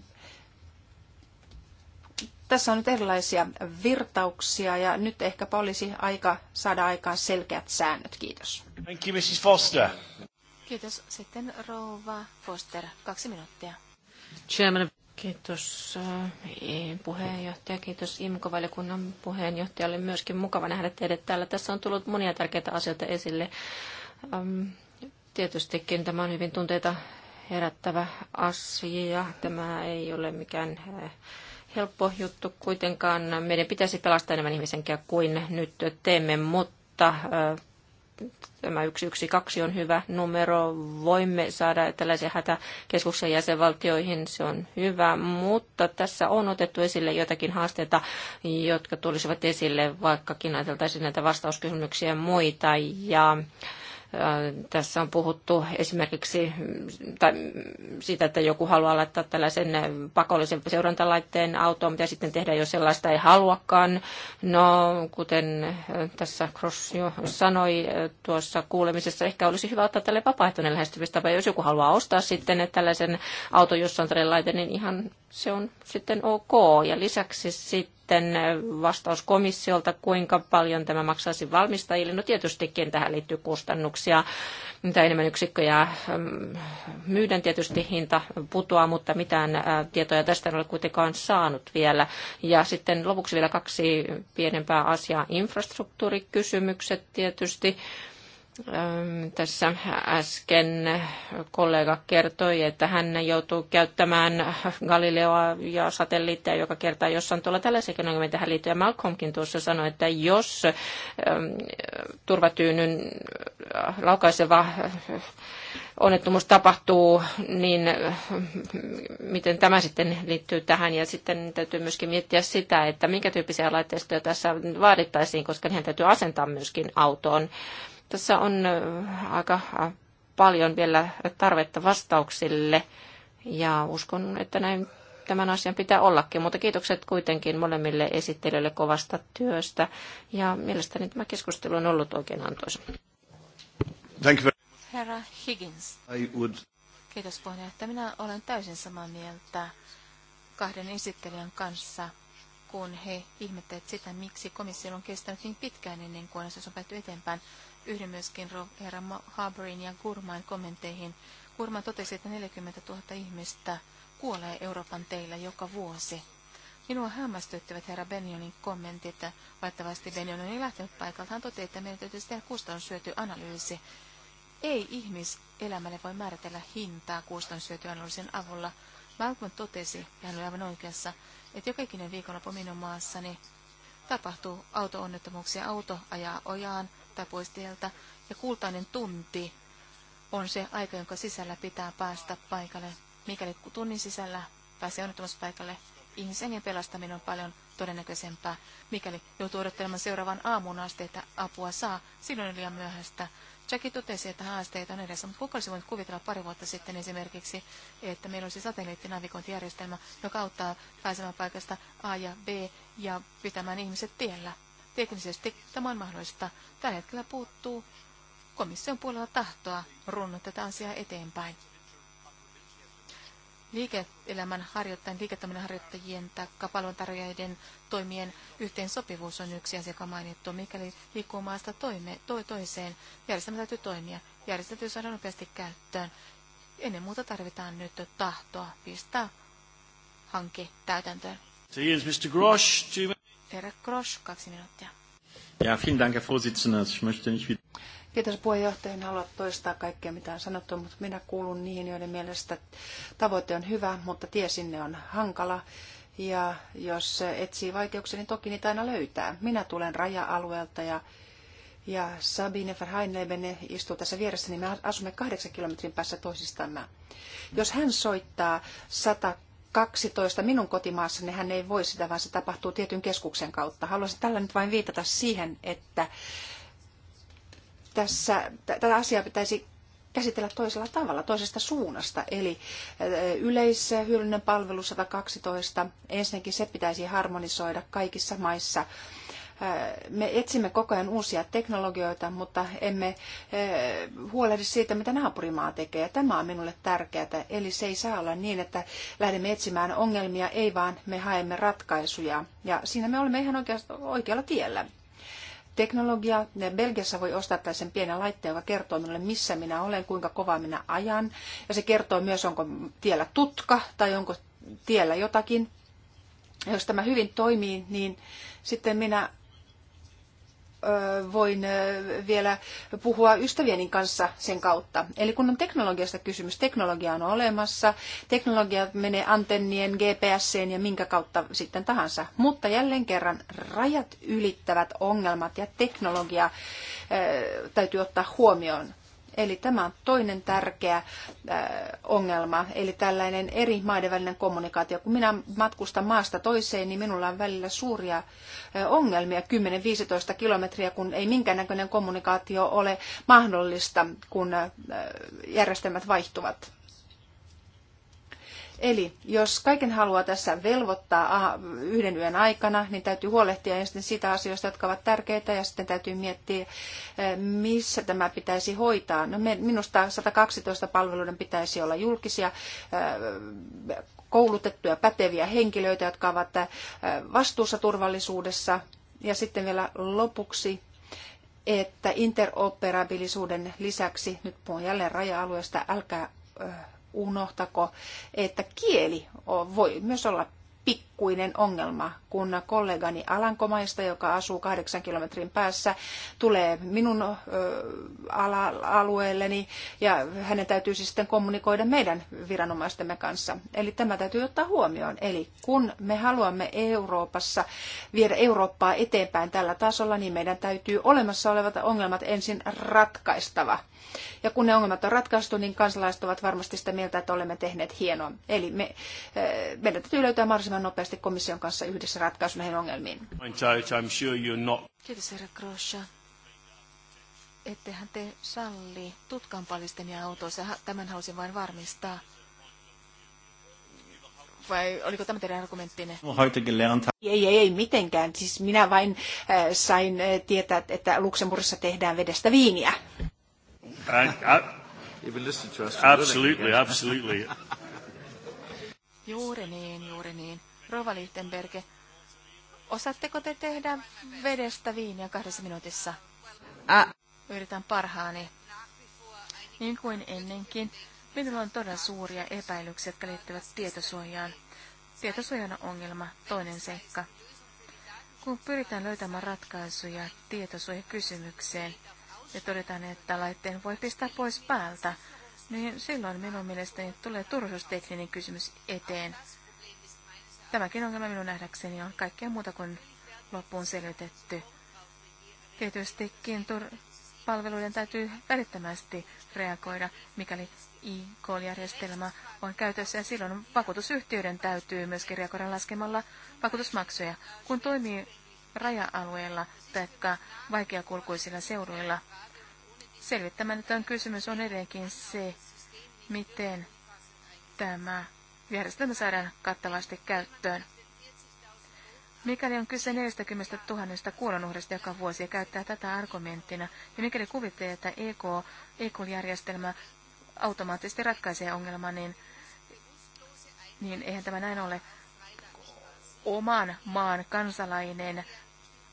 tässä on nyt erilaisia virtauksia ja nyt ehkäpä olisi aika saada aikaan selkeät säännöt. Kiitos. Thank you, Mrs. Foster. Kiitos. Sitten rouva Foster, kaksi minuuttia. Chairman. Kiitos äh, puheenjohtaja, kiitos IMKO-valiokunnan puheenjohtajalle. Myöskin mukava nähdä teidät täällä. Tässä on tullut monia tärkeitä asioita esille. Ähm, tietystikin tämä on hyvin tunteita herättävä asia. Tämä ei ole mikään äh, helppo juttu kuitenkaan. Meidän pitäisi pelastaa enemmän ihmisenkiä kuin nyt teemme, mutta äh, tämä 112 on hyvä numero. Voimme saada tällaisen hätäkeskuksen jäsenvaltioihin, se on hyvä, mutta tässä on otettu esille jotakin haasteita, jotka tulisivat esille, vaikkakin ajateltaisiin näitä vastauskysymyksiä ja muita. Ja Äh, tässä on puhuttu esimerkiksi mm, tai mm, siitä, että joku haluaa laittaa tällaisen äh, pakollisen seurantalaitteen autoon, mitä sitten tehdään, jos sellaista ei haluakaan. No, kuten äh, tässä Cross jo sanoi tuossa kuulemisessa, ehkä olisi hyvä ottaa tälle vapaaehtoinen lähestymistapa. Jos joku haluaa ostaa sitten tällaisen auton, jossa on tällainen laite, niin ihan se on sitten ok. Ja lisäksi sitten sitten vastaus komissiolta, kuinka paljon tämä maksaisi valmistajille. No tietystikin tähän liittyy kustannuksia. Mitä enemmän yksikköjä mm, myydään, tietysti hinta putoaa, mutta mitään tietoja tästä en ole kuitenkaan saanut vielä. Ja sitten lopuksi vielä kaksi pienempää asiaa. Infrastruktuurikysymykset tietysti. Tässä äsken kollega kertoi, että hän joutuu käyttämään Galileoa ja satelliitteja joka kertaa jos on tuolla tällaisiakin ongelmia tähän liittyen. Ja Malcolmkin tuossa sanoi, että jos turvatyynyn äh, laukaiseva äh, onnettomuus tapahtuu, niin äh, miten tämä sitten liittyy tähän. Ja sitten täytyy myöskin miettiä sitä, että minkä tyyppisiä laitteistoja tässä vaadittaisiin, koska niihin täytyy asentaa myöskin autoon. Tässä on aika paljon vielä tarvetta vastauksille ja uskon, että näin tämän asian pitää ollakin, mutta kiitokset kuitenkin molemmille esittelijöille kovasta työstä ja mielestäni tämä keskustelu on ollut oikein antoisa. Herra Higgins. I would... Kiitos puheenjohtaja. Minä olen täysin samaa mieltä kahden esittelijän kanssa, kun he ihmettelevät sitä, miksi komissio on kestänyt niin pitkään ennen kuin se on päätty eteenpäin yhdyn myöskin herra Harberin ja Kurman kommentteihin. Kurma totesi, että 40 000 ihmistä kuolee Euroopan teillä joka vuosi. Minua hämmästyttivät herra Benjonin kommentit, vaihtavasti Benjon ei lähtenyt paikalta. Hän totesi, että meidän täytyisi tehdä analyysi. Ei ihmiselämälle voi määritellä hintaa analyysin avulla. Malcolm totesi, ja hän oli aivan oikeassa, että joka ikinen viikonloppu minun maassani tapahtuu auto-onnettomuuksia. Auto ajaa ojaan, ottaa pois tieltä. Ja kultainen tunti on se aika, jonka sisällä pitää päästä paikalle. Mikäli tunnin sisällä pääsee onnettomuuspaikalle, ihmisen pelastaminen on paljon todennäköisempää. Mikäli joutuu odottelemaan seuraavan aamun asti, että apua saa, silloin on liian myöhäistä. Jackie totesi, että haasteita on edessä, mutta kuka olisi voinut kuvitella pari vuotta sitten esimerkiksi, että meillä olisi satelliittinavigointijärjestelmä, joka auttaa pääsemään paikasta A ja B ja pitämään ihmiset tiellä. Teknisesti tämä on mahdollista. Tällä hetkellä puuttuu komission puolella tahtoa runnut tätä asiaa eteenpäin. Liike-elämän harjoittajien, liiketoiminnan harjoittajien tai palveluntarjoajien toimien yhteensopivuus on yksi asia, joka mainittu. Mikäli liikkuu maasta toime, toi toiseen, järjestelmä täytyy toimia. Järjestelmä täytyy saada nopeasti käyttöön. Ennen muuta tarvitaan nyt tahtoa pistää hanke täytäntöön. Mr. Grosch, Herra Grosch, kaksi minuuttia. Ja, vielen Dank, Herr Vorsitzender. Ich möchte nicht wieder... Kiitos puheenjohtaja. Haluan toistaa kaikkea, mitä on sanottu, mutta minä kuulun niihin, joiden mielestä tavoite on hyvä, mutta tie sinne on hankala. Ja jos etsii vaikeuksia, niin toki niitä aina löytää. Minä tulen raja-alueelta ja, ja Sabine Verheinleben istuu tässä vieressä, niin me asumme kahdeksan kilometrin päässä toisistamme. Jos hän soittaa 100 12 minun kotimaassani hän ei voi sitä, vaan se tapahtuu tietyn keskuksen kautta. Haluaisin tällä nyt vain viitata siihen, että tässä, tätä asiaa pitäisi käsitellä toisella tavalla, toisesta suunnasta. Eli yleishyödyllinen palvelu 112, ensinnäkin se pitäisi harmonisoida kaikissa maissa Äh, me etsimme koko ajan uusia teknologioita, mutta emme äh, huolehdi siitä, mitä naapurimaa tekee. Ja tämä on minulle tärkeää. Eli se ei saa olla niin, että lähdemme etsimään ongelmia, ei vaan me haemme ratkaisuja. Ja siinä me olemme ihan oikealla tiellä teknologia. Belgiassa voi ostaa tällaisen pienen laitteen, joka kertoo minulle, missä minä olen, kuinka kovaa minä ajan. Ja se kertoo myös, onko tiellä tutka tai onko tiellä jotakin. Jos tämä hyvin toimii, niin sitten minä voin vielä puhua ystävieni kanssa sen kautta. Eli kun on teknologiasta kysymys, teknologia on olemassa, teknologia menee antennien, GPSeen ja minkä kautta sitten tahansa. Mutta jälleen kerran rajat ylittävät ongelmat ja teknologia täytyy ottaa huomioon. Eli tämä on toinen tärkeä ongelma, eli tällainen eri maiden välinen kommunikaatio. Kun minä matkustan maasta toiseen, niin minulla on välillä suuria ongelmia, 10-15 kilometriä, kun ei minkäännäköinen kommunikaatio ole mahdollista, kun järjestelmät vaihtuvat. Eli jos kaiken haluaa tässä velvoittaa yhden yön aikana, niin täytyy huolehtia ensin siitä asioista, jotka ovat tärkeitä, ja sitten täytyy miettiä, eh, missä tämä pitäisi hoitaa. No minusta 112 palveluiden pitäisi olla julkisia, eh, koulutettuja, päteviä henkilöitä, jotka ovat eh, vastuussa turvallisuudessa. Ja sitten vielä lopuksi että interoperabilisuuden lisäksi, nyt puhun jälleen raja-alueesta, älkää unohtako, että kieli voi myös olla pik- akkuinen ongelma, kun kollegani Alankomaista, joka asuu kahdeksan kilometrin päässä, tulee minun alueelleni ja hänen täytyy sitten kommunikoida meidän viranomaistemme kanssa. Eli tämä täytyy ottaa huomioon. Eli kun me haluamme Euroopassa viedä Eurooppaa eteenpäin tällä tasolla, niin meidän täytyy olemassa olevat ongelmat ensin ratkaistava. Ja kun ne ongelmat on ratkaistu, niin kansalaiset ovat varmasti sitä mieltä, että olemme tehneet hienoa. Eli me, meidän täytyy löytää mahdollisimman nopeasti nopeasti komission kanssa yhdessä ratkaisu näihin ongelmiin. Kiitos, herra Grosha. Ettehän te salli tutkanpalisten ja autoissa. Tämän halusin vain varmistaa. Vai oliko tämä teidän argumenttinne? Ei, ei, ei mitenkään. Siis minä vain äh, sain äh, tietää, että Luxemburgissa tehdään vedestä viiniä. Absolutely, absolutely. Juuri niin, juuri niin. Rova Lichtenberg, osaatteko te tehdä vedestä viiniä kahdessa minuutissa? Ä- Yritän parhaani. Niin kuin ennenkin, minulla on todella suuria epäilyksiä, jotka liittyvät tietosuojaan. Tietosuojan ongelma, toinen seikka. Kun pyritään löytämään ratkaisuja tietosuojakysymykseen ja todetaan, että laitteen voi pistää pois päältä, niin silloin minun mielestäni tulee turvallisuustekninen kysymys eteen. Tämäkin ongelma minun nähdäkseni on kaikkea muuta kuin loppuun selitetty Tietystikin tur- palveluiden täytyy välittömästi reagoida, mikäli e-call-järjestelmä on käytössä, ja silloin vakuutusyhtiöiden täytyy myöskin reagoida laskemalla vakuutusmaksuja. Kun toimii raja-alueella tai vaikeakulkuisilla seuduilla, selvittämätön kysymys on edelleenkin se, miten tämä järjestelmä saadaan kattavasti käyttöön. Mikäli on kyse 40 000 kuolonuhrista joka vuosi ja käyttää tätä argumenttina, ja mikäli kuvittelee, että EK, EK-järjestelmä automaattisesti ratkaisee ongelman, niin, niin eihän tämä näin ole. Oman maan kansalainen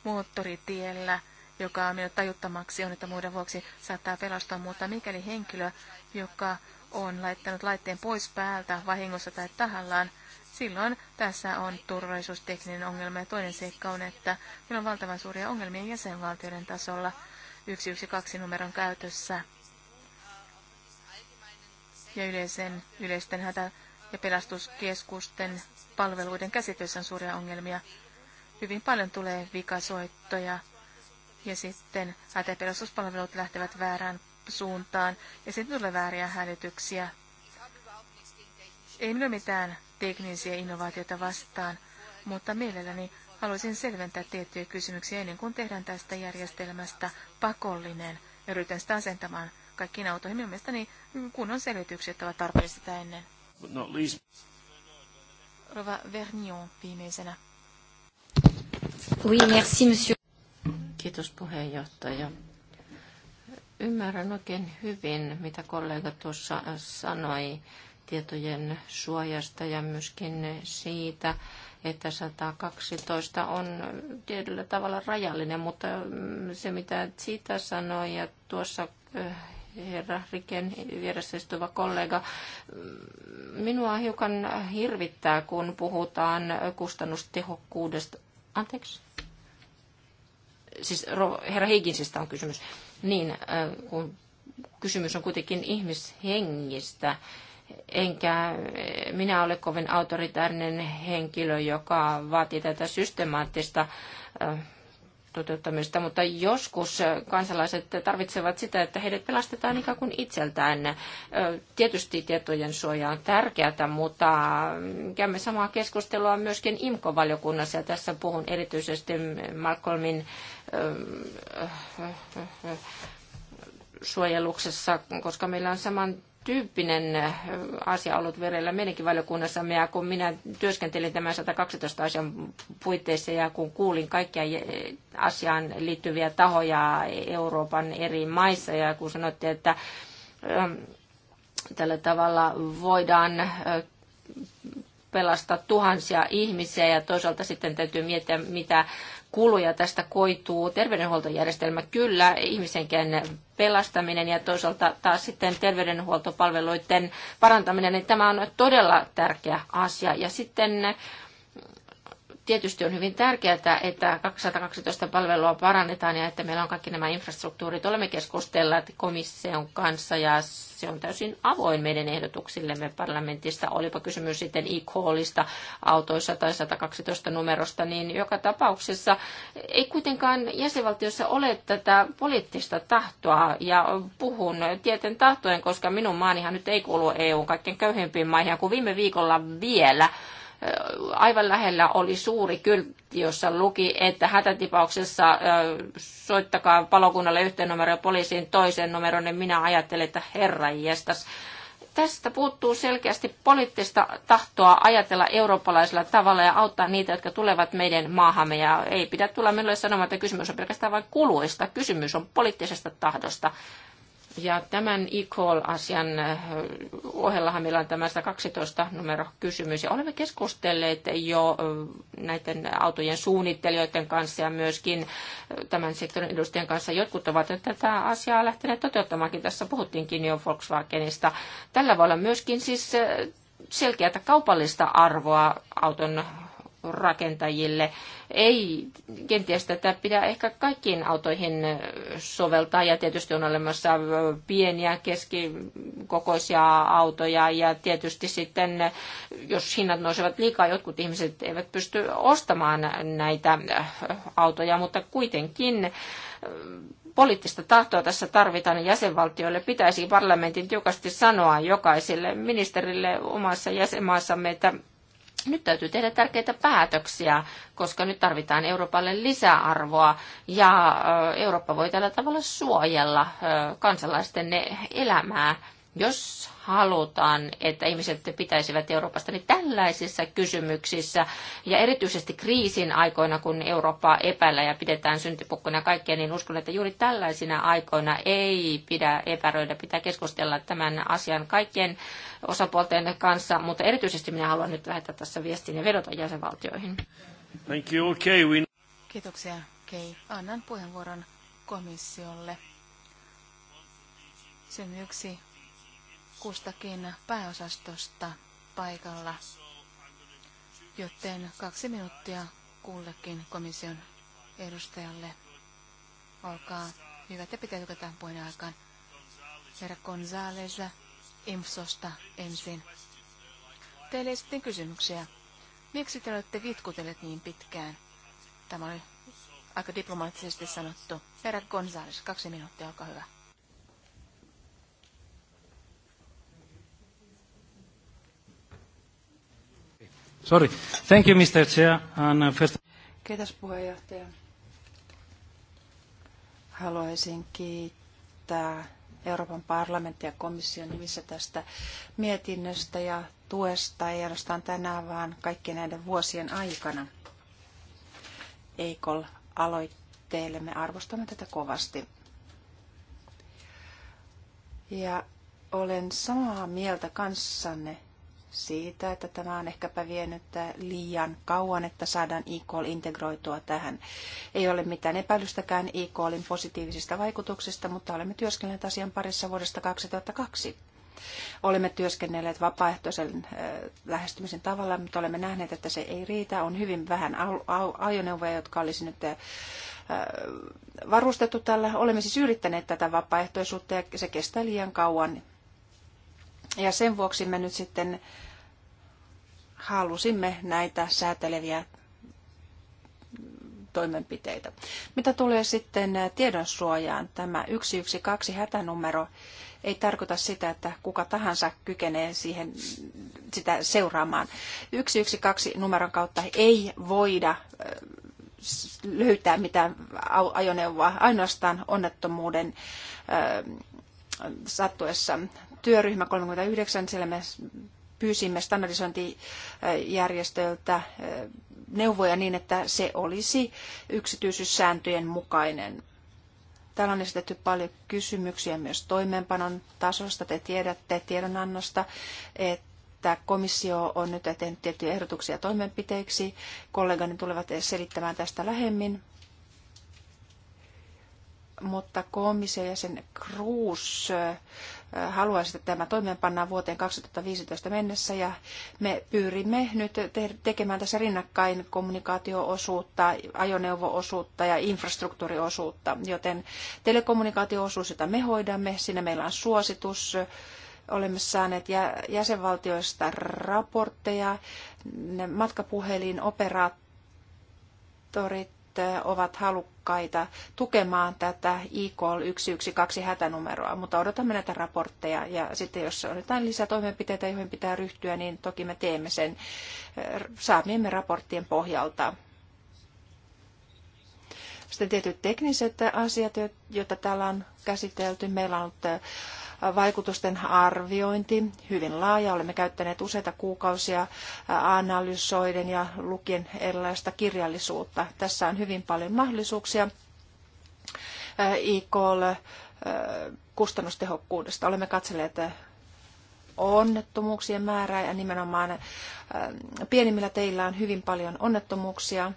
moottoritiellä, joka on minut tajuttamaksi on, että muiden vuoksi saattaa pelastaa, mutta mikäli henkilö, joka on laittanut laitteen pois päältä vahingossa tai tahallaan, silloin tässä on turvallisuustekninen ongelma. Ja toinen seikka on, että meillä on valtavan suuria ongelmia jäsenvaltioiden tasolla 112-numeron käytössä ja yleisen, yleisten hätä- ja pelastuskeskusten palveluiden käsitöissä on suuria ongelmia. Hyvin paljon tulee vikasoittoja ja sitten pelastuspalvelut lähtevät väärään suuntaan ja sitten tulee vääriä hälytyksiä. Ei minulla mitään teknisiä innovaatioita vastaan, mutta mielelläni haluaisin selventää tiettyjä kysymyksiä ennen kuin tehdään tästä järjestelmästä pakollinen. Ja ryhdytään sitä asentamaan kaikkiin autoihin. Minun mielestäni kunnon selvitykset ovat tarpeellista sitä ennen. Rova Vernion viimeisenä. Oui, merci, monsieur. Kiitos puheenjohtaja. Ymmärrän oikein hyvin, mitä kollega tuossa sanoi tietojen suojasta ja myöskin siitä, että 112 on tietyllä tavalla rajallinen, mutta mm, se mitä siitä sanoi ja tuossa äh, herra Riken vieressä istuva kollega. Mm, minua hiukan hirvittää, kun puhutaan kustannustehokkuudesta. Anteeksi? Siis herra Higginsistä on kysymys niin äh, kun kysymys on kuitenkin ihmishengistä, enkä äh, minä ole kovin autoritaarinen henkilö, joka vaatii tätä systemaattista äh, toteuttamista, mutta joskus kansalaiset tarvitsevat sitä, että heidät pelastetaan ikään kuin itseltään. Tietysti tietojen suoja on tärkeää, mutta käymme samaa keskustelua myöskin IMKO-valiokunnassa, ja tässä puhun erityisesti Malcolmin suojeluksessa, koska meillä on saman tyyppinen asia ollut verellä meidänkin valiokunnassamme ja kun minä työskentelin tämän 112 asian puitteissa ja kun kuulin kaikkia e, asiaan liittyviä tahoja Euroopan eri maissa ja kun sanottiin, että tällä tavalla voidaan pelastaa tuhansia ihmisiä ja toisaalta sitten täytyy miettiä, mitä kuluja tästä koituu. Terveydenhuoltojärjestelmä kyllä, ihmisenkin pelastaminen ja toisaalta taas sitten terveydenhuoltopalveluiden parantaminen, niin tämä on todella tärkeä asia. Ja sitten tietysti on hyvin tärkeää, että 212 palvelua parannetaan ja että meillä on kaikki nämä infrastruktuurit. Olemme keskustelleet komission kanssa ja se on täysin avoin meidän ehdotuksillemme parlamentista. Olipa kysymys sitten e-callista autoissa tai 112 numerosta, niin joka tapauksessa ei kuitenkaan jäsenvaltiossa ole tätä poliittista tahtoa. Ja puhun tieten tahtojen, koska minun maanihan nyt ei kuulu EUn kaikkein köyhimpiin maihin, kun viime viikolla vielä aivan lähellä oli suuri kyltti, jossa luki, että hätätipauksessa soittakaa palokunnalle yhteen numeroon poliisiin toisen numeron, niin minä ajattelin, että herra Tästä puuttuu selkeästi poliittista tahtoa ajatella eurooppalaisella tavalla ja auttaa niitä, jotka tulevat meidän maahamme. Ja ei pidä tulla minulle sanomaan, että kysymys on pelkästään vain kuluista. Kysymys on poliittisesta tahdosta. Ja tämän icol asian äh, ohellahan meillä on tämä 112 numero kysymys. Ja olemme keskustelleet jo äh, näiden autojen suunnittelijoiden kanssa ja myöskin äh, tämän sektorin edustajien kanssa. Jotkut ovat nyt tätä asiaa lähteneet toteuttamaankin. Tässä puhuttiinkin jo Volkswagenista. Tällä voi olla myöskin siis selkeätä kaupallista arvoa auton rakentajille. Ei kenties tätä pidä ehkä kaikkiin autoihin soveltaa ja tietysti on olemassa pieniä, keskikokoisia autoja ja tietysti sitten jos hinnat nousevat liikaa, jotkut ihmiset eivät pysty ostamaan näitä autoja, mutta kuitenkin poliittista tahtoa tässä tarvitaan jäsenvaltioille. Pitäisi parlamentin tiukasti sanoa jokaiselle ministerille omassa jäsenmaassamme, että nyt täytyy tehdä tärkeitä päätöksiä, koska nyt tarvitaan Euroopalle lisäarvoa ja Eurooppa voi tällä tavalla suojella kansalaisten elämää. Jos halutaan, että ihmiset pitäisivät Euroopasta, niin tällaisissa kysymyksissä ja erityisesti kriisin aikoina, kun Eurooppaa epäillä ja pidetään syntipukkuna ja kaikkea, niin uskon, että juuri tällaisina aikoina ei pidä epäröidä, pitää keskustella tämän asian kaikkien osapuolten kanssa, mutta erityisesti minä haluan nyt lähettää tässä viestin ja vedota jäsenvaltioihin. Thank you. Okay, we... Kiitoksia, Kei. Okay. Annan puheenvuoron komissiolle. Sen yksi kustakin pääosastosta paikalla, joten kaksi minuuttia kullekin komission edustajalle. Olkaa hyvä, te pitäytykö tämän puheen aikaan. Herra Gonzales Imsosta ensin. Teille esitin kysymyksiä. Miksi te olette vitkutelleet niin pitkään? Tämä oli aika diplomaattisesti sanottu. Herra Gonzales, kaksi minuuttia, olkaa hyvä. Sorry. Thank you, Mr. Chair. And uh, first... Kiitos puheenjohtaja. Haluaisin kiittää Euroopan parlamentin ja komission nimissä tästä mietinnöstä ja tuesta, ei ainoastaan tänään, vaan kaikkien näiden vuosien aikana. Eikol aloitteelle me arvostamme tätä kovasti. Ja olen samaa mieltä kanssanne siitä, että tämä on ehkäpä vienyt liian kauan, että saadaan e integroitua tähän. Ei ole mitään epäilystäkään e positiivisista vaikutuksista, mutta olemme työskennelleet asian parissa vuodesta 2002. Olemme työskennelleet vapaaehtoisen äh, lähestymisen tavalla, mutta olemme nähneet, että se ei riitä. On hyvin vähän ajoneuvoja, jotka olisi nyt äh, varustettu tällä. Olemme siis yrittäneet tätä vapaaehtoisuutta ja se kestää liian kauan ja sen vuoksi me nyt sitten halusimme näitä sääteleviä toimenpiteitä. Mitä tulee sitten tiedonsuojaan, tämä 112 hätänumero ei tarkoita sitä, että kuka tahansa kykenee siihen, sitä seuraamaan. 112 numeron kautta ei voida löytää mitään ajoneuvoa, ainoastaan onnettomuuden sattuessa työryhmä 39, siellä me pyysimme standardisointijärjestöltä eh, neuvoja niin, että se olisi yksityisyyssääntöjen mukainen. Täällä on esitetty paljon kysymyksiä myös toimeenpanon tasosta. Te tiedätte tiedonannosta, että komissio on nyt tehnyt tiettyjä ehdotuksia toimenpiteiksi. Kollegani tulevat selittämään tästä lähemmin mutta komission jäsen Cruz haluaisi, että tämä toimeenpannaan vuoteen 2015 mennessä ja me pyrimme nyt tekemään tässä rinnakkain kommunikaatioosuutta, ajoneuvoosuutta ja infrastruktuuriosuutta, joten telekommunikaatioosuus, jota me hoidamme, siinä meillä on suositus, olemme saaneet jäsenvaltioista raportteja, matkapuhelin, operaattorit, Eh, ovat halukkaita tukemaan tätä IKL 112 hätänumeroa, mutta odotamme näitä raportteja ja sitten jos on jotain lisätoimenpiteitä, joihin pitää ryhtyä, niin toki me teemme sen eh, saamiemme raporttien pohjalta. Sitten tietyt tekniset asiat, joita täällä on käsitelty. Meillä on ollut eh, vaikutusten arviointi hyvin laaja. Olemme käyttäneet useita kuukausia analysoiden ja lukien erilaista kirjallisuutta. Tässä on hyvin paljon mahdollisuuksia. IKL e kustannustehokkuudesta. Olemme katselleet onnettomuuksien määrää ja nimenomaan pienimmillä teillä on hyvin paljon onnettomuuksia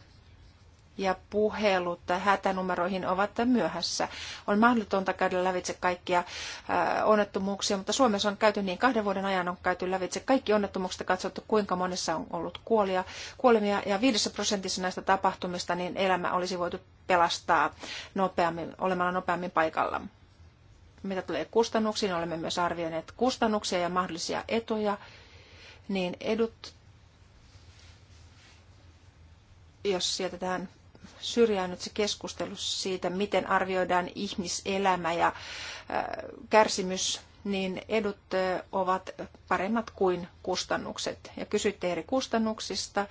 ja puhelut hätänumeroihin ovat myöhässä. On mahdotonta käydä lävitse kaikkia äh, onnettomuuksia, mutta Suomessa on käyty niin kahden vuoden ajan on käyty lävitse kaikki onnettomuukset katsottu, kuinka monessa on ollut kuolia, kuolemia ja viidessä prosentissa näistä tapahtumista niin elämä olisi voitu pelastaa nopeammin, olemalla nopeammin paikalla. Mitä tulee kustannuksiin, niin olemme myös arvioineet kustannuksia ja mahdollisia etuja, niin edut jos tähän nyt se keskustelu siitä, miten arvioidaan ihmiselämä ja äh, kärsimys, niin edut äh, ovat paremmat kuin kustannukset. Ja kysytte eri kustannuksista, äh,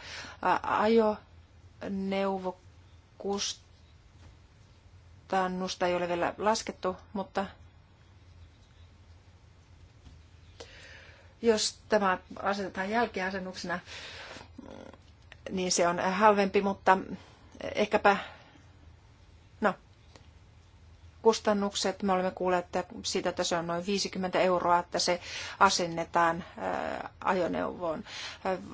ajoneuvokustannusta ei ole vielä laskettu, mutta jos tämä asetetaan jälkiasennuksena, niin se on halvempi, mutta ehkäpä no, kustannukset. Me olemme kuulleet, että siitä että se on noin 50 euroa, että se asennetaan ajoneuvoon.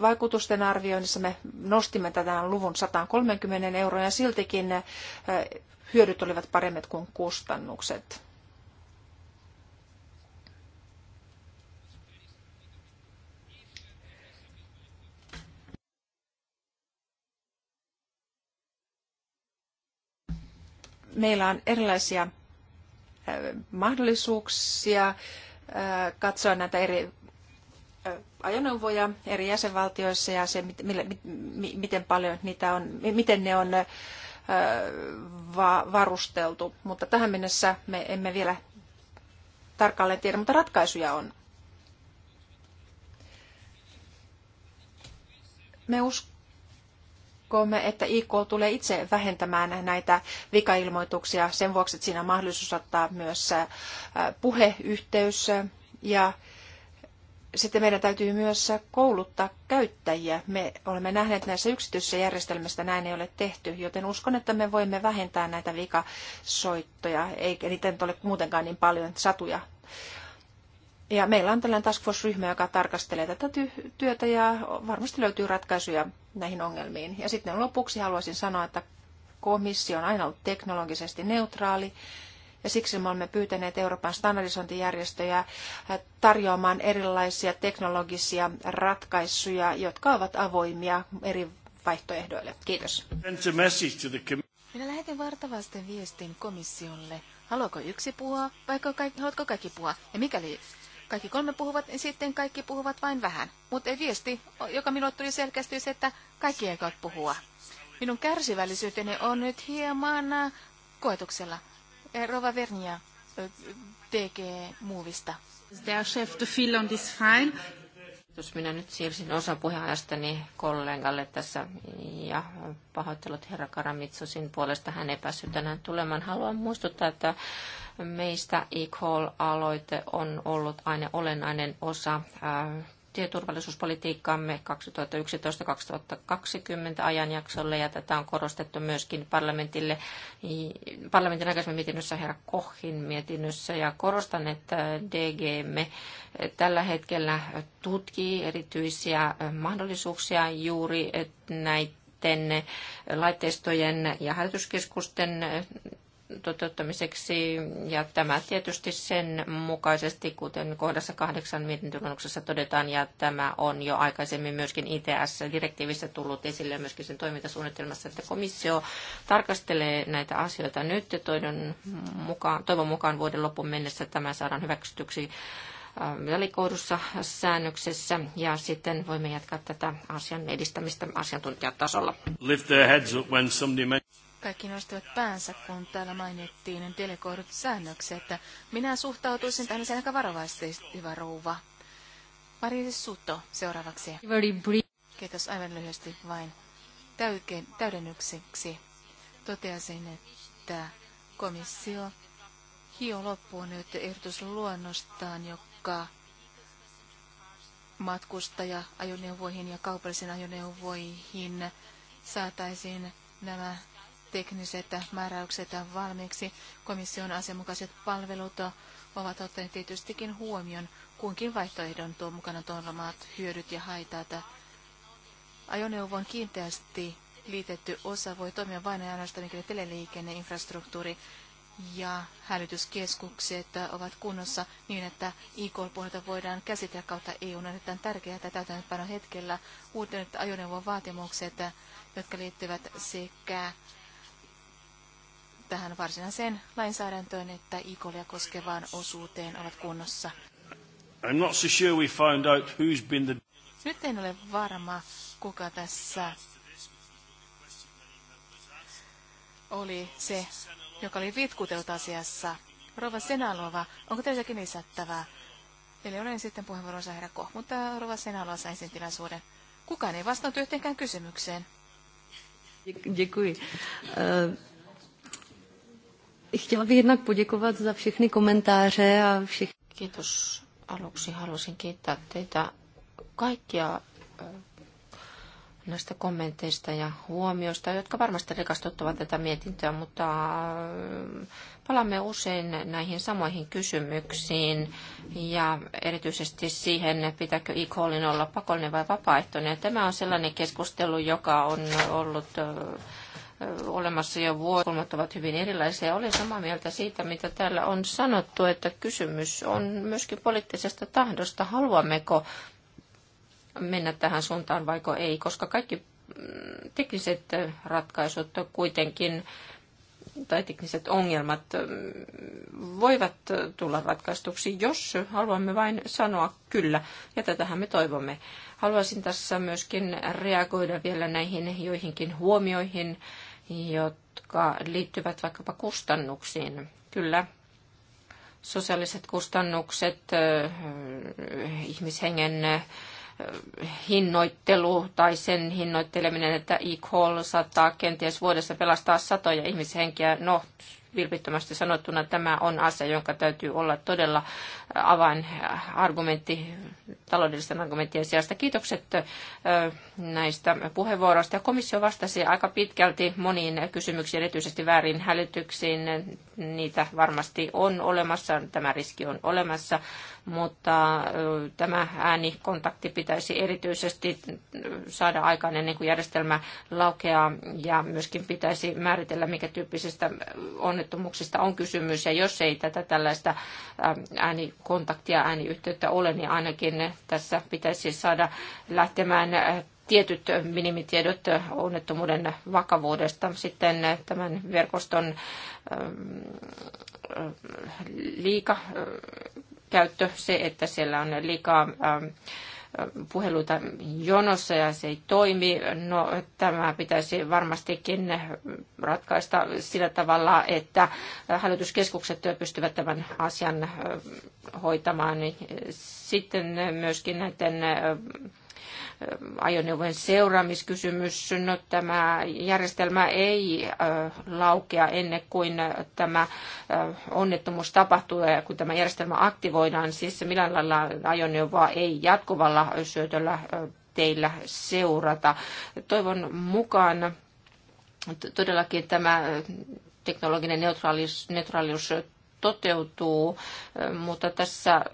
Vaikutusten arvioinnissa me nostimme tämän luvun 130 euroa ja siltikin hyödyt olivat paremmat kuin kustannukset. meillä on erilaisia mahdollisuuksia katsoa näitä eri ajoneuvoja eri jäsenvaltioissa ja se, miten paljon niitä on, miten ne on varusteltu. Mutta tähän mennessä me emme vielä tarkalleen tiedä, mutta ratkaisuja on. Me uskomme, Koemme, että IK tulee itse vähentämään näitä vikailmoituksia sen vuoksi, että siinä on mahdollisuus ottaa myös äh, puheyhteys ja sitten meidän täytyy myös kouluttaa käyttäjiä. Me olemme nähneet näissä yksityisissä järjestelmissä näin ei ole tehty, joten uskon, että me voimme vähentää näitä vikasoittoja, eikä niitä nyt ole muutenkaan niin paljon satuja ja meillä on tällainen task force-ryhmä, joka tarkastelee tätä ty- työtä ja varmasti löytyy ratkaisuja näihin ongelmiin. Ja sitten lopuksi haluaisin sanoa, että komissio on aina ollut teknologisesti neutraali ja siksi me olemme pyytäneet Euroopan standardisointijärjestöjä äh, tarjoamaan erilaisia teknologisia ratkaisuja, jotka ovat avoimia eri vaihtoehdoille. Kiitos. Minä lähetin vartavasti viestin komissiolle. Haluatko yksi puhua vai haluatko kaikki puhua? Ja mikäli kaikki kolme puhuvat, niin sitten kaikki puhuvat vain vähän. Mutta viesti, joka minulle tuli selkeästi, se, että kaikki eivät puhua. Minun kärsivällisyyteni on nyt hieman äh, koetuksella. Rova Vernia tekee äh, muuvista. Der Chef de on this file. Minä nyt siirsin osa puheenajastani kollegalle tässä ja pahoittelut herra Karamitsosin puolesta. Hän ei päässyt tänään tulemaan. Haluan muistuttaa, että Meistä e aloite on ollut aina olennainen osa äh, tieturvallisuuspolitiikkaamme 2011-2020 ajanjaksolle ja tätä on korostettu myöskin parlamentille, parlamentin aikaisemmassa mietinnössä herra Kohin mietinnössä ja korostan, että DGM tällä hetkellä tutkii erityisiä mahdollisuuksia juuri näitä laitteistojen ja hälytyskeskusten toteuttamiseksi. Ja tämä tietysti sen mukaisesti, kuten kohdassa kahdeksan mietintöluonnoksessa todetaan, ja tämä on jo aikaisemmin myöskin ITS-direktiivissä tullut esille myöskin sen toimintasuunnitelmassa, että komissio tarkastelee näitä asioita nyt ja toivon mukaan, toivon mukaan vuoden loppuun mennessä tämä saadaan hyväksytyksi ähm, välikoudussa säännöksessä ja sitten voimme jatkaa tätä asian edistämistä asiantuntijatasolla kaikki nostivat päänsä, kun täällä mainittiin delegoidut että Minä suhtautuisin tähän aika varovaisesti, hyvä rouva. Marisi Suto seuraavaksi. Kiitos aivan lyhyesti vain Täyken, täydennykseksi. Toteasin, että komissio hio loppuun nyt ehdotusluonnostaan, joka matkustaja-ajoneuvoihin ja kaupallisiin ajoneuvoihin saataisiin nämä tekniset määräykset valmiiksi. Komission asianmukaiset palvelut ovat ottaneet tietystikin huomioon kunkin vaihtoehdon tuo mukana tuomaat hyödyt ja haitat. Ajoneuvon kiinteästi liitetty osa voi toimia vain ja ainoastaan mikäli teleliikenneinfrastruktuuri ja hälytyskeskukset ovat kunnossa niin, että IK-puolelta voidaan käsitellä kautta EU. On erittäin tärkeää, että täytäntöönpano hetkellä uudet ajoneuvon vaatimukset, jotka liittyvät sekä tähän varsinaiseen lainsäädäntöön että ikolia koskevaan osuuteen ovat kunnossa. I'm not so sure we found out who's been the... Nyt en ole varma, kuka tässä oli se, joka oli vitkuteltu asiassa. Rova Senalova, onko teilläkin lisättävää? Eli olen sitten puheenvuoronsa herra Koh, mutta Rova Senalova sai sen tilaisuuden. Kukaan ei vastannut yhteenkään kysymykseen. Děkuji. Eh, Chtěla bych jednak poděkovat za všechny komentáře a všechny. Kiitos. Aluksi haluaisin kiittää teitä kaikkia näistä kommenteista ja huomioista, jotka varmasti rikastuttavat tätä mietintöä, mutta palaamme usein näihin samoihin kysymyksiin ja erityisesti siihen, pitääkö e olla pakollinen vai vapaaehtoinen. Tämä on sellainen keskustelu, joka on ollut olemassa jo vuosikulmat ovat hyvin erilaisia. Olen samaa mieltä siitä, mitä täällä on sanottu, että kysymys on myöskin poliittisesta tahdosta. Haluammeko mennä tähän suuntaan vaiko ei, koska kaikki mm, tekniset ratkaisut kuitenkin tai tekniset ongelmat mm, voivat tulla ratkaistuksi, jos haluamme vain sanoa kyllä, ja tätähän me toivomme. Haluaisin tässä myöskin reagoida vielä näihin joihinkin huomioihin, jotka liittyvät vaikkapa kustannuksiin. Kyllä, sosiaaliset kustannukset, ihmishengen hinnoittelu tai sen hinnoitteleminen, että e saattaa kenties vuodessa pelastaa satoja ihmishenkiä. No, vilpittömästi sanottuna tämä on asia, jonka täytyy olla todella avainargumentti taloudellisten argumenttien sijasta. Kiitokset näistä puheenvuoroista. Komissio vastasi aika pitkälti moniin kysymyksiin, erityisesti väärin hälytyksiin. Niitä varmasti on olemassa, tämä riski on olemassa, mutta tämä äänikontakti pitäisi erityisesti saada aikaan ennen kuin järjestelmä laukeaa ja myöskin pitäisi määritellä, mikä tyyppisistä onnettomuuksista on kysymys. Ja jos ei tätä tällaista äänikontaktia, ääniyhteyttä ole, niin ainakin tässä pitäisi saada lähtemään tietyt minimitiedot onnettomuuden vakavuudesta. Sitten tämän verkoston ähm, äh, liika käyttö, se, että siellä on liikaa ähm, puheluita jonossa ja se ei toimi. No, tämä pitäisi varmastikin ratkaista sillä tavalla, että hälytyskeskukset pystyvät tämän asian hoitamaan. Sitten myöskin näiden ajoneuvojen seuraamiskysymys. No, tämä järjestelmä ei laukea ennen kuin tämä onnettomuus tapahtuu ja kun tämä järjestelmä aktivoidaan, siis millään lailla ajoneuvoa ei jatkuvalla syötöllä teillä seurata. Toivon mukaan todellakin tämä teknologinen neutraalius, neutraalius toteutuu, mutta tässä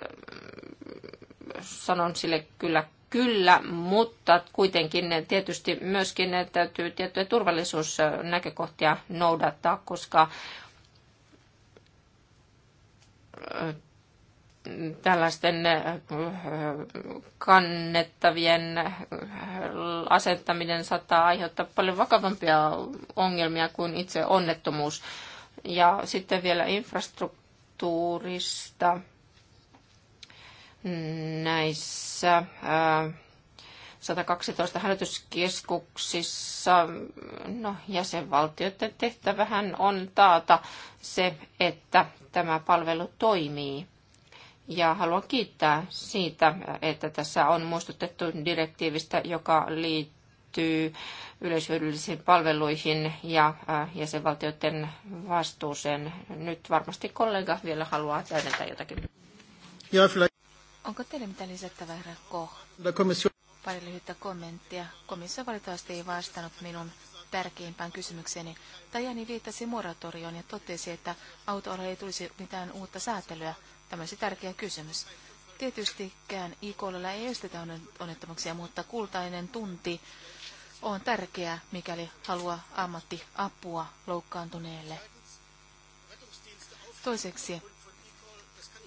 sanon sille kyllä kyllä, mutta kuitenkin tietysti myöskin täytyy tiettyjä turvallisuusnäkökohtia noudattaa, koska tällaisten kannettavien asettaminen saattaa aiheuttaa paljon vakavampia ongelmia kuin itse onnettomuus. Ja sitten vielä infrastruktuurista näissä 112 äh, hälytyskeskuksissa no, jäsenvaltioiden tehtävähän on taata se, että tämä palvelu toimii. Ja haluan kiittää siitä, että tässä on muistutettu direktiivistä, joka liittyy yleishyödyllisiin palveluihin ja äh, jäsenvaltioiden vastuuseen. Nyt varmasti kollega vielä haluaa täydentää jotakin. Ja, Onko teille mitään lisättävää, herra Koh? Pari lyhyttä kommenttia. Komissio valitettavasti ei vastannut minun tärkeimpään kysymykseeni. Tajani viittasi moratorioon ja totesi, että autoalla ei tulisi mitään uutta säätelyä. Tämä olisi tärkeä kysymys. Tietystikään IKL ei estetä onnettomuuksia, mutta kultainen tunti on tärkeä, mikäli haluaa ammattiapua loukkaantuneelle. Toiseksi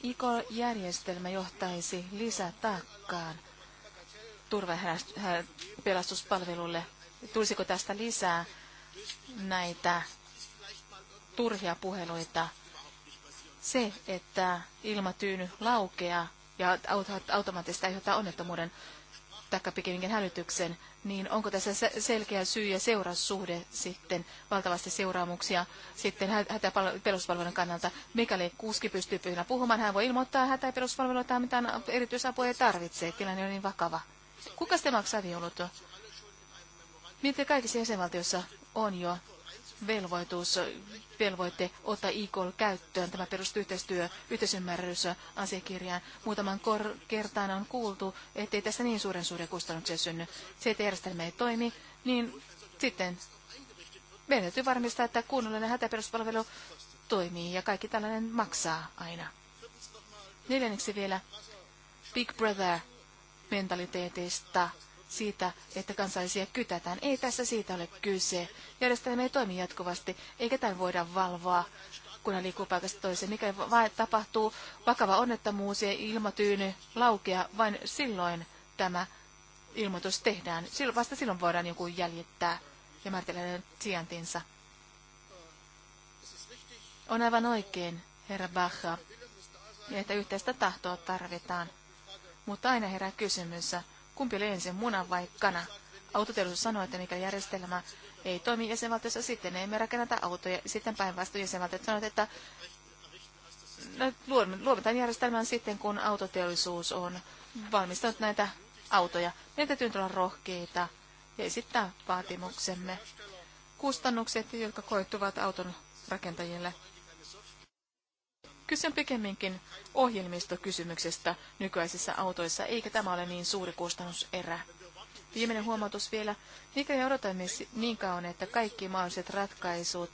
ICO-järjestelmä johtaisi lisätaakkaan turvapelastuspalvelulle. Tulisiko tästä lisää näitä turhia puheluita? Se, että ilmatyyny laukeaa ja automaattisesti aiheuttaa onnettomuuden, taikka pikemminkin hälytyksen, niin onko tässä selkeä syy ja seuraussuhde sitten, valtavasti seuraamuksia sitten hätä- peruspalvelun kannalta. Mikäli kuski pystyy pyhinä puhumaan, hän voi ilmoittaa hätä- ja peruspalvelua tai mitään erityisapua ei tarvitse, tilanne on niin vakava. Kuka sitten maksaa viulut? Miten kaikissa jäsenvaltioissa on jo velvoitus, velvoitte ottaa IKOL käyttöön. Tämä perustuu yhteistyö, yhteisymmärrys asiakirjaan. Muutaman kor- kertaan on kuultu, ettei tässä niin suuren suuria kustannuksia synny. Se, että järjestelmä ei toimi, niin sitten meidän täytyy varmistaa, että kunnollinen hätäperuspalvelu toimii ja kaikki tällainen maksaa aina. Neljänneksi vielä Big Brother mentaliteetista siitä, että kansalaisia kytätään. Ei tässä siitä ole kyse. Järjestelmä ei toimi jatkuvasti, eikä tämän voida valvoa, kun hän liikkuu paikasta toiseen. Mikä vain tapahtuu vakava onnettomuus ja ilmatyyny laukea, vain silloin tämä ilmoitus tehdään. Silloin, vasta silloin voidaan joku jäljittää ja määritellä hänen sijaintinsa. On aivan oikein, herra Bacha, että yhteistä tahtoa tarvitaan. Mutta aina herää kysymys, Kumpi oli ensin, muna vai kana? Autoteollisuus sanoi, että mikä järjestelmä ei toimi jäsenvaltiossa, sitten me rakenneta autoja. Sitten päinvastoin jäsenvaltiot sanoivat, että no, luovutaan järjestelmän sitten, kun autoteollisuus on valmistanut näitä autoja. Meidän täytyy olla rohkeita ja esittää vaatimuksemme. Kustannukset, jotka koittuvat auton rakentajille, Kyse on pikemminkin ohjelmistokysymyksestä nykyisissä autoissa, eikä tämä ole niin suuri kustannuserä. Viimeinen huomautus vielä. Mikäli odotamme niin kauan, että kaikki mahdolliset ratkaisut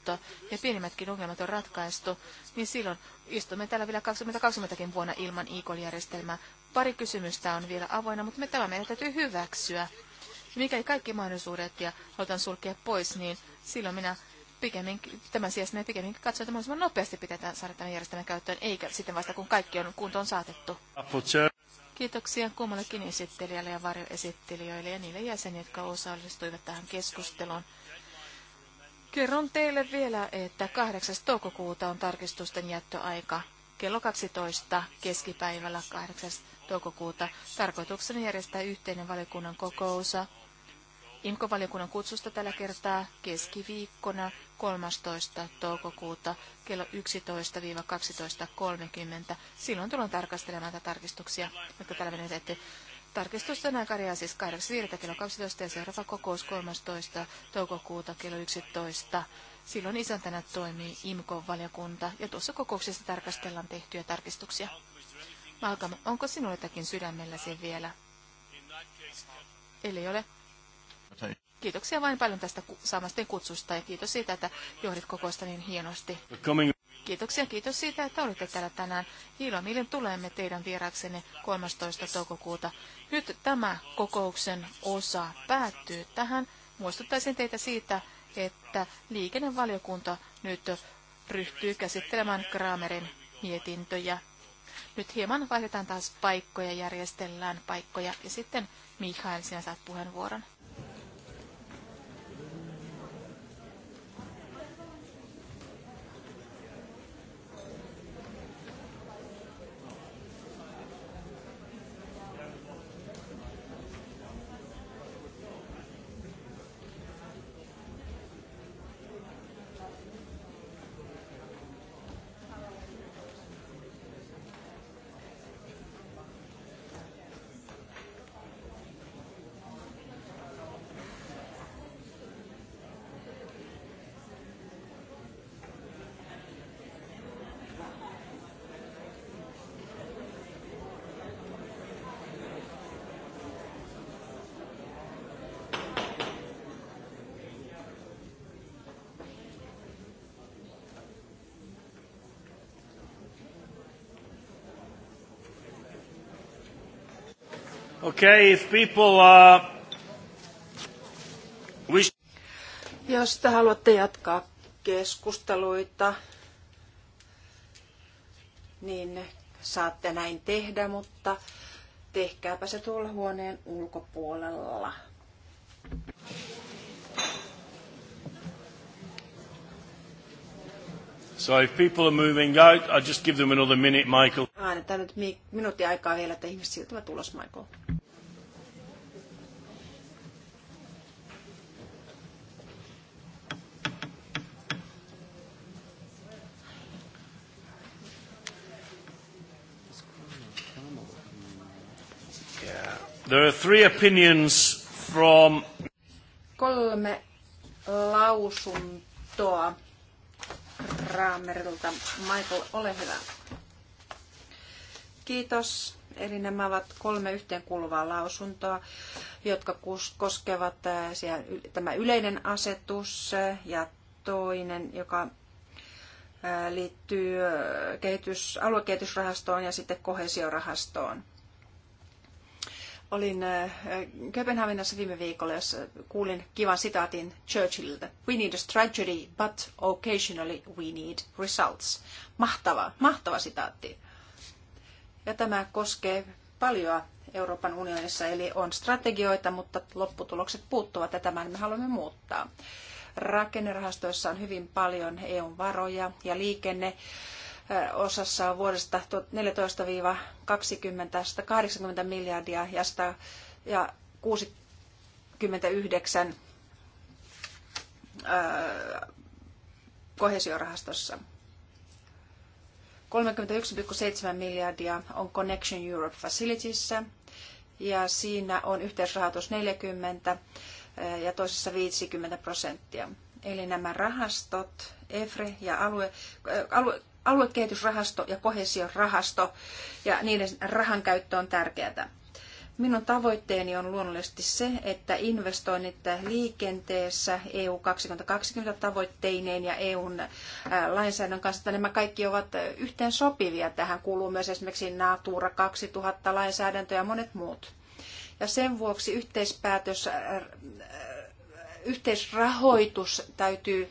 ja pienimmätkin ongelmat on ratkaistu, niin silloin istumme täällä vielä 2020 vuonna ilman e järjestelmää Pari kysymystä on vielä avoinna, mutta me tämä meidän täytyy hyväksyä. Mikäli kaikki mahdollisuudet ja halutaan sulkea pois, niin silloin minä pikemminkin, tämän sijasta me pikemminkin katsoa, että mahdollisimman nopeasti pitää saada tämän järjestelmän käyttöön, eikä sitten vasta kun kaikki on kuntoon saatettu. Kiitoksia kummallekin esittelijälle ja varjoesittelijöille ja niille jäsenille, jotka osallistuivat tähän keskusteluun. Kerron teille vielä, että 8. toukokuuta on tarkistusten jättöaika kello 12 keskipäivällä 8. toukokuuta. Tarkoituksena järjestää yhteinen valiokunnan kokous IMKO-valiokunnan kutsusta tällä kertaa keskiviikkona 13. toukokuuta kello 11-12.30. Silloin tullaan tarkastelemaan näitä tarkistuksia, jotka tällä menetetty. tänään karjaa siis 8.5. kello 12 ja seuraava kokous 13. toukokuuta kello 11. Silloin isäntänä toimii IMKO-valiokunta ja tuossa kokouksessa tarkastellaan tehtyjä tarkistuksia. Malcolm, onko sinulla jotakin sydämelläsi vielä? Eli ole. Kiitoksia vain paljon tästä saamasta kutsusta ja kiitos siitä, että johdit kokousta niin hienosti. Kiitoksia, kiitos siitä, että olitte täällä tänään. Ilomielin tulemme teidän vieraksenne 13. toukokuuta. Nyt tämä kokouksen osa päättyy tähän. Muistuttaisin teitä siitä, että liikennevaliokunta nyt ryhtyy käsittelemään Kramerin mietintöjä. Nyt hieman vaihdetaan taas paikkoja, järjestellään paikkoja ja sitten Mihail sinä saat puheenvuoron. Okay, if people are... Uh, wish... Jos te haluatte jatkaa keskusteluita, niin saatte näin tehdä, mutta tehkääpä se tuolla huoneen ulkopuolella. So if people are moving out, I'll just give them another minute, Michael. Annetaan nyt minuutin aikaa vielä, että ihmiset siirtyvät ulos, Michael. There are three opinions from... Kolme lausuntoa Raamerilta. Michael, ole hyvä. Kiitos. Eli nämä ovat kolme yhteenkuuluvaa lausuntoa, jotka koskevat äh, tämä yleinen asetus ja toinen, joka äh, liittyy äh, kehitys, aluekehitysrahastoon ja sitten kohesiorahastoon. Olin äh, Kööpenhaminassa viime viikolla, jossa kuulin kivan sitaatin Churchilliltä. We need a strategy, but occasionally we need results. Mahtava, mahtava sitaatti. Ja tämä koskee paljon Euroopan unionissa, eli on strategioita, mutta lopputulokset puuttuvat ja tämän me haluamme muuttaa. Rakennerahastoissa on hyvin paljon EUn varoja ja liikenne osassa on vuodesta 14-20 miljardia ja, 100, ja 69 kohesiorahastossa. 31,7 miljardia on Connection Europe Facilitiesssä ja siinä on yhteisrahoitus 40 äh, ja toisessa 50 prosenttia. Eli nämä rahastot, EFRE ja alue, äh, alue aluekehitysrahasto ja kohesiorahasto ja niiden rahan käyttö on tärkeää. Minun tavoitteeni on luonnollisesti se, että investoinnit liikenteessä EU 2020 tavoitteineen ja EUn lainsäädännön kanssa, että nämä kaikki ovat yhteen sopivia. Tähän kuuluu myös esimerkiksi Natura 2000 lainsäädäntö ja monet muut. Ja sen vuoksi yhteispäätös, yhteisrahoitus täytyy,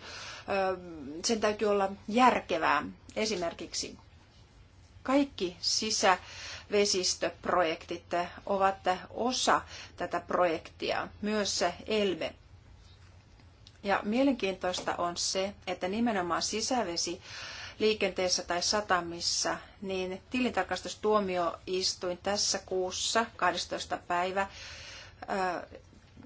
sen täytyy olla järkevää Esimerkiksi kaikki sisävesistöprojektit ovat osa tätä projektia, myös se ELME. Ja mielenkiintoista on se, että nimenomaan sisävesi liikenteessä tai satamissa, niin tilintarkastustuomioistuin tässä kuussa 12. päivä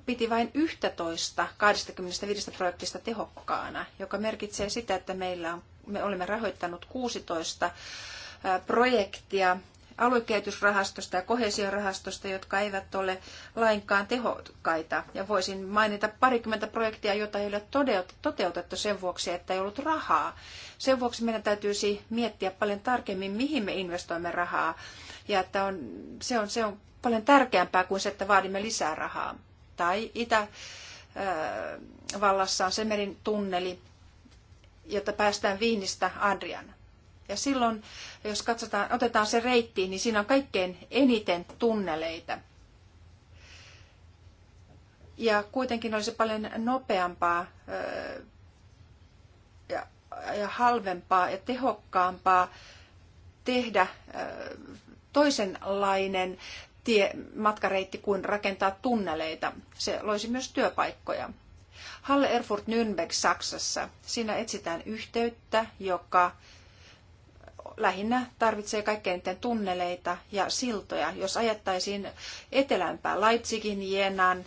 piti vain 11 25 projektista tehokkaana, joka merkitsee sitä, että meillä on me olemme rahoittanut 16 projektia aluekehitysrahastosta ja kohesiorahastosta, jotka eivät ole lainkaan tehokkaita. Ja voisin mainita parikymmentä projektia, joita ei ole toteutettu sen vuoksi, että ei ollut rahaa. Sen vuoksi meidän täytyisi miettiä paljon tarkemmin, mihin me investoimme rahaa. Ja että on, se, on, se on paljon tärkeämpää kuin se, että vaadimme lisää rahaa. Tai Itä-Vallassa on Semerin tunneli, jotta päästään Viinistä Adrian. Ja silloin, jos katsotaan, otetaan se reitti, niin siinä on kaikkein eniten tunneleita. Ja kuitenkin olisi paljon nopeampaa ja, halvempaa ja tehokkaampaa tehdä toisenlainen tie, matkareitti kuin rakentaa tunneleita. Se loisi myös työpaikkoja. Halle Erfurt Nürnberg Saksassa. Siinä etsitään yhteyttä, joka lähinnä tarvitsee kaikkein eniten tunneleita ja siltoja. Jos ajattaisiin etelämpää Leipzigin, Jenan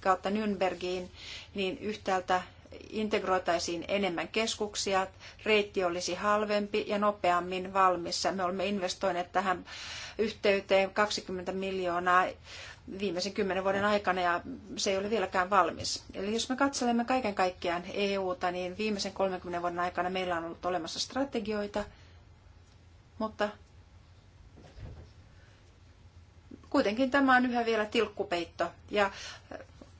kautta Nürnbergiin, niin yhtäältä integroitaisiin enemmän keskuksia, reitti olisi halvempi ja nopeammin valmis. Me olemme investoineet tähän yhteyteen 20 miljoonaa viimeisen kymmenen vuoden aikana ja se ei ole vieläkään valmis. Eli jos me katselemme kaiken kaikkiaan EUta, niin viimeisen 30 vuoden aikana meillä on ollut olemassa strategioita, mutta kuitenkin tämä on yhä vielä tilkkupeitto ja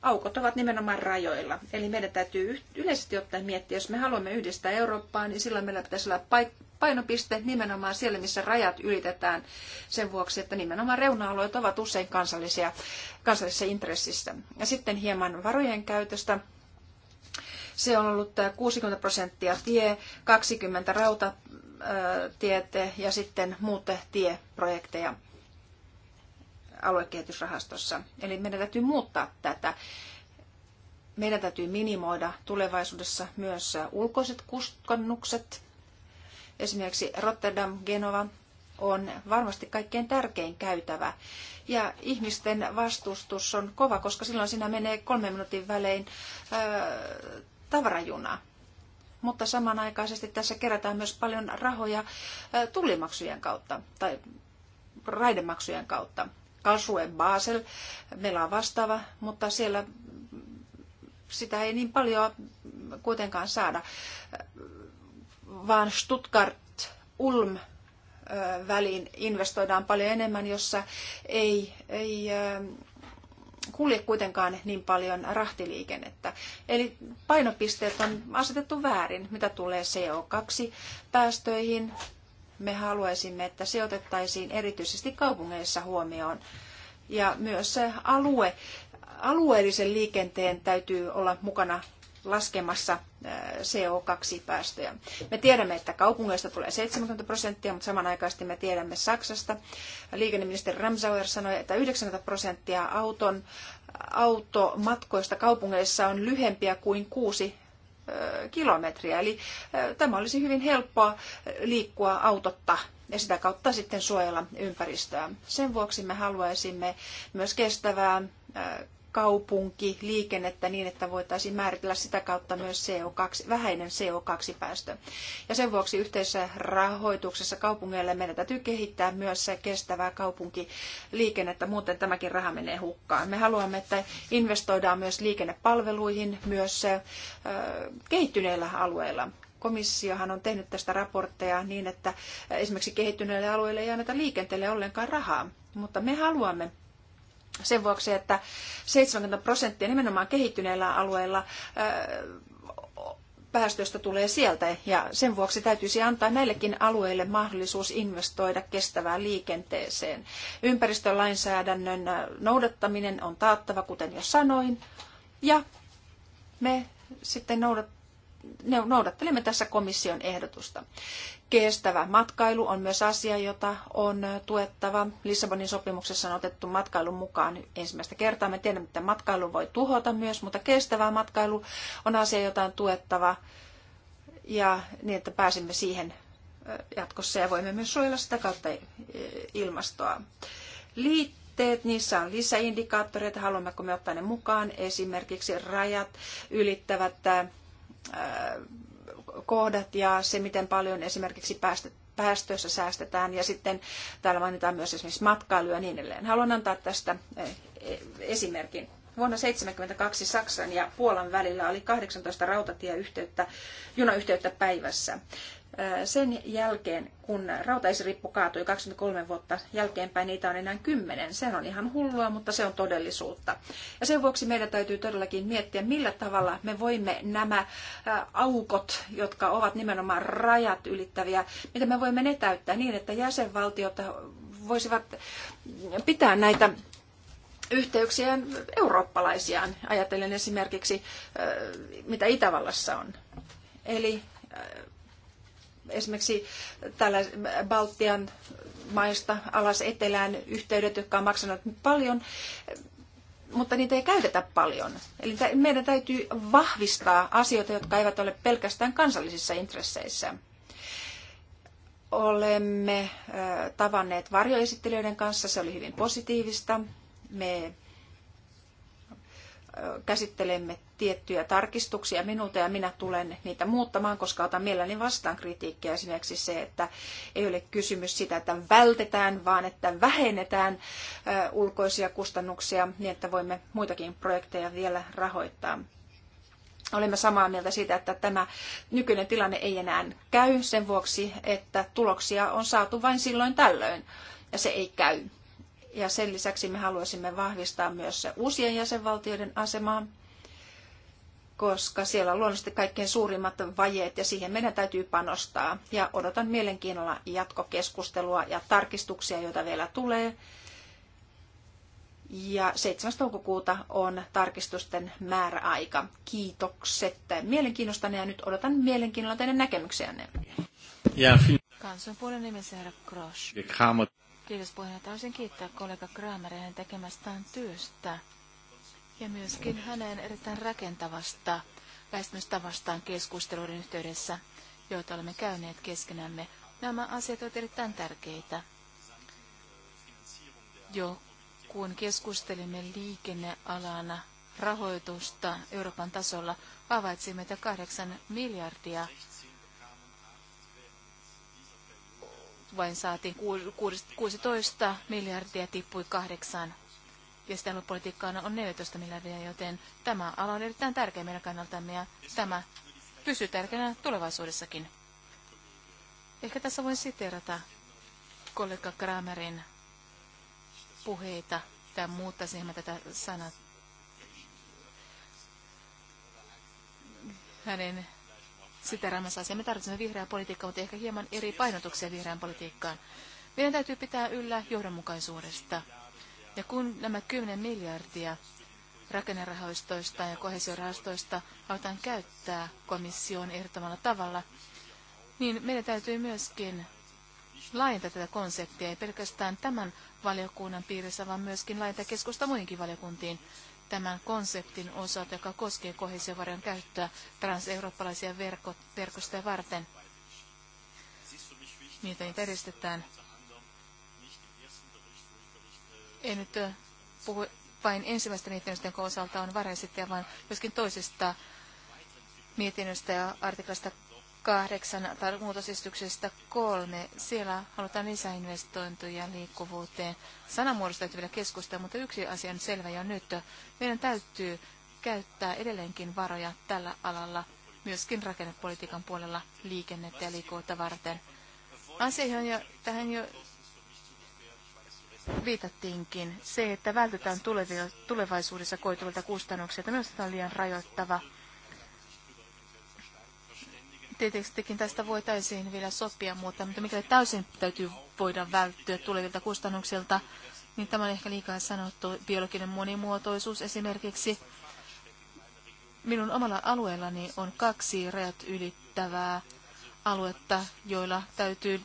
aukot ovat nimenomaan rajoilla. Eli meidän täytyy yleisesti ottaen miettiä, jos me haluamme yhdistää Eurooppaa, niin silloin meillä pitäisi olla painopiste nimenomaan siellä, missä rajat ylitetään sen vuoksi, että nimenomaan reuna-alueet ovat usein kansallisia, kansallisessa intressissä. Ja sitten hieman varojen käytöstä. Se on ollut 60 äh, prosenttia tie, 20 rautatiet äh, ja sitten muut tieprojekteja aluekehitysrahastossa. Eli meidän täytyy muuttaa tätä. Meidän täytyy minimoida tulevaisuudessa myös äh, ulkoiset kustannukset esimerkiksi Rotterdam, Genova, on varmasti kaikkein tärkein käytävä. Ja ihmisten vastustus on kova, koska silloin siinä menee kolmen minuutin välein tavarajuna. Mutta samanaikaisesti tässä kerätään myös paljon rahoja öö, tullimaksujen kautta tai raidemaksujen kautta. Kalsue Basel, meillä on vastaava, mutta siellä sitä ei niin paljon kuitenkaan saada vaan Stuttgart-Ulm väliin investoidaan paljon enemmän, jossa ei, ei kulje kuitenkaan niin paljon rahtiliikennettä. Eli painopisteet on asetettu väärin, mitä tulee CO2-päästöihin. Me haluaisimme, että se otettaisiin erityisesti kaupungeissa huomioon. Ja myös alue, alueellisen liikenteen täytyy olla mukana laskemassa äh, CO2-päästöjä. Me tiedämme, että kaupungeista tulee 70 prosenttia, mutta samanaikaisesti me tiedämme Saksasta. Liikenneministeri Ramsauer sanoi, että 90 prosenttia auton, äh, automatkoista kaupungeissa on lyhempiä kuin kuusi äh, kilometriä. Eli tämä olisi hyvin helppoa liikkua autotta ja sitä kautta sitten suojella ympäristöä. Sen vuoksi me haluaisimme myös kestävää kaupunki liikennettä niin, että voitaisiin määritellä sitä kautta myös CO2, vähäinen CO2-päästö. Ja sen vuoksi yhteisessä rahoituksessa kaupungeille meidän täytyy kehittää myös kestävää kaupunkiliikennettä, muuten tämäkin raha menee hukkaan. Me haluamme, että investoidaan myös liikennepalveluihin myös kehittyneillä alueilla komissiohan on tehnyt tästä raportteja niin, että esimerkiksi kehittyneille alueille ei anneta liikenteelle ollenkaan rahaa. Mutta me haluamme, sen vuoksi, että 70 prosenttia nimenomaan kehittyneillä alueilla päästöistä tulee sieltä ja sen vuoksi täytyisi antaa näillekin alueille mahdollisuus investoida kestävään liikenteeseen. Ympäristölainsäädännön noudattaminen on taattava, kuten jo sanoin, ja me sitten noudat, noudattelemme tässä komission ehdotusta. Kestävä matkailu on myös asia, jota on tuettava. Lissabonin sopimuksessa on otettu matkailun mukaan ensimmäistä kertaa. Me tiedämme, että matkailu voi tuhota myös, mutta kestävä matkailu on asia, jota on tuettava ja niin, että pääsemme siihen jatkossa ja voimme myös suojella sitä kautta ilmastoa. Liitteet, niissä on lisäindikaattoreita, haluammeko me ottaa ne mukaan, esimerkiksi rajat ylittävät kohdat ja se, miten paljon esimerkiksi päästöissä säästetään. Ja sitten täällä mainitaan myös esimerkiksi matkailu ja niin edelleen. Haluan antaa tästä eh, eh, esimerkin. Vuonna 1972 Saksan ja Puolan välillä oli 18 rautatieyhteyttä, junayhteyttä päivässä sen jälkeen, kun rautaisirippu kaatui 23 vuotta jälkeenpäin, niitä on enää kymmenen. se on ihan hullua, mutta se on todellisuutta. Ja sen vuoksi meidän täytyy todellakin miettiä, millä tavalla me voimme nämä aukot, jotka ovat nimenomaan rajat ylittäviä, mitä me voimme ne täyttää niin, että jäsenvaltiot voisivat pitää näitä yhteyksiä eurooppalaisiaan, ajatellen esimerkiksi mitä Itävallassa on. Eli esimerkiksi tällä Baltian maista alas etelään yhteydet, jotka on maksanut paljon, mutta niitä ei käytetä paljon. Eli meidän täytyy vahvistaa asioita, jotka eivät ole pelkästään kansallisissa intresseissä. Olemme tavanneet varjoesittelijöiden kanssa, se oli hyvin positiivista. Me käsittelemme tiettyjä tarkistuksia minulta ja minä tulen niitä muuttamaan, koska otan mielelläni vastaan kritiikkiä esimerkiksi se, että ei ole kysymys sitä, että vältetään, vaan että vähennetään ulkoisia kustannuksia niin, että voimme muitakin projekteja vielä rahoittaa. Olemme samaa mieltä siitä, että tämä nykyinen tilanne ei enää käy sen vuoksi, että tuloksia on saatu vain silloin tällöin ja se ei käy. Ja sen lisäksi me haluaisimme vahvistaa myös uusien jäsenvaltioiden asemaa koska siellä on luonnollisesti kaikkein suurimmat vajeet ja siihen meidän täytyy panostaa. Ja odotan mielenkiinnolla jatkokeskustelua ja tarkistuksia, joita vielä tulee. Ja 7. toukokuuta on tarkistusten määräaika. Kiitokset mielenkiinnostanne ja nyt odotan mielenkiinnolla teidän näkemyksiänne. Ja Kansanpuolen nimessä herra Grosch. Kiitos puheenjohtaja. Haluaisin kiittää kollega Krameria hänen tekemästään työstä ja myöskin hänen erittäin rakentavasta lähestymistavastaan keskusteluiden yhteydessä, joita olemme käyneet keskenämme. Nämä asiat ovat erittäin tärkeitä. Jo kun keskustelimme liikennealana rahoitusta Euroopan tasolla, havaitsimme, että 8 miljardia vain saatiin 16 miljardia tippui kahdeksan ja sitä on 14 miljardia, joten tämä ala on erittäin tärkeä meidän kannaltamme ja tämä pysyy tärkeänä tulevaisuudessakin. Ehkä tässä voin siteerata kollega Kramerin puheita tai muuttaisin mä tätä sanaa. Hänen siteeraamansa asia. Me tarvitsemme vihreää politiikkaa, mutta ehkä hieman eri painotuksia vihreään politiikkaan. Meidän täytyy pitää yllä johdonmukaisuudesta ja kun nämä 10 miljardia rakennerahoistoista ja kohesiorahoistoista halutaan käyttää komission ehdottomalla tavalla, niin meidän täytyy myöskin laajentaa tätä konseptia, ei pelkästään tämän valiokunnan piirissä, vaan myöskin laajentaa keskusta muihinkin valiokuntiin tämän konseptin osalta, joka koskee kohesiovarjon käyttöä transeurooppalaisia verkostoja varten. Niitä järjestetään ei nyt äh, puhu vain ensimmäistä mietinnöstä, jonka osalta on varaisittaja, vaan myöskin toisesta mietinnöstä ja artiklasta kahdeksan tai muutosistuksesta kolme. Siellä halutaan lisäinvestointeja liikkuvuuteen. Sanamuodosta täytyy vielä keskustella, mutta yksi asia on selvä jo nyt. Meidän täytyy käyttää edelleenkin varoja tällä alalla, myöskin rakennepolitiikan puolella liikennettä ja liikkuvuutta varten. Asia, on jo, tähän jo viitattiinkin, se, että vältytään tulevaisuudessa koituvilta kustannuksilta, minusta on liian rajoittava. Tietenkin tästä voitaisiin vielä sopia, mutta, mutta mikäli täysin täytyy voida välttyä tulevilta kustannuksilta, niin tämä on ehkä liikaa sanottu. Biologinen monimuotoisuus esimerkiksi. Minun omalla alueellani on kaksi rajat ylittävää aluetta, joilla täytyy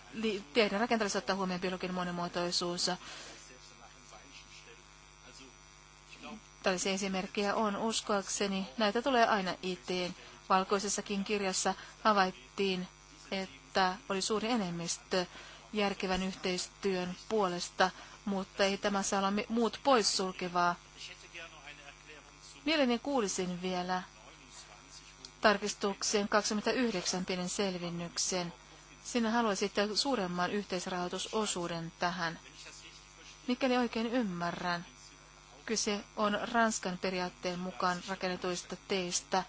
tehdä rakentamista ottaa huomioon biologinen monimuotoisuus. Tällaisia esimerkkejä on uskoakseni. Näitä tulee aina eteen. Valkoisessakin kirjassa havaittiin, että oli suuri enemmistö järkevän yhteistyön puolesta, mutta ei tämä saa olla muut poissulkevaa. Mielelläni kuulisin vielä tarkistukseen 29 pienen selvinnyksen. Sinä haluaisit suuremman yhteisrahoitusosuuden tähän. Mikäli oikein ymmärrän, Kyse on Ranskan periaatteen mukaan rakennetuista teistä.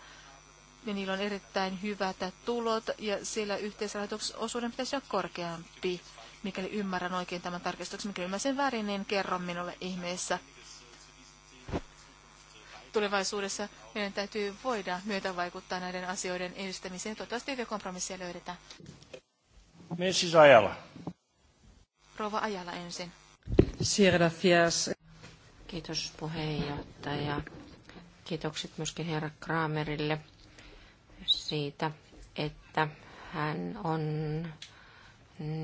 Ja niillä on erittäin hyvät tulot ja siellä yhteisrahoituksen osuuden pitäisi olla korkeampi. Mikäli ymmärrän oikein tämän tarkistuksen, mikäli ymmärsin väärin, niin kerro minulle ihmeessä. Tulevaisuudessa meidän täytyy voida myötä vaikuttaa näiden asioiden edistämiseen. Toivottavasti hyviä kompromisseja löydetään. Mrs. Ajala. Rova Ajala ensin. Sí, gracias. Kiitos puheenjohtaja. Kiitokset myöskin herra Kramerille siitä, että hän on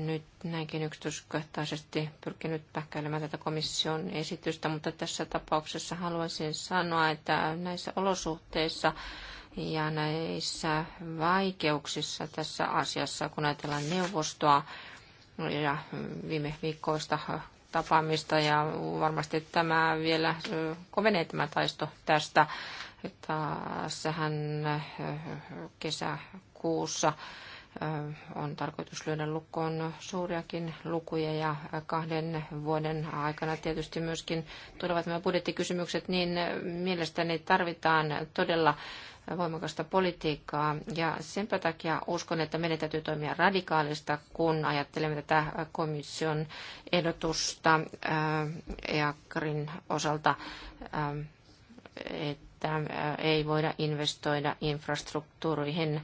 nyt näinkin yksityiskohtaisesti pyrkinyt pähkäilemään tätä komission esitystä, mutta tässä tapauksessa haluaisin sanoa, että näissä olosuhteissa ja näissä vaikeuksissa tässä asiassa, kun ajatellaan neuvostoa ja viime viikkoista tapaamista ja varmasti tämä vielä kovenee tämä taisto tästä. Tässähän kesäkuussa on tarkoitus lyödä lukkoon suuriakin lukuja ja kahden vuoden aikana tietysti myöskin tulevat nämä budjettikysymykset, niin mielestäni tarvitaan todella voimakasta politiikkaa. Ja sen takia uskon, että meidän täytyy toimia radikaalista, kun ajattelemme tätä komission ehdotusta äh, EAKRin osalta, äh, että äh, ei voida investoida infrastruktuuriin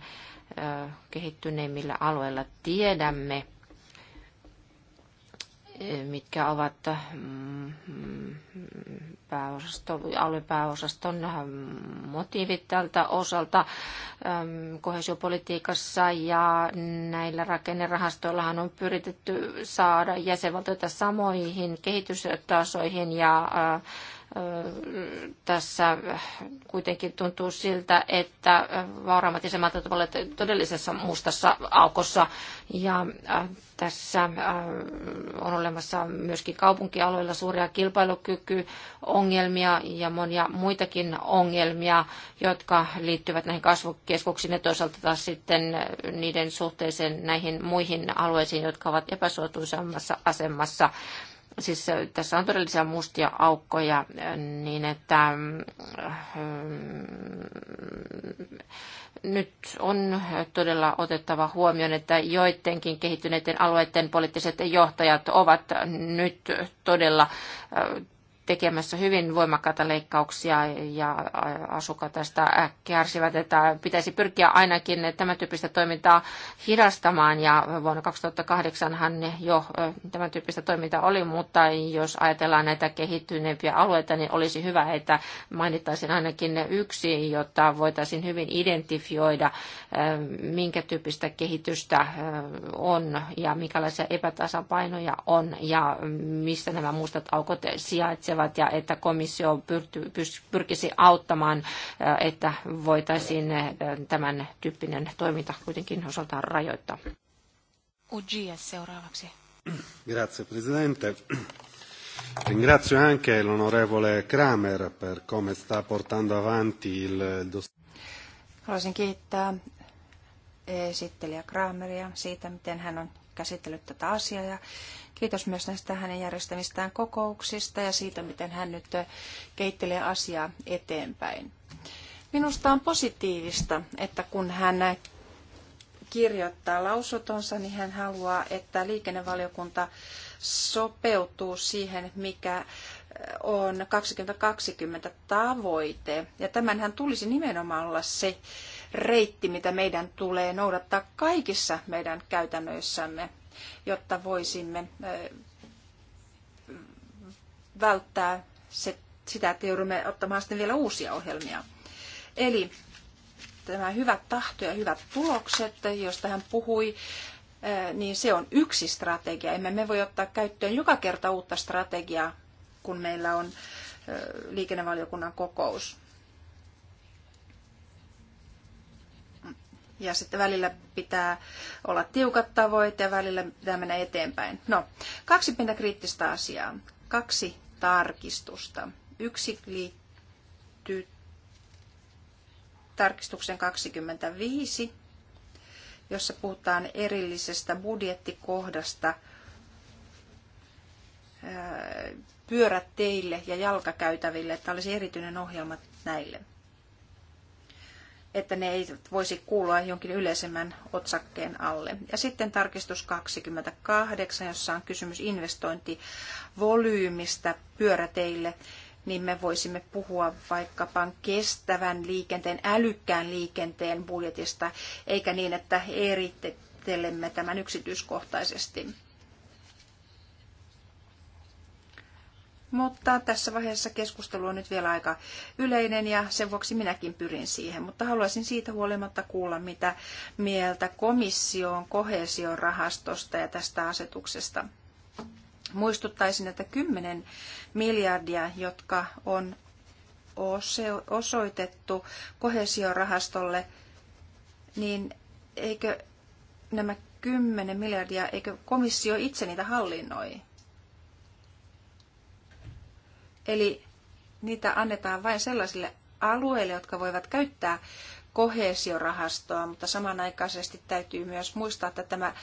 kehittyneimmillä alueilla. Tiedämme, mitkä ovat mm, mm, aluepääosaston ähm, motiivit tältä osalta ähm, kohesiopolitiikassa ja näillä rakennerahastoillahan on pyritetty saada jäsenvaltioita samoihin kehitystasoihin ja äh, tässä kuitenkin tuntuu siltä, että vauraammat jäsenmaat ovat todellisessa mustassa aukossa. Ja tässä on olemassa myöskin kaupunkialueilla suuria kilpailukykyongelmia ja monia muitakin ongelmia, jotka liittyvät näihin kasvukeskuksiin ja toisaalta taas sitten niiden suhteeseen näihin muihin alueisiin, jotka ovat epäsuotuisammassa asemassa siis tässä on todellisia mustia aukkoja, niin että mm, mm, nyt on todella otettava huomioon, että joidenkin kehittyneiden alueiden poliittiset johtajat ovat nyt todella tekemässä hyvin voimakkaita leikkauksia ja asukkaat tästä kärsivät, että pitäisi pyrkiä ainakin tämän tyyppistä toimintaa hidastamaan ja vuonna 2008han jo tämän tyyppistä toimintaa oli, mutta jos ajatellaan näitä kehittyneempiä alueita, niin olisi hyvä, että mainittaisin ainakin yksi, jotta voitaisiin hyvin identifioida, minkä tyyppistä kehitystä on ja minkälaisia epätasapainoja on ja missä nämä mustat aukot sijaitsevat tarvitsevat ja että komissio pyrkisi auttamaan, että voitaisiin tämän tyyppinen toiminta kuitenkin osaltaan rajoittaa. UGS seuraavaksi. Grazie Presidente. Ringrazio anche l'onorevole Kramer per come sta portando avanti il Haluaisin kiittää esittelijä Krameria siitä, miten hän on käsitellyt tätä asiaa ja Kiitos myös näistä hänen järjestämistään kokouksista ja siitä, miten hän nyt keittelee asiaa eteenpäin. Minusta on positiivista, että kun hän kirjoittaa lausutonsa, niin hän haluaa, että liikennevaliokunta sopeutuu siihen, mikä on 2020 tavoite. Ja tämänhän tulisi nimenomaan olla se reitti, mitä meidän tulee noudattaa kaikissa meidän käytännöissämme jotta voisimme välttää se, sitä, että joudumme ottamaan sitten vielä uusia ohjelmia. Eli tämä hyvä tahto ja hyvät tulokset, joista hän puhui, niin se on yksi strategia. Emme me voi ottaa käyttöön joka kerta uutta strategiaa, kun meillä on liikennevaliokunnan kokous. ja sitten välillä pitää olla tiukat tavoite ja välillä pitää mennä eteenpäin. No, kaksi pientä kriittistä asiaa, kaksi tarkistusta. Yksi liittyy tarkistuksen 25, jossa puhutaan erillisestä budjettikohdasta pyöräteille ja jalkakäytäville, että olisi erityinen ohjelma näille että ne ei voisi kuulua jonkin yleisemmän otsakkeen alle. Ja sitten tarkistus 28, jossa on kysymys investointivolyymistä pyöräteille, niin me voisimme puhua vaikkapa kestävän liikenteen, älykkään liikenteen budjetista, eikä niin, että erittelemme tämän yksityiskohtaisesti. Mutta tässä vaiheessa keskustelu on nyt vielä aika yleinen ja sen vuoksi minäkin pyrin siihen. Mutta haluaisin siitä huolimatta kuulla, mitä mieltä komissio on rahastosta ja tästä asetuksesta. Muistuttaisin, että 10 miljardia, jotka on osoitettu rahastolle, niin eikö nämä 10 miljardia, eikö komissio itse niitä hallinnoi? Eli niitä annetaan vain sellaisille alueille, jotka voivat käyttää kohesiorahastoa, mutta samanaikaisesti täytyy myös muistaa, että tämä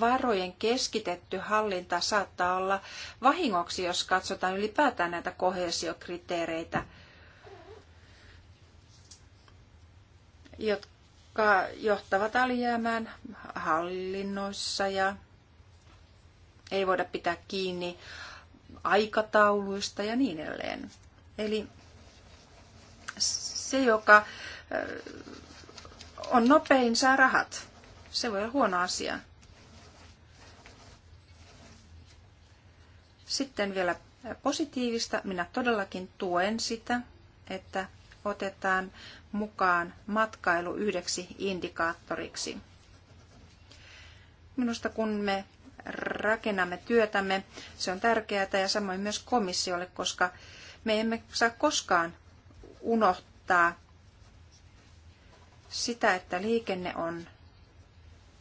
varojen keskitetty hallinta saattaa olla vahingoksi, jos katsotaan ylipäätään näitä kohesiokriteereitä, jotka johtavat alijäämään hallinnoissa ja ei voida pitää kiinni aikatauluista ja niin edelleen. Eli se, joka on nopein, saa rahat. Se voi olla huono asia. Sitten vielä positiivista. Minä todellakin tuen sitä, että otetaan mukaan matkailu yhdeksi indikaattoriksi. Minusta kun me rakennamme työtämme. Se on tärkeää ja samoin myös komissiolle, koska me emme saa koskaan unohtaa sitä, että liikenne on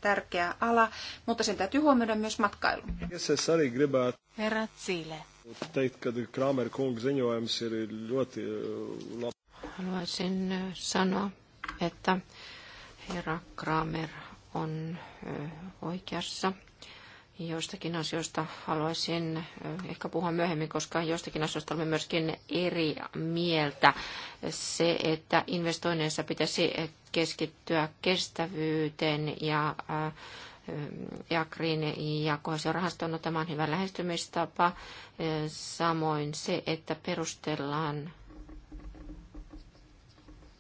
tärkeä ala, mutta sen täytyy huomioida myös matkailu. Herra Zile. Eh, Haluaisin eh, sanoa, että herra Kramer on eh, oikeassa. Joistakin asioista haluaisin ehkä puhua myöhemmin, koska joistakin asioista olemme myöskin eri mieltä. Se, että investoinneissa pitäisi keskittyä kestävyyteen ja Green ja kohesiorahaston, no tämä on hyvä lähestymistapa. Samoin se, että perustellaan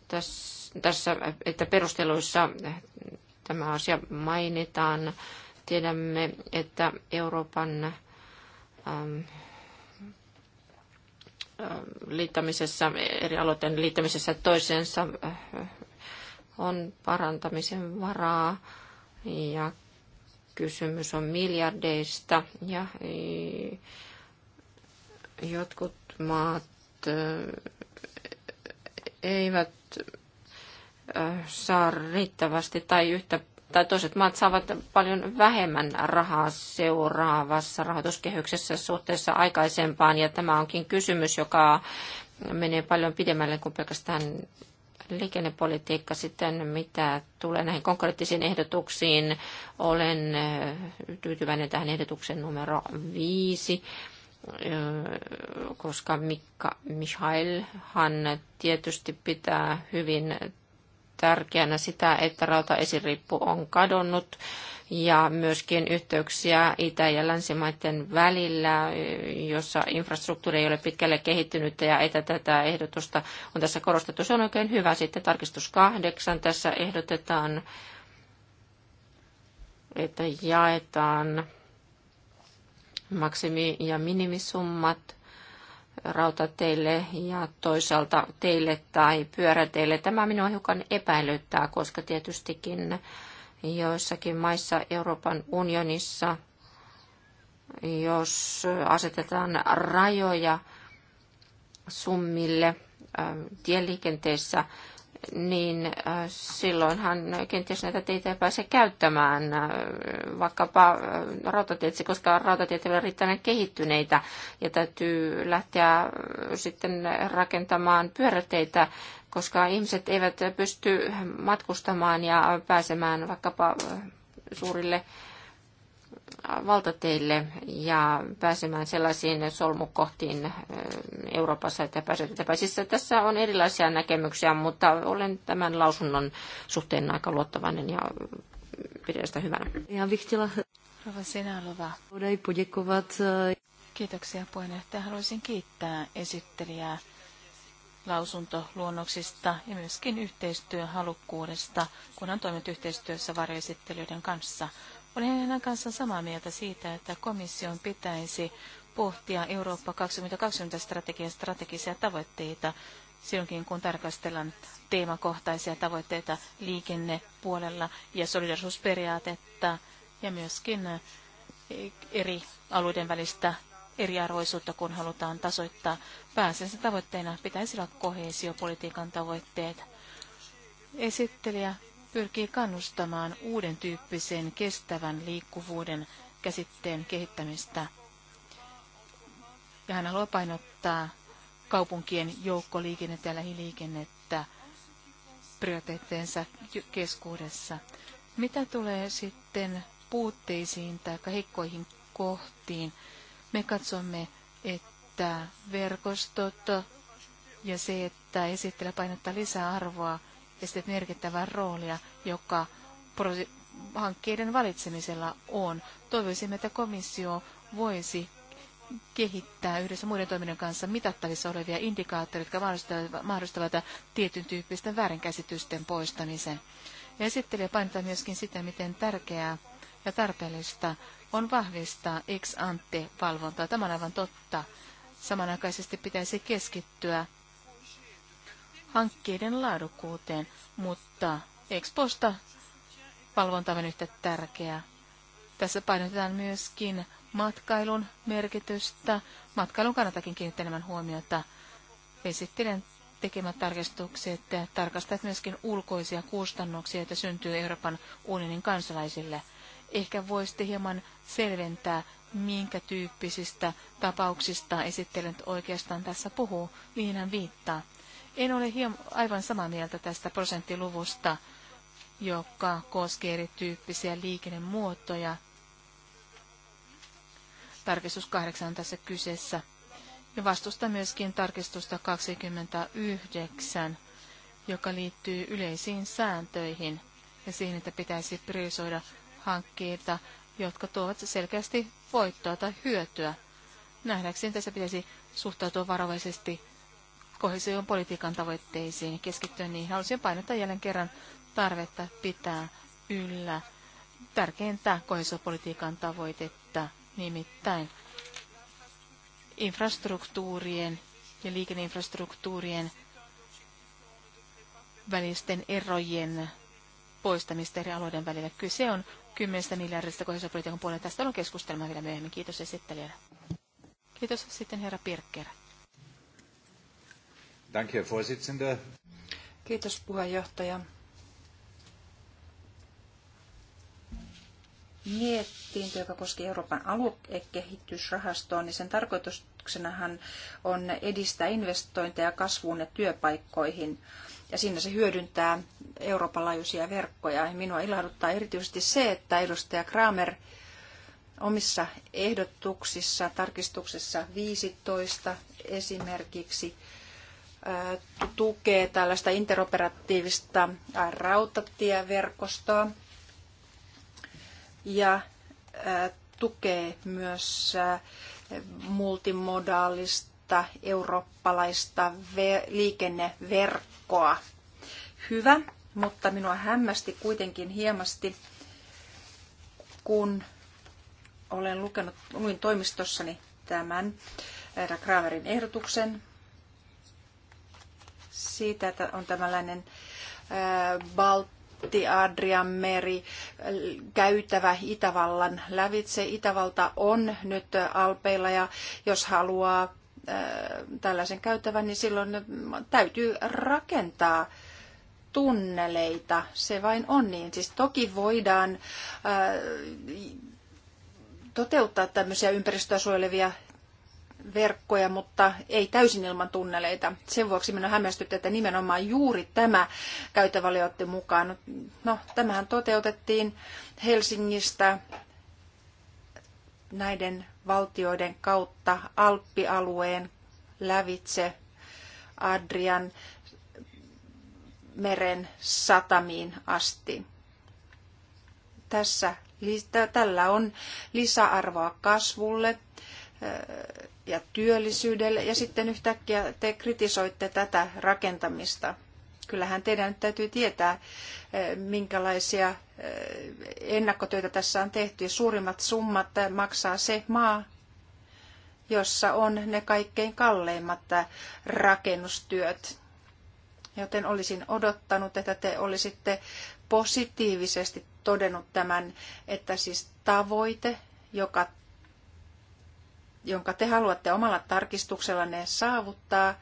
tässä, että perusteluissa tämä asia mainitaan Tiedämme, että Euroopan ähm, ähm, liittämisessä, eri aloitteiden liittämisessä toisensa äh, on parantamisen varaa ja kysymys on miljardeista ja äh, jotkut maat äh, eivät saa riittävästi tai yhtä tai toiset maat saavat paljon vähemmän rahaa seuraavassa rahoituskehyksessä suhteessa aikaisempaan, ja tämä onkin kysymys, joka menee paljon pidemmälle kuin pelkästään liikennepolitiikka sitten, mitä tulee näihin konkreettisiin ehdotuksiin. Olen äh, tyytyväinen tähän ehdotuksen numero viisi, äh, koska Mikka Mihailhan tietysti pitää hyvin tärkeänä sitä, että rautaesirippu on kadonnut ja myöskin yhteyksiä Itä- ja länsimaiden välillä, jossa infrastruktuuri ei ole pitkälle kehittynyt ja että tätä ehdotusta on tässä korostettu. Se on oikein hyvä. Sitten tarkistus kahdeksan. Tässä ehdotetaan, että jaetaan maksimi- ja minimisummat rautateille ja toisaalta teille tai pyöräteille. Tämä minua hiukan epäilyttää, koska tietystikin joissakin maissa Euroopan unionissa, jos asetetaan rajoja summille tieliikenteessä, niin äh, silloinhan kenties näitä teitä ei pääse käyttämään äh, vaikkapa äh, rautatietse, koska rautatiet eivät riittävän kehittyneitä ja täytyy lähteä sitten rakentamaan pyöräteitä, koska ihmiset eivät pysty matkustamaan ja pääsemään vaikkapa suurille valtateille ja pääsemään sellaisiin solmukohtiin Euroopassa, että pääsetään. Siis tässä on erilaisia näkemyksiä, mutta olen tämän lausunnon suhteen aika luottavainen ja pidän sitä hyvänä. Ja Vihtila. Rova Senalova. Kiitoksia puheenjohtaja. Haluaisin kiittää esittelijää lausuntoluonnoksista ja myöskin yhteistyöhalukkuudesta, kun on toiminut yhteistyössä varjoesittelyiden kanssa. Olen hänen kanssaan samaa mieltä siitä, että komission pitäisi pohtia Eurooppa 2020 strategian strategisia tavoitteita silloinkin, kun tarkastellaan teemakohtaisia tavoitteita liikennepuolella ja solidarisuusperiaatetta ja myöskin eri alueiden välistä eriarvoisuutta, kun halutaan tasoittaa. Pääasiassa tavoitteena pitäisi olla kohesiopolitiikan tavoitteet. Esittelijä pyrkii kannustamaan uuden tyyppisen kestävän liikkuvuuden käsitteen kehittämistä. Ja hän haluaa painottaa kaupunkien joukkoliikennettä ja lähiliikennettä prioriteetteensa keskuudessa. Mitä tulee sitten puutteisiin tai heikkoihin kohtiin, me katsomme, että verkostot ja se, että esittelijä painottaa lisäarvoa arvoa esittävät merkittävää roolia, joka hankkeiden valitsemisella on. Toivoisimme, että komissio voisi kehittää yhdessä muiden toiminnan kanssa mitattavissa olevia indikaattoreita, jotka mahdollistavat, mahdollistavat tietyn tyyppisten väärinkäsitysten poistamisen. Ja esittelijä painottaa myöskin sitä, miten tärkeää ja tarpeellista on vahvistaa ex ante valvontaa. Tämä on aivan totta. Samanaikaisesti pitäisi keskittyä hankkeiden laadukkuuteen, mutta Exposta valvonta on yhtä tärkeää. Tässä painotetaan myöskin matkailun merkitystä. Matkailun kannatakin enemmän huomiota. Esittelen tekemät tarkistukset tarkastat myöskin ulkoisia kustannuksia, joita syntyy Euroopan unionin kansalaisille. Ehkä voisitte hieman selventää, minkä tyyppisistä tapauksista esittelyt oikeastaan tässä puhuu, mihin hän viittaa. En ole hieman, aivan samaa mieltä tästä prosenttiluvusta, joka koskee erityyppisiä liikennemuotoja. Tarkistus 8 on tässä kyseessä. Ja vastusta myöskin tarkistusta 29, joka liittyy yleisiin sääntöihin ja siihen, että pitäisi priorisoida hankkeita, jotka tuovat selkeästi voittoa tai hyötyä. Nähdäkseni tässä pitäisi suhtautua varovaisesti kohesion politiikan tavoitteisiin keskittyä niihin. Haluaisin painottaa jälleen kerran tarvetta pitää yllä tärkeintä kohesiopolitiikan tavoitetta, nimittäin infrastruktuurien ja liikenneinfrastruktuurien välisten erojen poistamista eri alueiden välillä. Kyse on 10 miljardista kohesiopolitiikan puolella. Tästä on keskustelma vielä myöhemmin. Kiitos esittelijä. Kiitos sitten herra Pirkkerä. Danke, Herr Vorsitzender. Kiitos puheenjohtaja. Mietintö, joka koski Euroopan aluekehitysrahastoa, niin sen tarkoituksenahan on edistää investointeja kasvuun ja työpaikkoihin. Ja siinä se hyödyntää Euroopan laajuisia verkkoja. Minua ilahduttaa erityisesti se, että edustaja Kramer omissa ehdotuksissa, tarkistuksessa 15 esimerkiksi, tukee tällaista interoperatiivista rautatieverkostoa ja tukee myös multimodaalista eurooppalaista liikenneverkkoa. Hyvä, mutta minua hämmästi kuitenkin hiemasti, kun olen lukenut, luin toimistossani tämän Kramerin ehdotuksen, siitä, että on tämänlainen balti Adrian meri, käytävä Itävallan lävitse. Itävalta on nyt Alpeilla ja jos haluaa tällaisen käytävän, niin silloin täytyy rakentaa tunneleita. Se vain on niin. Siis toki voidaan toteuttaa tämmöisiä ympäristöä suojelevia verkkoja, mutta ei täysin ilman tunneleita. Sen vuoksi minä hämmästytti, että nimenomaan juuri tämä käytävä mukaan. No, tämähän toteutettiin Helsingistä näiden valtioiden kautta Alppialueen lävitse Adrian meren satamiin asti. Tässä, tällä on lisäarvoa kasvulle ja työllisyydelle ja sitten yhtäkkiä te kritisoitte tätä rakentamista. Kyllähän teidän nyt täytyy tietää, eh, minkälaisia eh, ennakkotöitä tässä on tehty. Suurimmat summat maksaa se maa, jossa on ne kaikkein kalleimmat rakennustyöt. Joten olisin odottanut, että te olisitte positiivisesti todennut tämän, että siis tavoite, joka jonka te haluatte omalla tarkistuksellanne saavuttaa,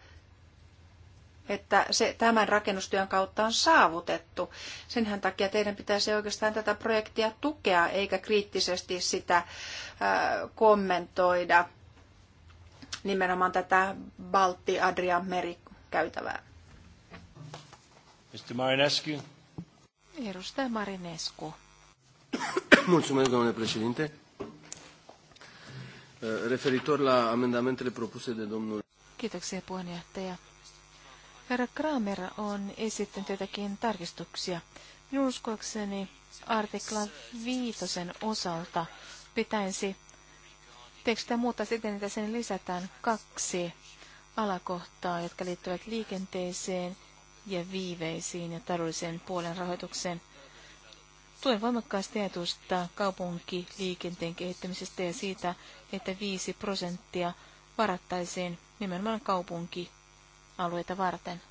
että se tämän rakennustyön kautta on saavutettu. Senhän takia teidän pitäisi oikeastaan tätä projektia tukea, eikä kriittisesti sitä äh, kommentoida nimenomaan tätä baltti meri käytävää. Mr. Marinescu. Edustaja Marinescu. Mulțumesc, domnule președinte. Eh, referitor la amendamentele propuse de domnul. Kiitoksia puheenjohtaja. Herra Kramer on esittänyt jotakin tarkistuksia. Minun uskoakseni artikla viitosen osalta pitäisi tekstiä muuttaa siten, että sen lisätään kaksi alakohtaa, jotka liittyvät liikenteeseen ja viiveisiin ja taloudelliseen puolen rahoitukseen. Tuen voimakkaasti ajatusta kaupunkiliikenteen kehittämisestä ja siitä, että 5 prosenttia varattaisiin nimenomaan kaupunkialueita varten.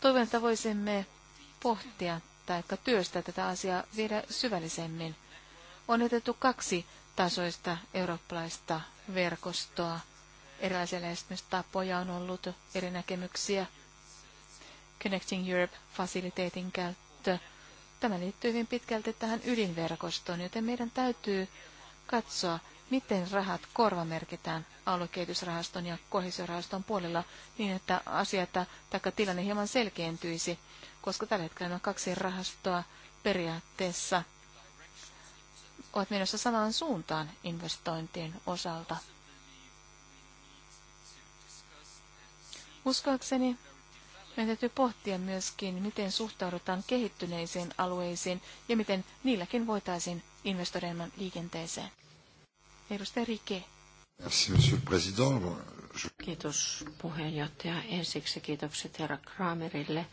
Toivon, että voisimme pohtia tai työstää tätä asiaa vielä syvällisemmin. On otettu kaksi tasoista eurooppalaista verkostoa. Erilaisia lähestymistapoja on ollut eri näkemyksiä. Connecting Europe-fasiliteetin käyttö Tämä liittyy hyvin pitkälti tähän ydinverkostoon, joten meidän täytyy katsoa, miten rahat korvamerkitään aluekehitysrahaston ja kohesiorahaston puolella niin, että asiat tai tilanne hieman selkeentyisi, koska tällä hetkellä nämä kaksi rahastoa periaatteessa ovat menossa samaan suuntaan investointien osalta. Uskoakseni meidän täytyy pohtia myöskin, miten suhtaudutaan kehittyneisiin alueisiin ja miten niilläkin voitaisiin investoida enemmän liikenteeseen. Edustaja Rike. Merci, monsieur président. Kiitos puheenjohtaja. Ensiksi kiitokset herra Kramerille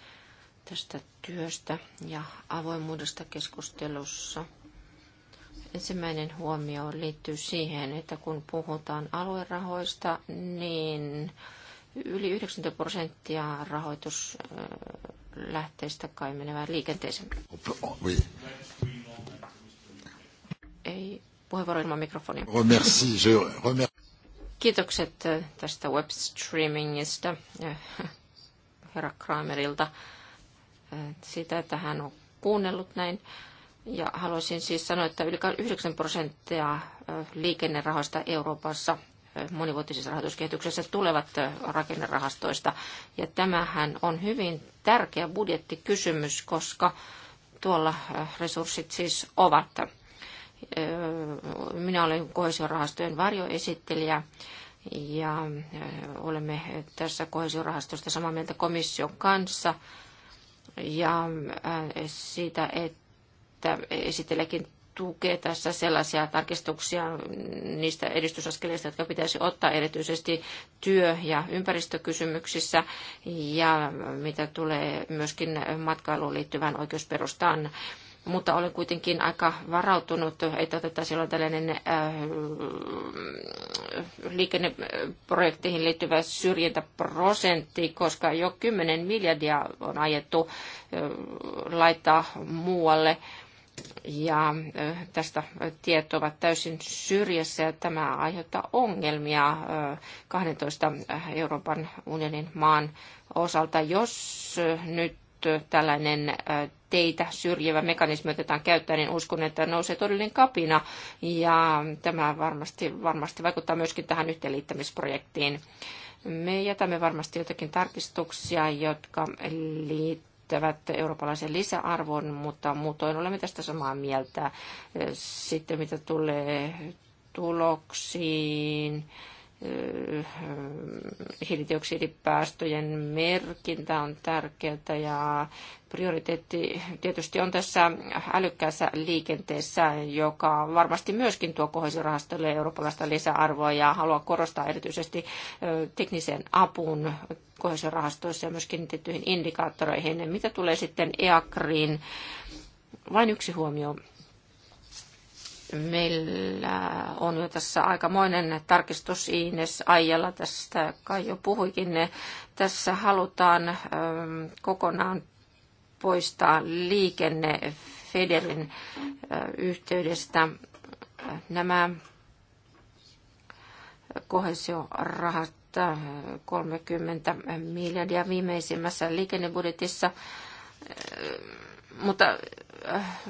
tästä työstä ja avoimuudesta keskustelussa. Ensimmäinen huomio liittyy siihen, että kun puhutaan aluerahoista, niin Yli 90 prosenttia rahoituslähteistä kai menevään liikenteeseen. Oui. Ei puheenvuoro ilman mikrofonia. je Kiitokset tästä webstreamingista herra Kramerilta siitä, että hän on kuunnellut näin. Ja haluaisin siis sanoa, että yli 9 prosenttia liikennerahoista Euroopassa monivuotisessa rahoituskehityksessä tulevat rakennerahastoista. Ja tämähän on hyvin tärkeä budjettikysymys, koska tuolla resurssit siis ovat. Minä olen kohesiorahastojen varjoesittelijä ja olemme tässä kohesiorahastosta samaa mieltä komission kanssa ja siitä, että esittelekin tukee tässä sellaisia tarkistuksia niistä edistysaskeleista, jotka pitäisi ottaa erityisesti työ- ja ympäristökysymyksissä ja mitä tulee myöskin matkailuun liittyvään oikeusperustaan mutta olen kuitenkin aika varautunut, että otetaan silloin tällainen äh, liikenneprojekteihin liittyvä syrjintäprosentti, koska jo 10 miljardia on ajettu äh, laittaa muualle äh, ja tästä tiet ovat täysin syrjässä ja tämä aiheuttaa ongelmia 12 Euroopan unionin maan osalta, jos nyt tällainen teitä syrjivä mekanismi otetaan käyttöön, niin uskon, että nousee todellinen kapina. Ja tämä varmasti, varmasti vaikuttaa myöskin tähän yhteenliittämisprojektiin. Me jätämme varmasti jotakin tarkistuksia, jotka liittyvät liittyvät eurooppalaisen lisäarvon, mutta muutoin olemme tästä samaa mieltä. Sitten mitä tulee tuloksiin, hiilidioksidipäästöjen merkintä on tärkeää ja prioriteetti tietysti on tässä älykkäässä liikenteessä, joka varmasti myöskin tuo kohesirahastolle eurooppalaista lisäarvoa ja haluaa korostaa erityisesti teknisen apun kohesirahastoissa ja myöskin tiettyihin indikaattoreihin. Mitä tulee sitten EACRiin? Vain yksi huomio Meillä on jo tässä aikamoinen tarkistus. Ines aijalla tästä kai jo puhuikin. Tässä halutaan ähm, kokonaan poistaa liikenne Federin äh, yhteydestä. Nämä kohesiorahat 30 äh, miljardia viimeisimmässä liikennebudjetissa, äh, mutta Äh,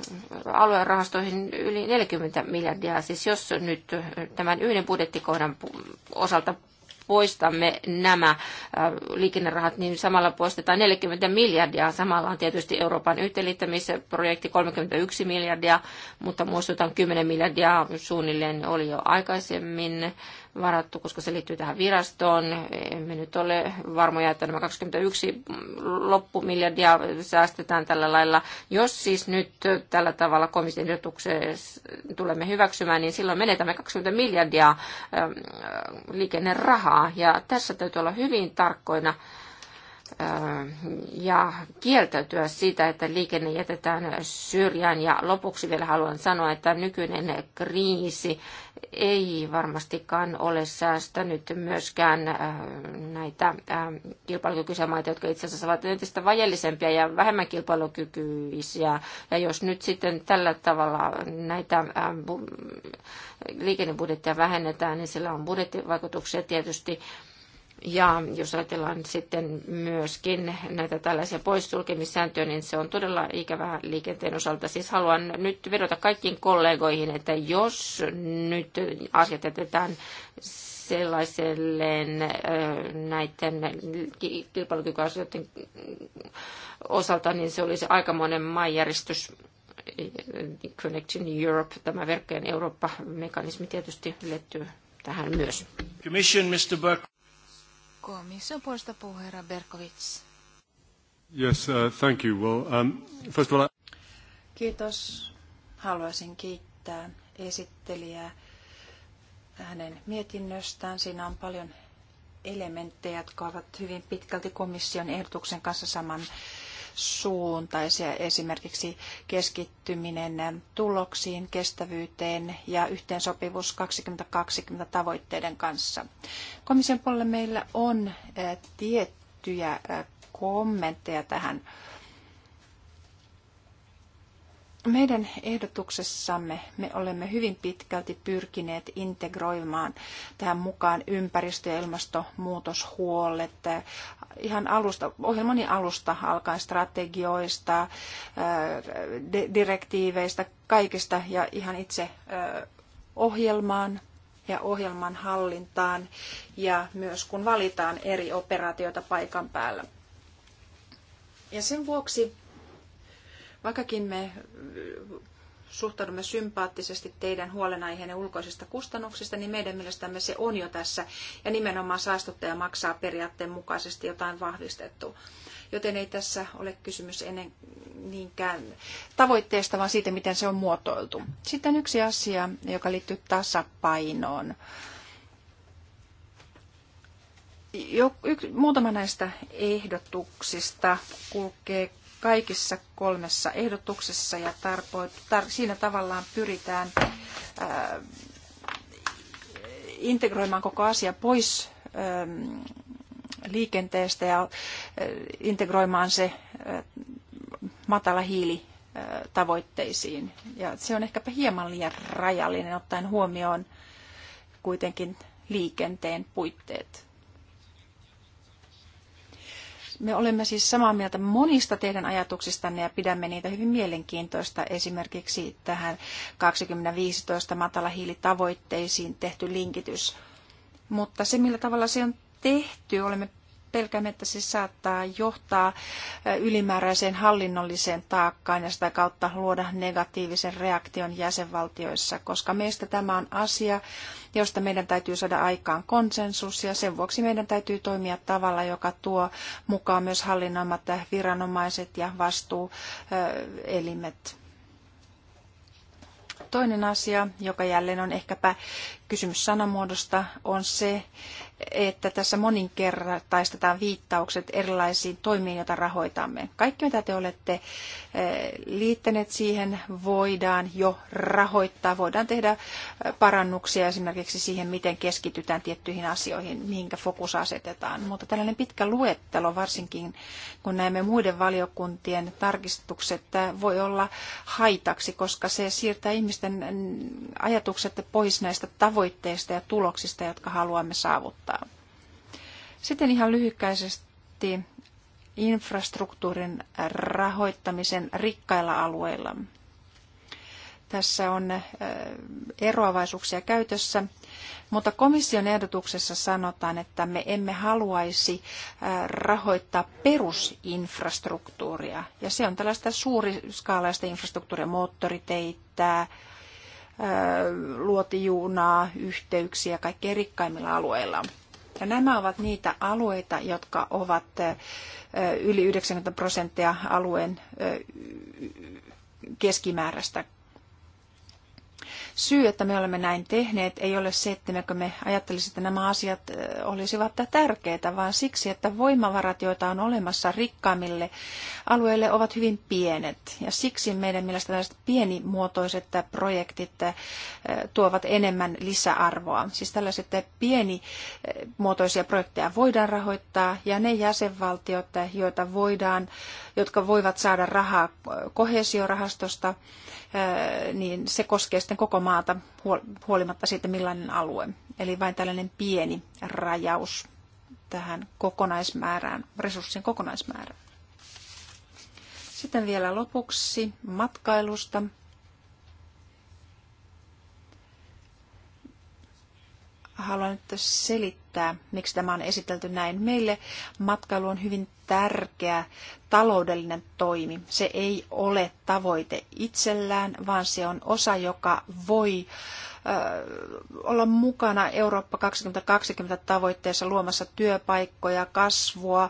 alueen rahastoihin yli 40 miljardia. Siis jos nyt tämän yhden budjettikohdan osalta poistamme nämä äh, liikennerahat, niin samalla poistetaan 40 miljardia. Samalla on tietysti Euroopan yhteenliittämisprojekti 31 miljardia, mutta muistutan 10 miljardia suunnilleen oli jo aikaisemmin varattu, koska se liittyy tähän virastoon. Emme nyt ole varmoja, että nämä 21 loppumiljardia säästetään tällä lailla. Jos siis nyt tällä tavalla komission tulemme hyväksymään, niin silloin menetämme 20 miljardia liikennerahaa. Ja tässä täytyy olla hyvin tarkkoina ja kieltäytyä siitä, että liikenne jätetään syrjään. Ja lopuksi vielä haluan sanoa, että nykyinen kriisi ei varmastikaan ole säästänyt myöskään näitä kilpailukykyisiä maita, jotka itse asiassa ovat entistä vajellisempia ja vähemmän kilpailukykyisiä. Ja jos nyt sitten tällä tavalla näitä liikennebudjetteja vähennetään, niin sillä on budjettivaikutuksia tietysti ja jos ajatellaan sitten myöskin näitä tällaisia poissulkemissääntöjä, niin se on todella ikävää liikenteen osalta. Siis haluan nyt vedota kaikkiin kollegoihin, että jos nyt asiat jätetään sellaiselle näiden kilpailukykyasioiden osalta, niin se olisi aikamoinen maanjäristys. Connection Europe, tämä verkkojen Eurooppa-mekanismi tietysti liittyy tähän myös. Commission, Mr. Burke. Komission puolesta puhuu herra Berkovits. Yes, uh, thank you. Well, um, first of all, I... Kiitos. Haluaisin kiittää esittelijää hänen mietinnöstään. Siinä on paljon elementtejä, jotka ovat hyvin pitkälti komission ehdotuksen kanssa saman suuntaisia, esimerkiksi keskittyminen tuloksiin, kestävyyteen ja yhteensopivuus 2020 tavoitteiden kanssa. Komission puolella meillä on tiettyjä kommentteja tähän meidän ehdotuksessamme me olemme hyvin pitkälti pyrkineet integroimaan tähän mukaan ympäristö- ja ilmastonmuutoshuolet. Ihan alusta, ohjelmani alusta alkaen strategioista, äh, direktiiveistä, kaikista ja ihan itse äh, ohjelmaan ja ohjelman hallintaan ja myös kun valitaan eri operaatioita paikan päällä. Ja sen vuoksi Vaikkakin me suhtaudumme sympaattisesti teidän huolenaiheenne ulkoisista kustannuksista, niin meidän mielestämme se on jo tässä ja nimenomaan saastuttaja maksaa periaatteen mukaisesti jotain vahvistettu. Joten ei tässä ole kysymys ennen niinkään tavoitteesta, vaan siitä, miten se on muotoiltu. Sitten yksi asia, joka liittyy tasapainoon. Jo, yksi, muutama näistä ehdotuksista kulkee kaikissa kolmessa ehdotuksessa ja tarpo, tar, siinä tavallaan pyritään ää, integroimaan koko asia pois ää, liikenteestä ja ää, integroimaan se ää, matala hiili tavoitteisiin. Ja se on ehkäpä hieman liian rajallinen ottaen huomioon kuitenkin liikenteen puitteet. Me olemme siis samaa mieltä monista teidän ajatuksistanne ja pidämme niitä hyvin mielenkiintoista. Esimerkiksi tähän 2015 matalahiilitavoitteisiin tehty linkitys. Mutta se, millä tavalla se on tehty, olemme pelkäämme, että se saattaa johtaa äh, ylimääräiseen hallinnolliseen taakkaan ja sitä kautta luoda negatiivisen reaktion jäsenvaltioissa, koska meistä tämä on asia, josta meidän täytyy saada aikaan konsensus ja sen vuoksi meidän täytyy toimia tavalla, joka tuo mukaan myös hallinnoimat viranomaiset ja vastuuelimet toinen asia, joka jälleen on ehkäpä kysymys sanamuodosta, on se, että tässä moninkertaistetaan viittaukset erilaisiin toimiin, joita rahoitamme. Kaikki, mitä te olette eh, liittäneet siihen, voidaan jo rahoittaa. Voidaan tehdä eh, parannuksia esimerkiksi siihen, miten keskitytään tiettyihin asioihin, mihinkä fokus asetetaan. Mutta tällainen pitkä luettelo, varsinkin kun näemme muiden valiokuntien tarkistukset, voi olla haitaksi, koska se siirtää ihmisten mm, ajatukset pois näistä tavoitteista ja tuloksista, jotka haluamme saavuttaa kohtaa. Sitten ihan lyhykäisesti infrastruktuurin rahoittamisen rikkailla alueilla. Tässä on eroavaisuuksia käytössä, mutta komission ehdotuksessa sanotaan, että me emme haluaisi rahoittaa perusinfrastruktuuria. Ja se on tällaista suuriskaalaista infrastruktuuria, moottoriteitä, luotijuunaa, yhteyksiä kaikkein rikkaimmilla alueilla. Ja nämä ovat niitä alueita, jotka ovat yli 90 prosenttia alueen keskimäärästä Syy, että me olemme näin tehneet, ei ole se, että me ajattelisimme, että nämä asiat olisivat tärkeitä, vaan siksi, että voimavarat, joita on olemassa rikkaammille alueille, ovat hyvin pienet. Ja siksi meidän mielestä tällaiset pienimuotoiset projektit tuovat enemmän lisäarvoa. Siis tällaiset pienimuotoisia projekteja voidaan rahoittaa ja ne jäsenvaltiot, joita voidaan, jotka voivat saada rahaa kohesiorahastosta, niin se koskee sitten koko maata huolimatta siitä, millainen alue. Eli vain tällainen pieni rajaus tähän kokonaismäärään, resurssien kokonaismäärään. Sitten vielä lopuksi matkailusta. haluan nyt selittää, miksi tämä on esitelty näin. Meille matkailu on hyvin tärkeä taloudellinen toimi. Se ei ole tavoite itsellään, vaan se on osa, joka voi olla mukana Eurooppa 2020 tavoitteessa luomassa työpaikkoja, kasvua,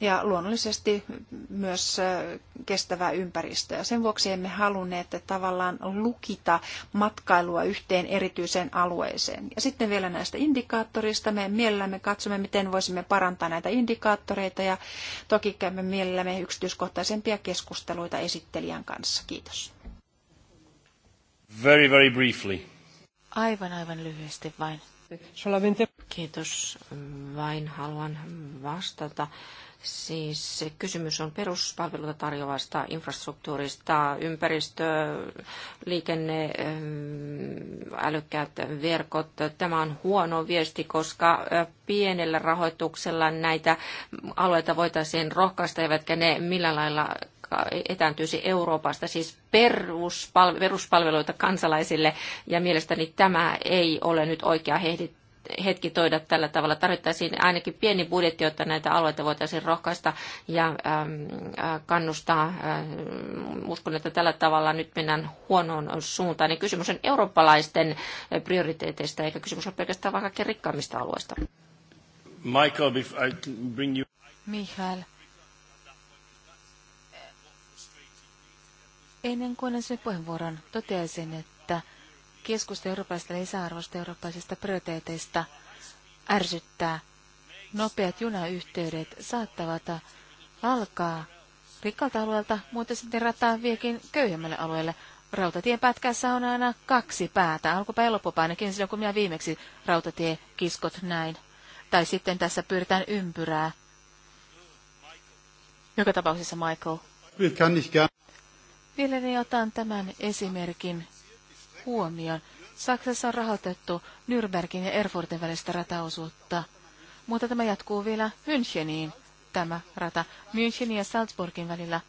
ja luonnollisesti myös kestävää ympäristöä. Sen vuoksi emme halunneet tavallaan lukita matkailua yhteen erityiseen alueeseen. Ja sitten vielä näistä indikaattorista. Me mielellämme katsomme, miten voisimme parantaa näitä indikaattoreita ja toki käymme mielellämme yksityiskohtaisempia keskusteluita esittelijän kanssa. Kiitos. Very, very briefly. Aivan, aivan lyhyesti vain. Kiitos. Vain haluan vastata Siis kysymys on peruspalveluita tarjoavasta infrastruktuurista, ympäristö, liikenne, älykkäät verkot. Tämä on huono viesti, koska pienellä rahoituksella näitä alueita voitaisiin rohkaista, eivätkä ne millään lailla etääntyisi Euroopasta, siis peruspalveluita kansalaisille, ja mielestäni tämä ei ole nyt oikea hetki toida tällä tavalla. Tarvittaisiin ainakin pieni budjetti, jotta näitä alueita voitaisiin rohkaista ja kannustaa. Uskon, että tällä tavalla nyt mennään huonoon suuntaan. Niin kysymys on eurooppalaisten prioriteeteista, eikä kysymys ole pelkästään vaan rikkaimmista alueista. Michael, if I bring you... Michael. Ennen kuin sen puheenvuoron toteaisin, että keskusta eurooppalaisesta lisäarvosta, eurooppalaisista prioriteeteista ärsyttää. Nopeat junayhteydet saattavat alkaa rikkalta alueelta, mutta sitten rataa viekin köyhemmälle alueelle. Rautatien pätkässä on aina kaksi päätä, alkupää ja loppupää, ainakin silloin kun minä viimeksi rautatiekiskot näin. Tai sitten tässä pyritään ympyrää. Joka tapauksessa Michael. Mielelläni otan tämän esimerkin huomioon. Saksassa on rahoitettu Nürnbergin ja Erfurtin välistä rataosuutta, mutta tämä jatkuu vielä Müncheniin. Tämä rata Münchenin ja Salzburgin välillä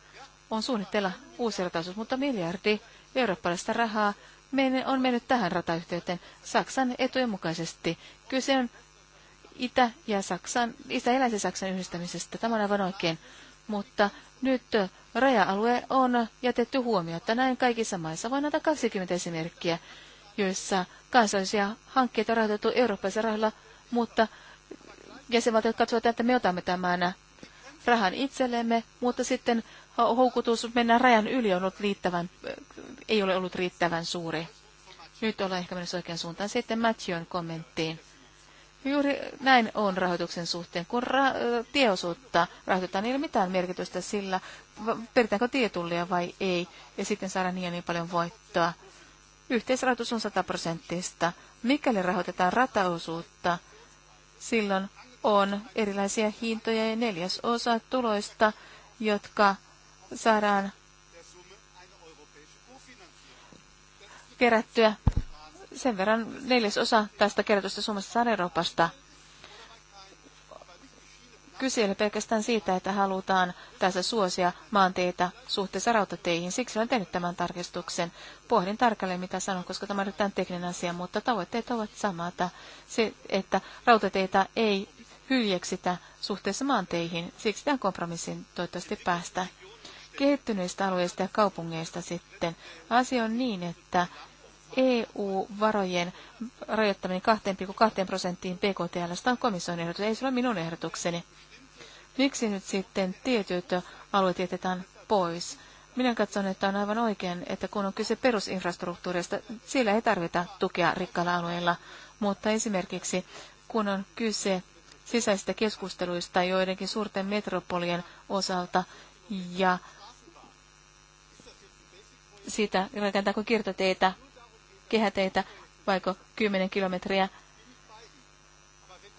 on suunnitteilla uusi rataosuus, mutta miljardi eurooppalaista rahaa on mennyt tähän ratayhteyteen Saksan etujen mukaisesti. Kyse on Itä- ja Saksan, Itä- ja Saksan yhdistämisestä. Tämä on aivan oikein, mutta nyt raja-alue on jätetty huomiota näin kaikissa maissa. Voin antaa 20 esimerkkiä, joissa kansallisia hankkeita on rahoitettu eurooppalaisella rahalla, mutta jäsenvaltiot katsovat, että me otamme tämän rahan itsellemme, mutta sitten houkutus mennä rajan yli on ollut riittävän, ei ole ollut riittävän suuri. Nyt ollaan ehkä menossa oikean suuntaan. Sitten Matthewn kommenttiin. Juuri näin on rahoituksen suhteen. Kun ra- tieosuutta rahoitetaan, niin ei ole mitään merkitystä sillä, peritäänkö tietullia vai ei, ja sitten saadaan niin ja niin paljon voittoa. Yhteisrahoitus on 100 prosenttista. Mikäli rahoitetaan rataosuutta, silloin on erilaisia hintoja ja neljäsosa tuloista, jotka saadaan kerättyä sen verran neljäsosa tästä kerrotusta Suomessa saadaan Euroopasta. Kyse pelkästään siitä, että halutaan tässä suosia maanteita suhteessa rautateihin. Siksi olen tehnyt tämän tarkistuksen. Pohdin tarkalleen, mitä sanon, koska tämä on tämän tekninen asia, mutta tavoitteet ovat samata. Se, että rautateitä ei hyljeksitä suhteessa maanteihin. Siksi tämän kompromissin toivottavasti päästä kehittyneistä alueista ja kaupungeista sitten. Asia on niin, että EU-varojen rajoittaminen 2,2 prosenttiin PKTL on komission ehdotus, ei se ole minun ehdotukseni. Miksi nyt sitten tietyt alueet jätetään pois? Minä katson, että on aivan oikein, että kun on kyse perusinfrastruktuurista, siellä ei tarvita tukea rikkailla alueilla, mutta esimerkiksi kun on kyse sisäisistä keskusteluista joidenkin suurten metropolien osalta ja siitä rakentaako kiertoteitä kehäteitä vaikka 10 kilometriä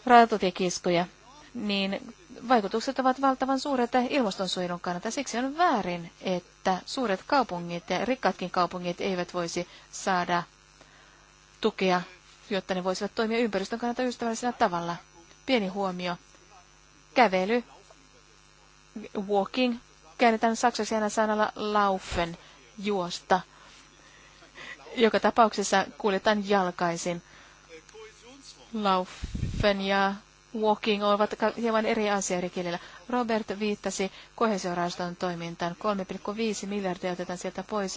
rautatiekiskoja, niin vaikutukset ovat valtavan suuret ilmastonsuojelun kannalta. Siksi on väärin, että suuret kaupungit ja rikkaatkin kaupungit eivät voisi saada tukea, jotta ne voisivat toimia ympäristön kannalta ystävällisellä tavalla. Pieni huomio. Kävely, walking, käännetään saksaksi aina sanalla laufen, juosta. Joka tapauksessa kuljetaan jalkaisin. Laufen ja walking ovat hieman eri asia eri kielillä. Robert viittasi kohesioraston toimintaan. 3,5 miljardia otetaan sieltä pois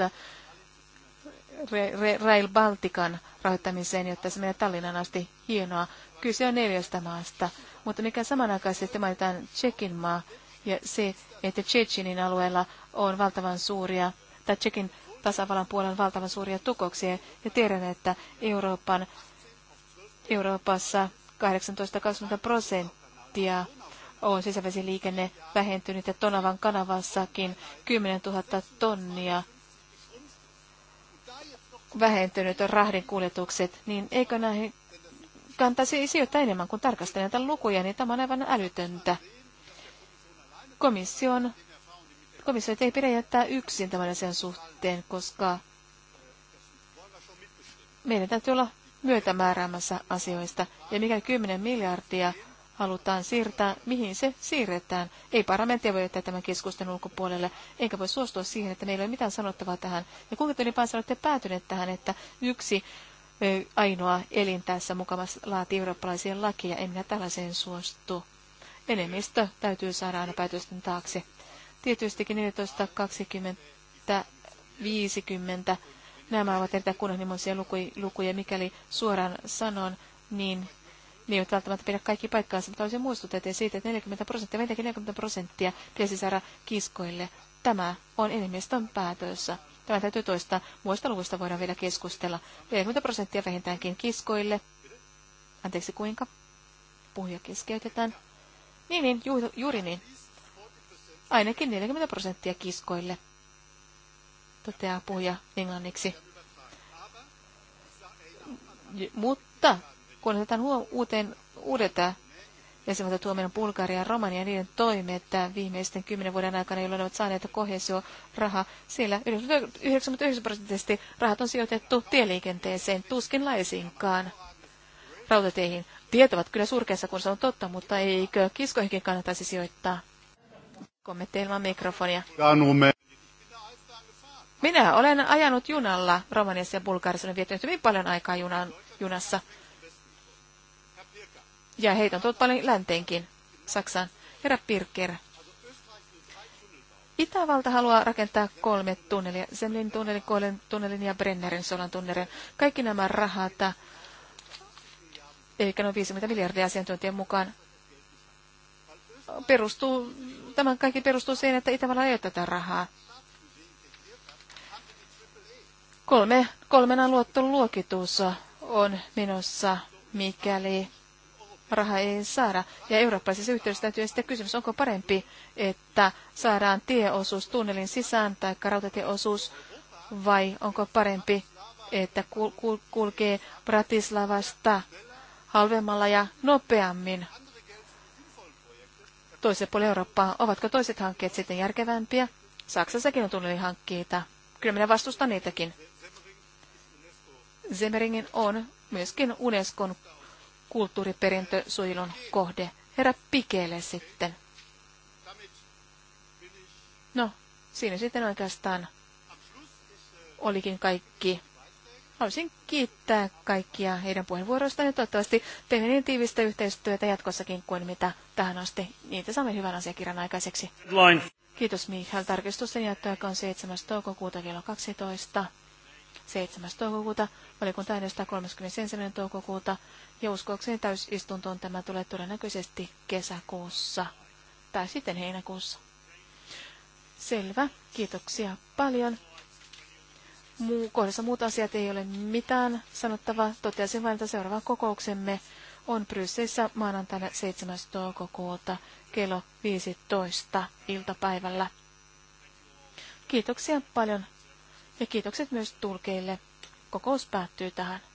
Rail Baltican rahoittamiseen, jotta se menee Tallinnan asti. Hienoa. Kyse on neljästä maasta. Mutta mikä samanaikaisesti mainitaan Tsekin maa ja se, että Tsechinin alueella on valtavan suuria, tai Tsekin tasavallan puolen valtavan suuria tukoksia ja tiedän, että Euroopan, Euroopassa 18-20 prosenttia on sisävesiliikenne vähentynyt ja Tonavan kanavassakin 10 000 tonnia vähentynyt on rahdin kuljetukset, niin eikö näihin kantaisi sijoittaa enemmän, kun tarkastelee näitä lukuja, niin tämä on aivan älytöntä. Komission Komissio ei pidä jättää yksin tämän asian suhteen, koska meidän täytyy olla myötämääräämässä asioista. Ja mikä 10 miljardia halutaan siirtää, mihin se siirretään. Ei parlamentti voi jättää tämän keskustelun ulkopuolelle, eikä voi suostua siihen, että meillä ei ole mitään sanottavaa tähän. Ja kuinka ylipäänsä olette päätyneet tähän, että yksi ainoa elin tässä mukamassa laatii eurooppalaisia lakia, en minä tällaiseen suostu. Enemmistö täytyy saada aina päätösten taakse. Tietystikin 14.20.50. Nämä ovat erittäin kunnianhimoisia lukuja, mikäli suoraan sanon, niin ne eivät välttämättä pidä kaikki paikkaansa, mutta olisin muistuttaa siitä, että 40 prosenttia, vähintäänkin 40 prosenttia pitäisi saada kiskoille. Tämä on enemmistön päätössä. Tämä täytyy toistaa. Muista luvuista voidaan vielä keskustella. 40 prosenttia vähintäänkin kiskoille. Anteeksi, kuinka? Puhuja keskeytetään. Niin, niin, ju, juuri niin ainakin 40 prosenttia kiskoille, toteaa puhuja englanniksi. Mutta kun otetaan huom- uuteen, uudet äh, jäsenvaltio tuomioon Bulgaria ja Romania niiden toimet äh, viimeisten kymmenen vuoden aikana, jolloin ne ovat saaneet raha, Siellä 99 prosenttisesti rahat on sijoitettu tieliikenteeseen, tuskin laisinkaan rautateihin. Tietovat kyllä surkeassa, kun se on totta, mutta eikö kiskoihinkin kannattaisi sijoittaa? Kommentti ilman mikrofonia. Minä olen ajanut junalla Romaniassa ja Bulgariassa. Olen viettänyt hyvin paljon aikaa junan, junassa. Ja heitä on tullut paljon länteenkin, Saksaan. Herra Pirker. Itävalta haluaa rakentaa kolme tunnelia. Semlin tunnelin, Koelen tunnelin ja Brennerin solan tunnelin. Kaikki nämä rahat, eli noin 50 miljardia asiantuntijan mukaan, perustuu tämä kaikki perustuu siihen, että Itävalla ei ole tätä rahaa. Kolme, kolmena luottoluokitus on menossa, mikäli raha ei saada. Ja eurooppalaisessa yhteydessä täytyy esittää kysymys, onko parempi, että saadaan tieosuus tunnelin sisään tai rautatieosuus, vai onko parempi, että kul- kul- kulkee Bratislavasta halvemmalla ja nopeammin Toiset puolelle Eurooppaa. Ovatko toiset hankkeet sitten järkevämpiä? Saksassakin on tunnelihankkeita. Kyllä minä vastustan niitäkin. Zemmeringin on myöskin Unescon kulttuuriperintösuojelun kohde. Herra Pikele sitten. No, siinä sitten oikeastaan olikin kaikki. Haluaisin kiittää kaikkia heidän puheenvuoroistaan ja toivottavasti teemme niin tiivistä yhteistyötä jatkossakin kuin mitä tähän asti. Niitä saamme hyvän asiakirjan aikaiseksi. Line. Kiitos Mihail. Tarkistusten jättöaika on 7. toukokuuta kello 12. 7. toukokuuta, valiokunta äänestää 31. toukokuuta ja uskoakseni täysistuntoon tämä tulee todennäköisesti kesäkuussa tai sitten heinäkuussa. Selvä, kiitoksia paljon muu, kohdassa muut asiat ei ole mitään sanottavaa. Toteasin vain, että seuraava kokouksemme on Brysselissä maanantaina 7. toukokuuta kello 15 iltapäivällä. Kiitoksia paljon ja kiitokset myös tulkeille. Kokous päättyy tähän.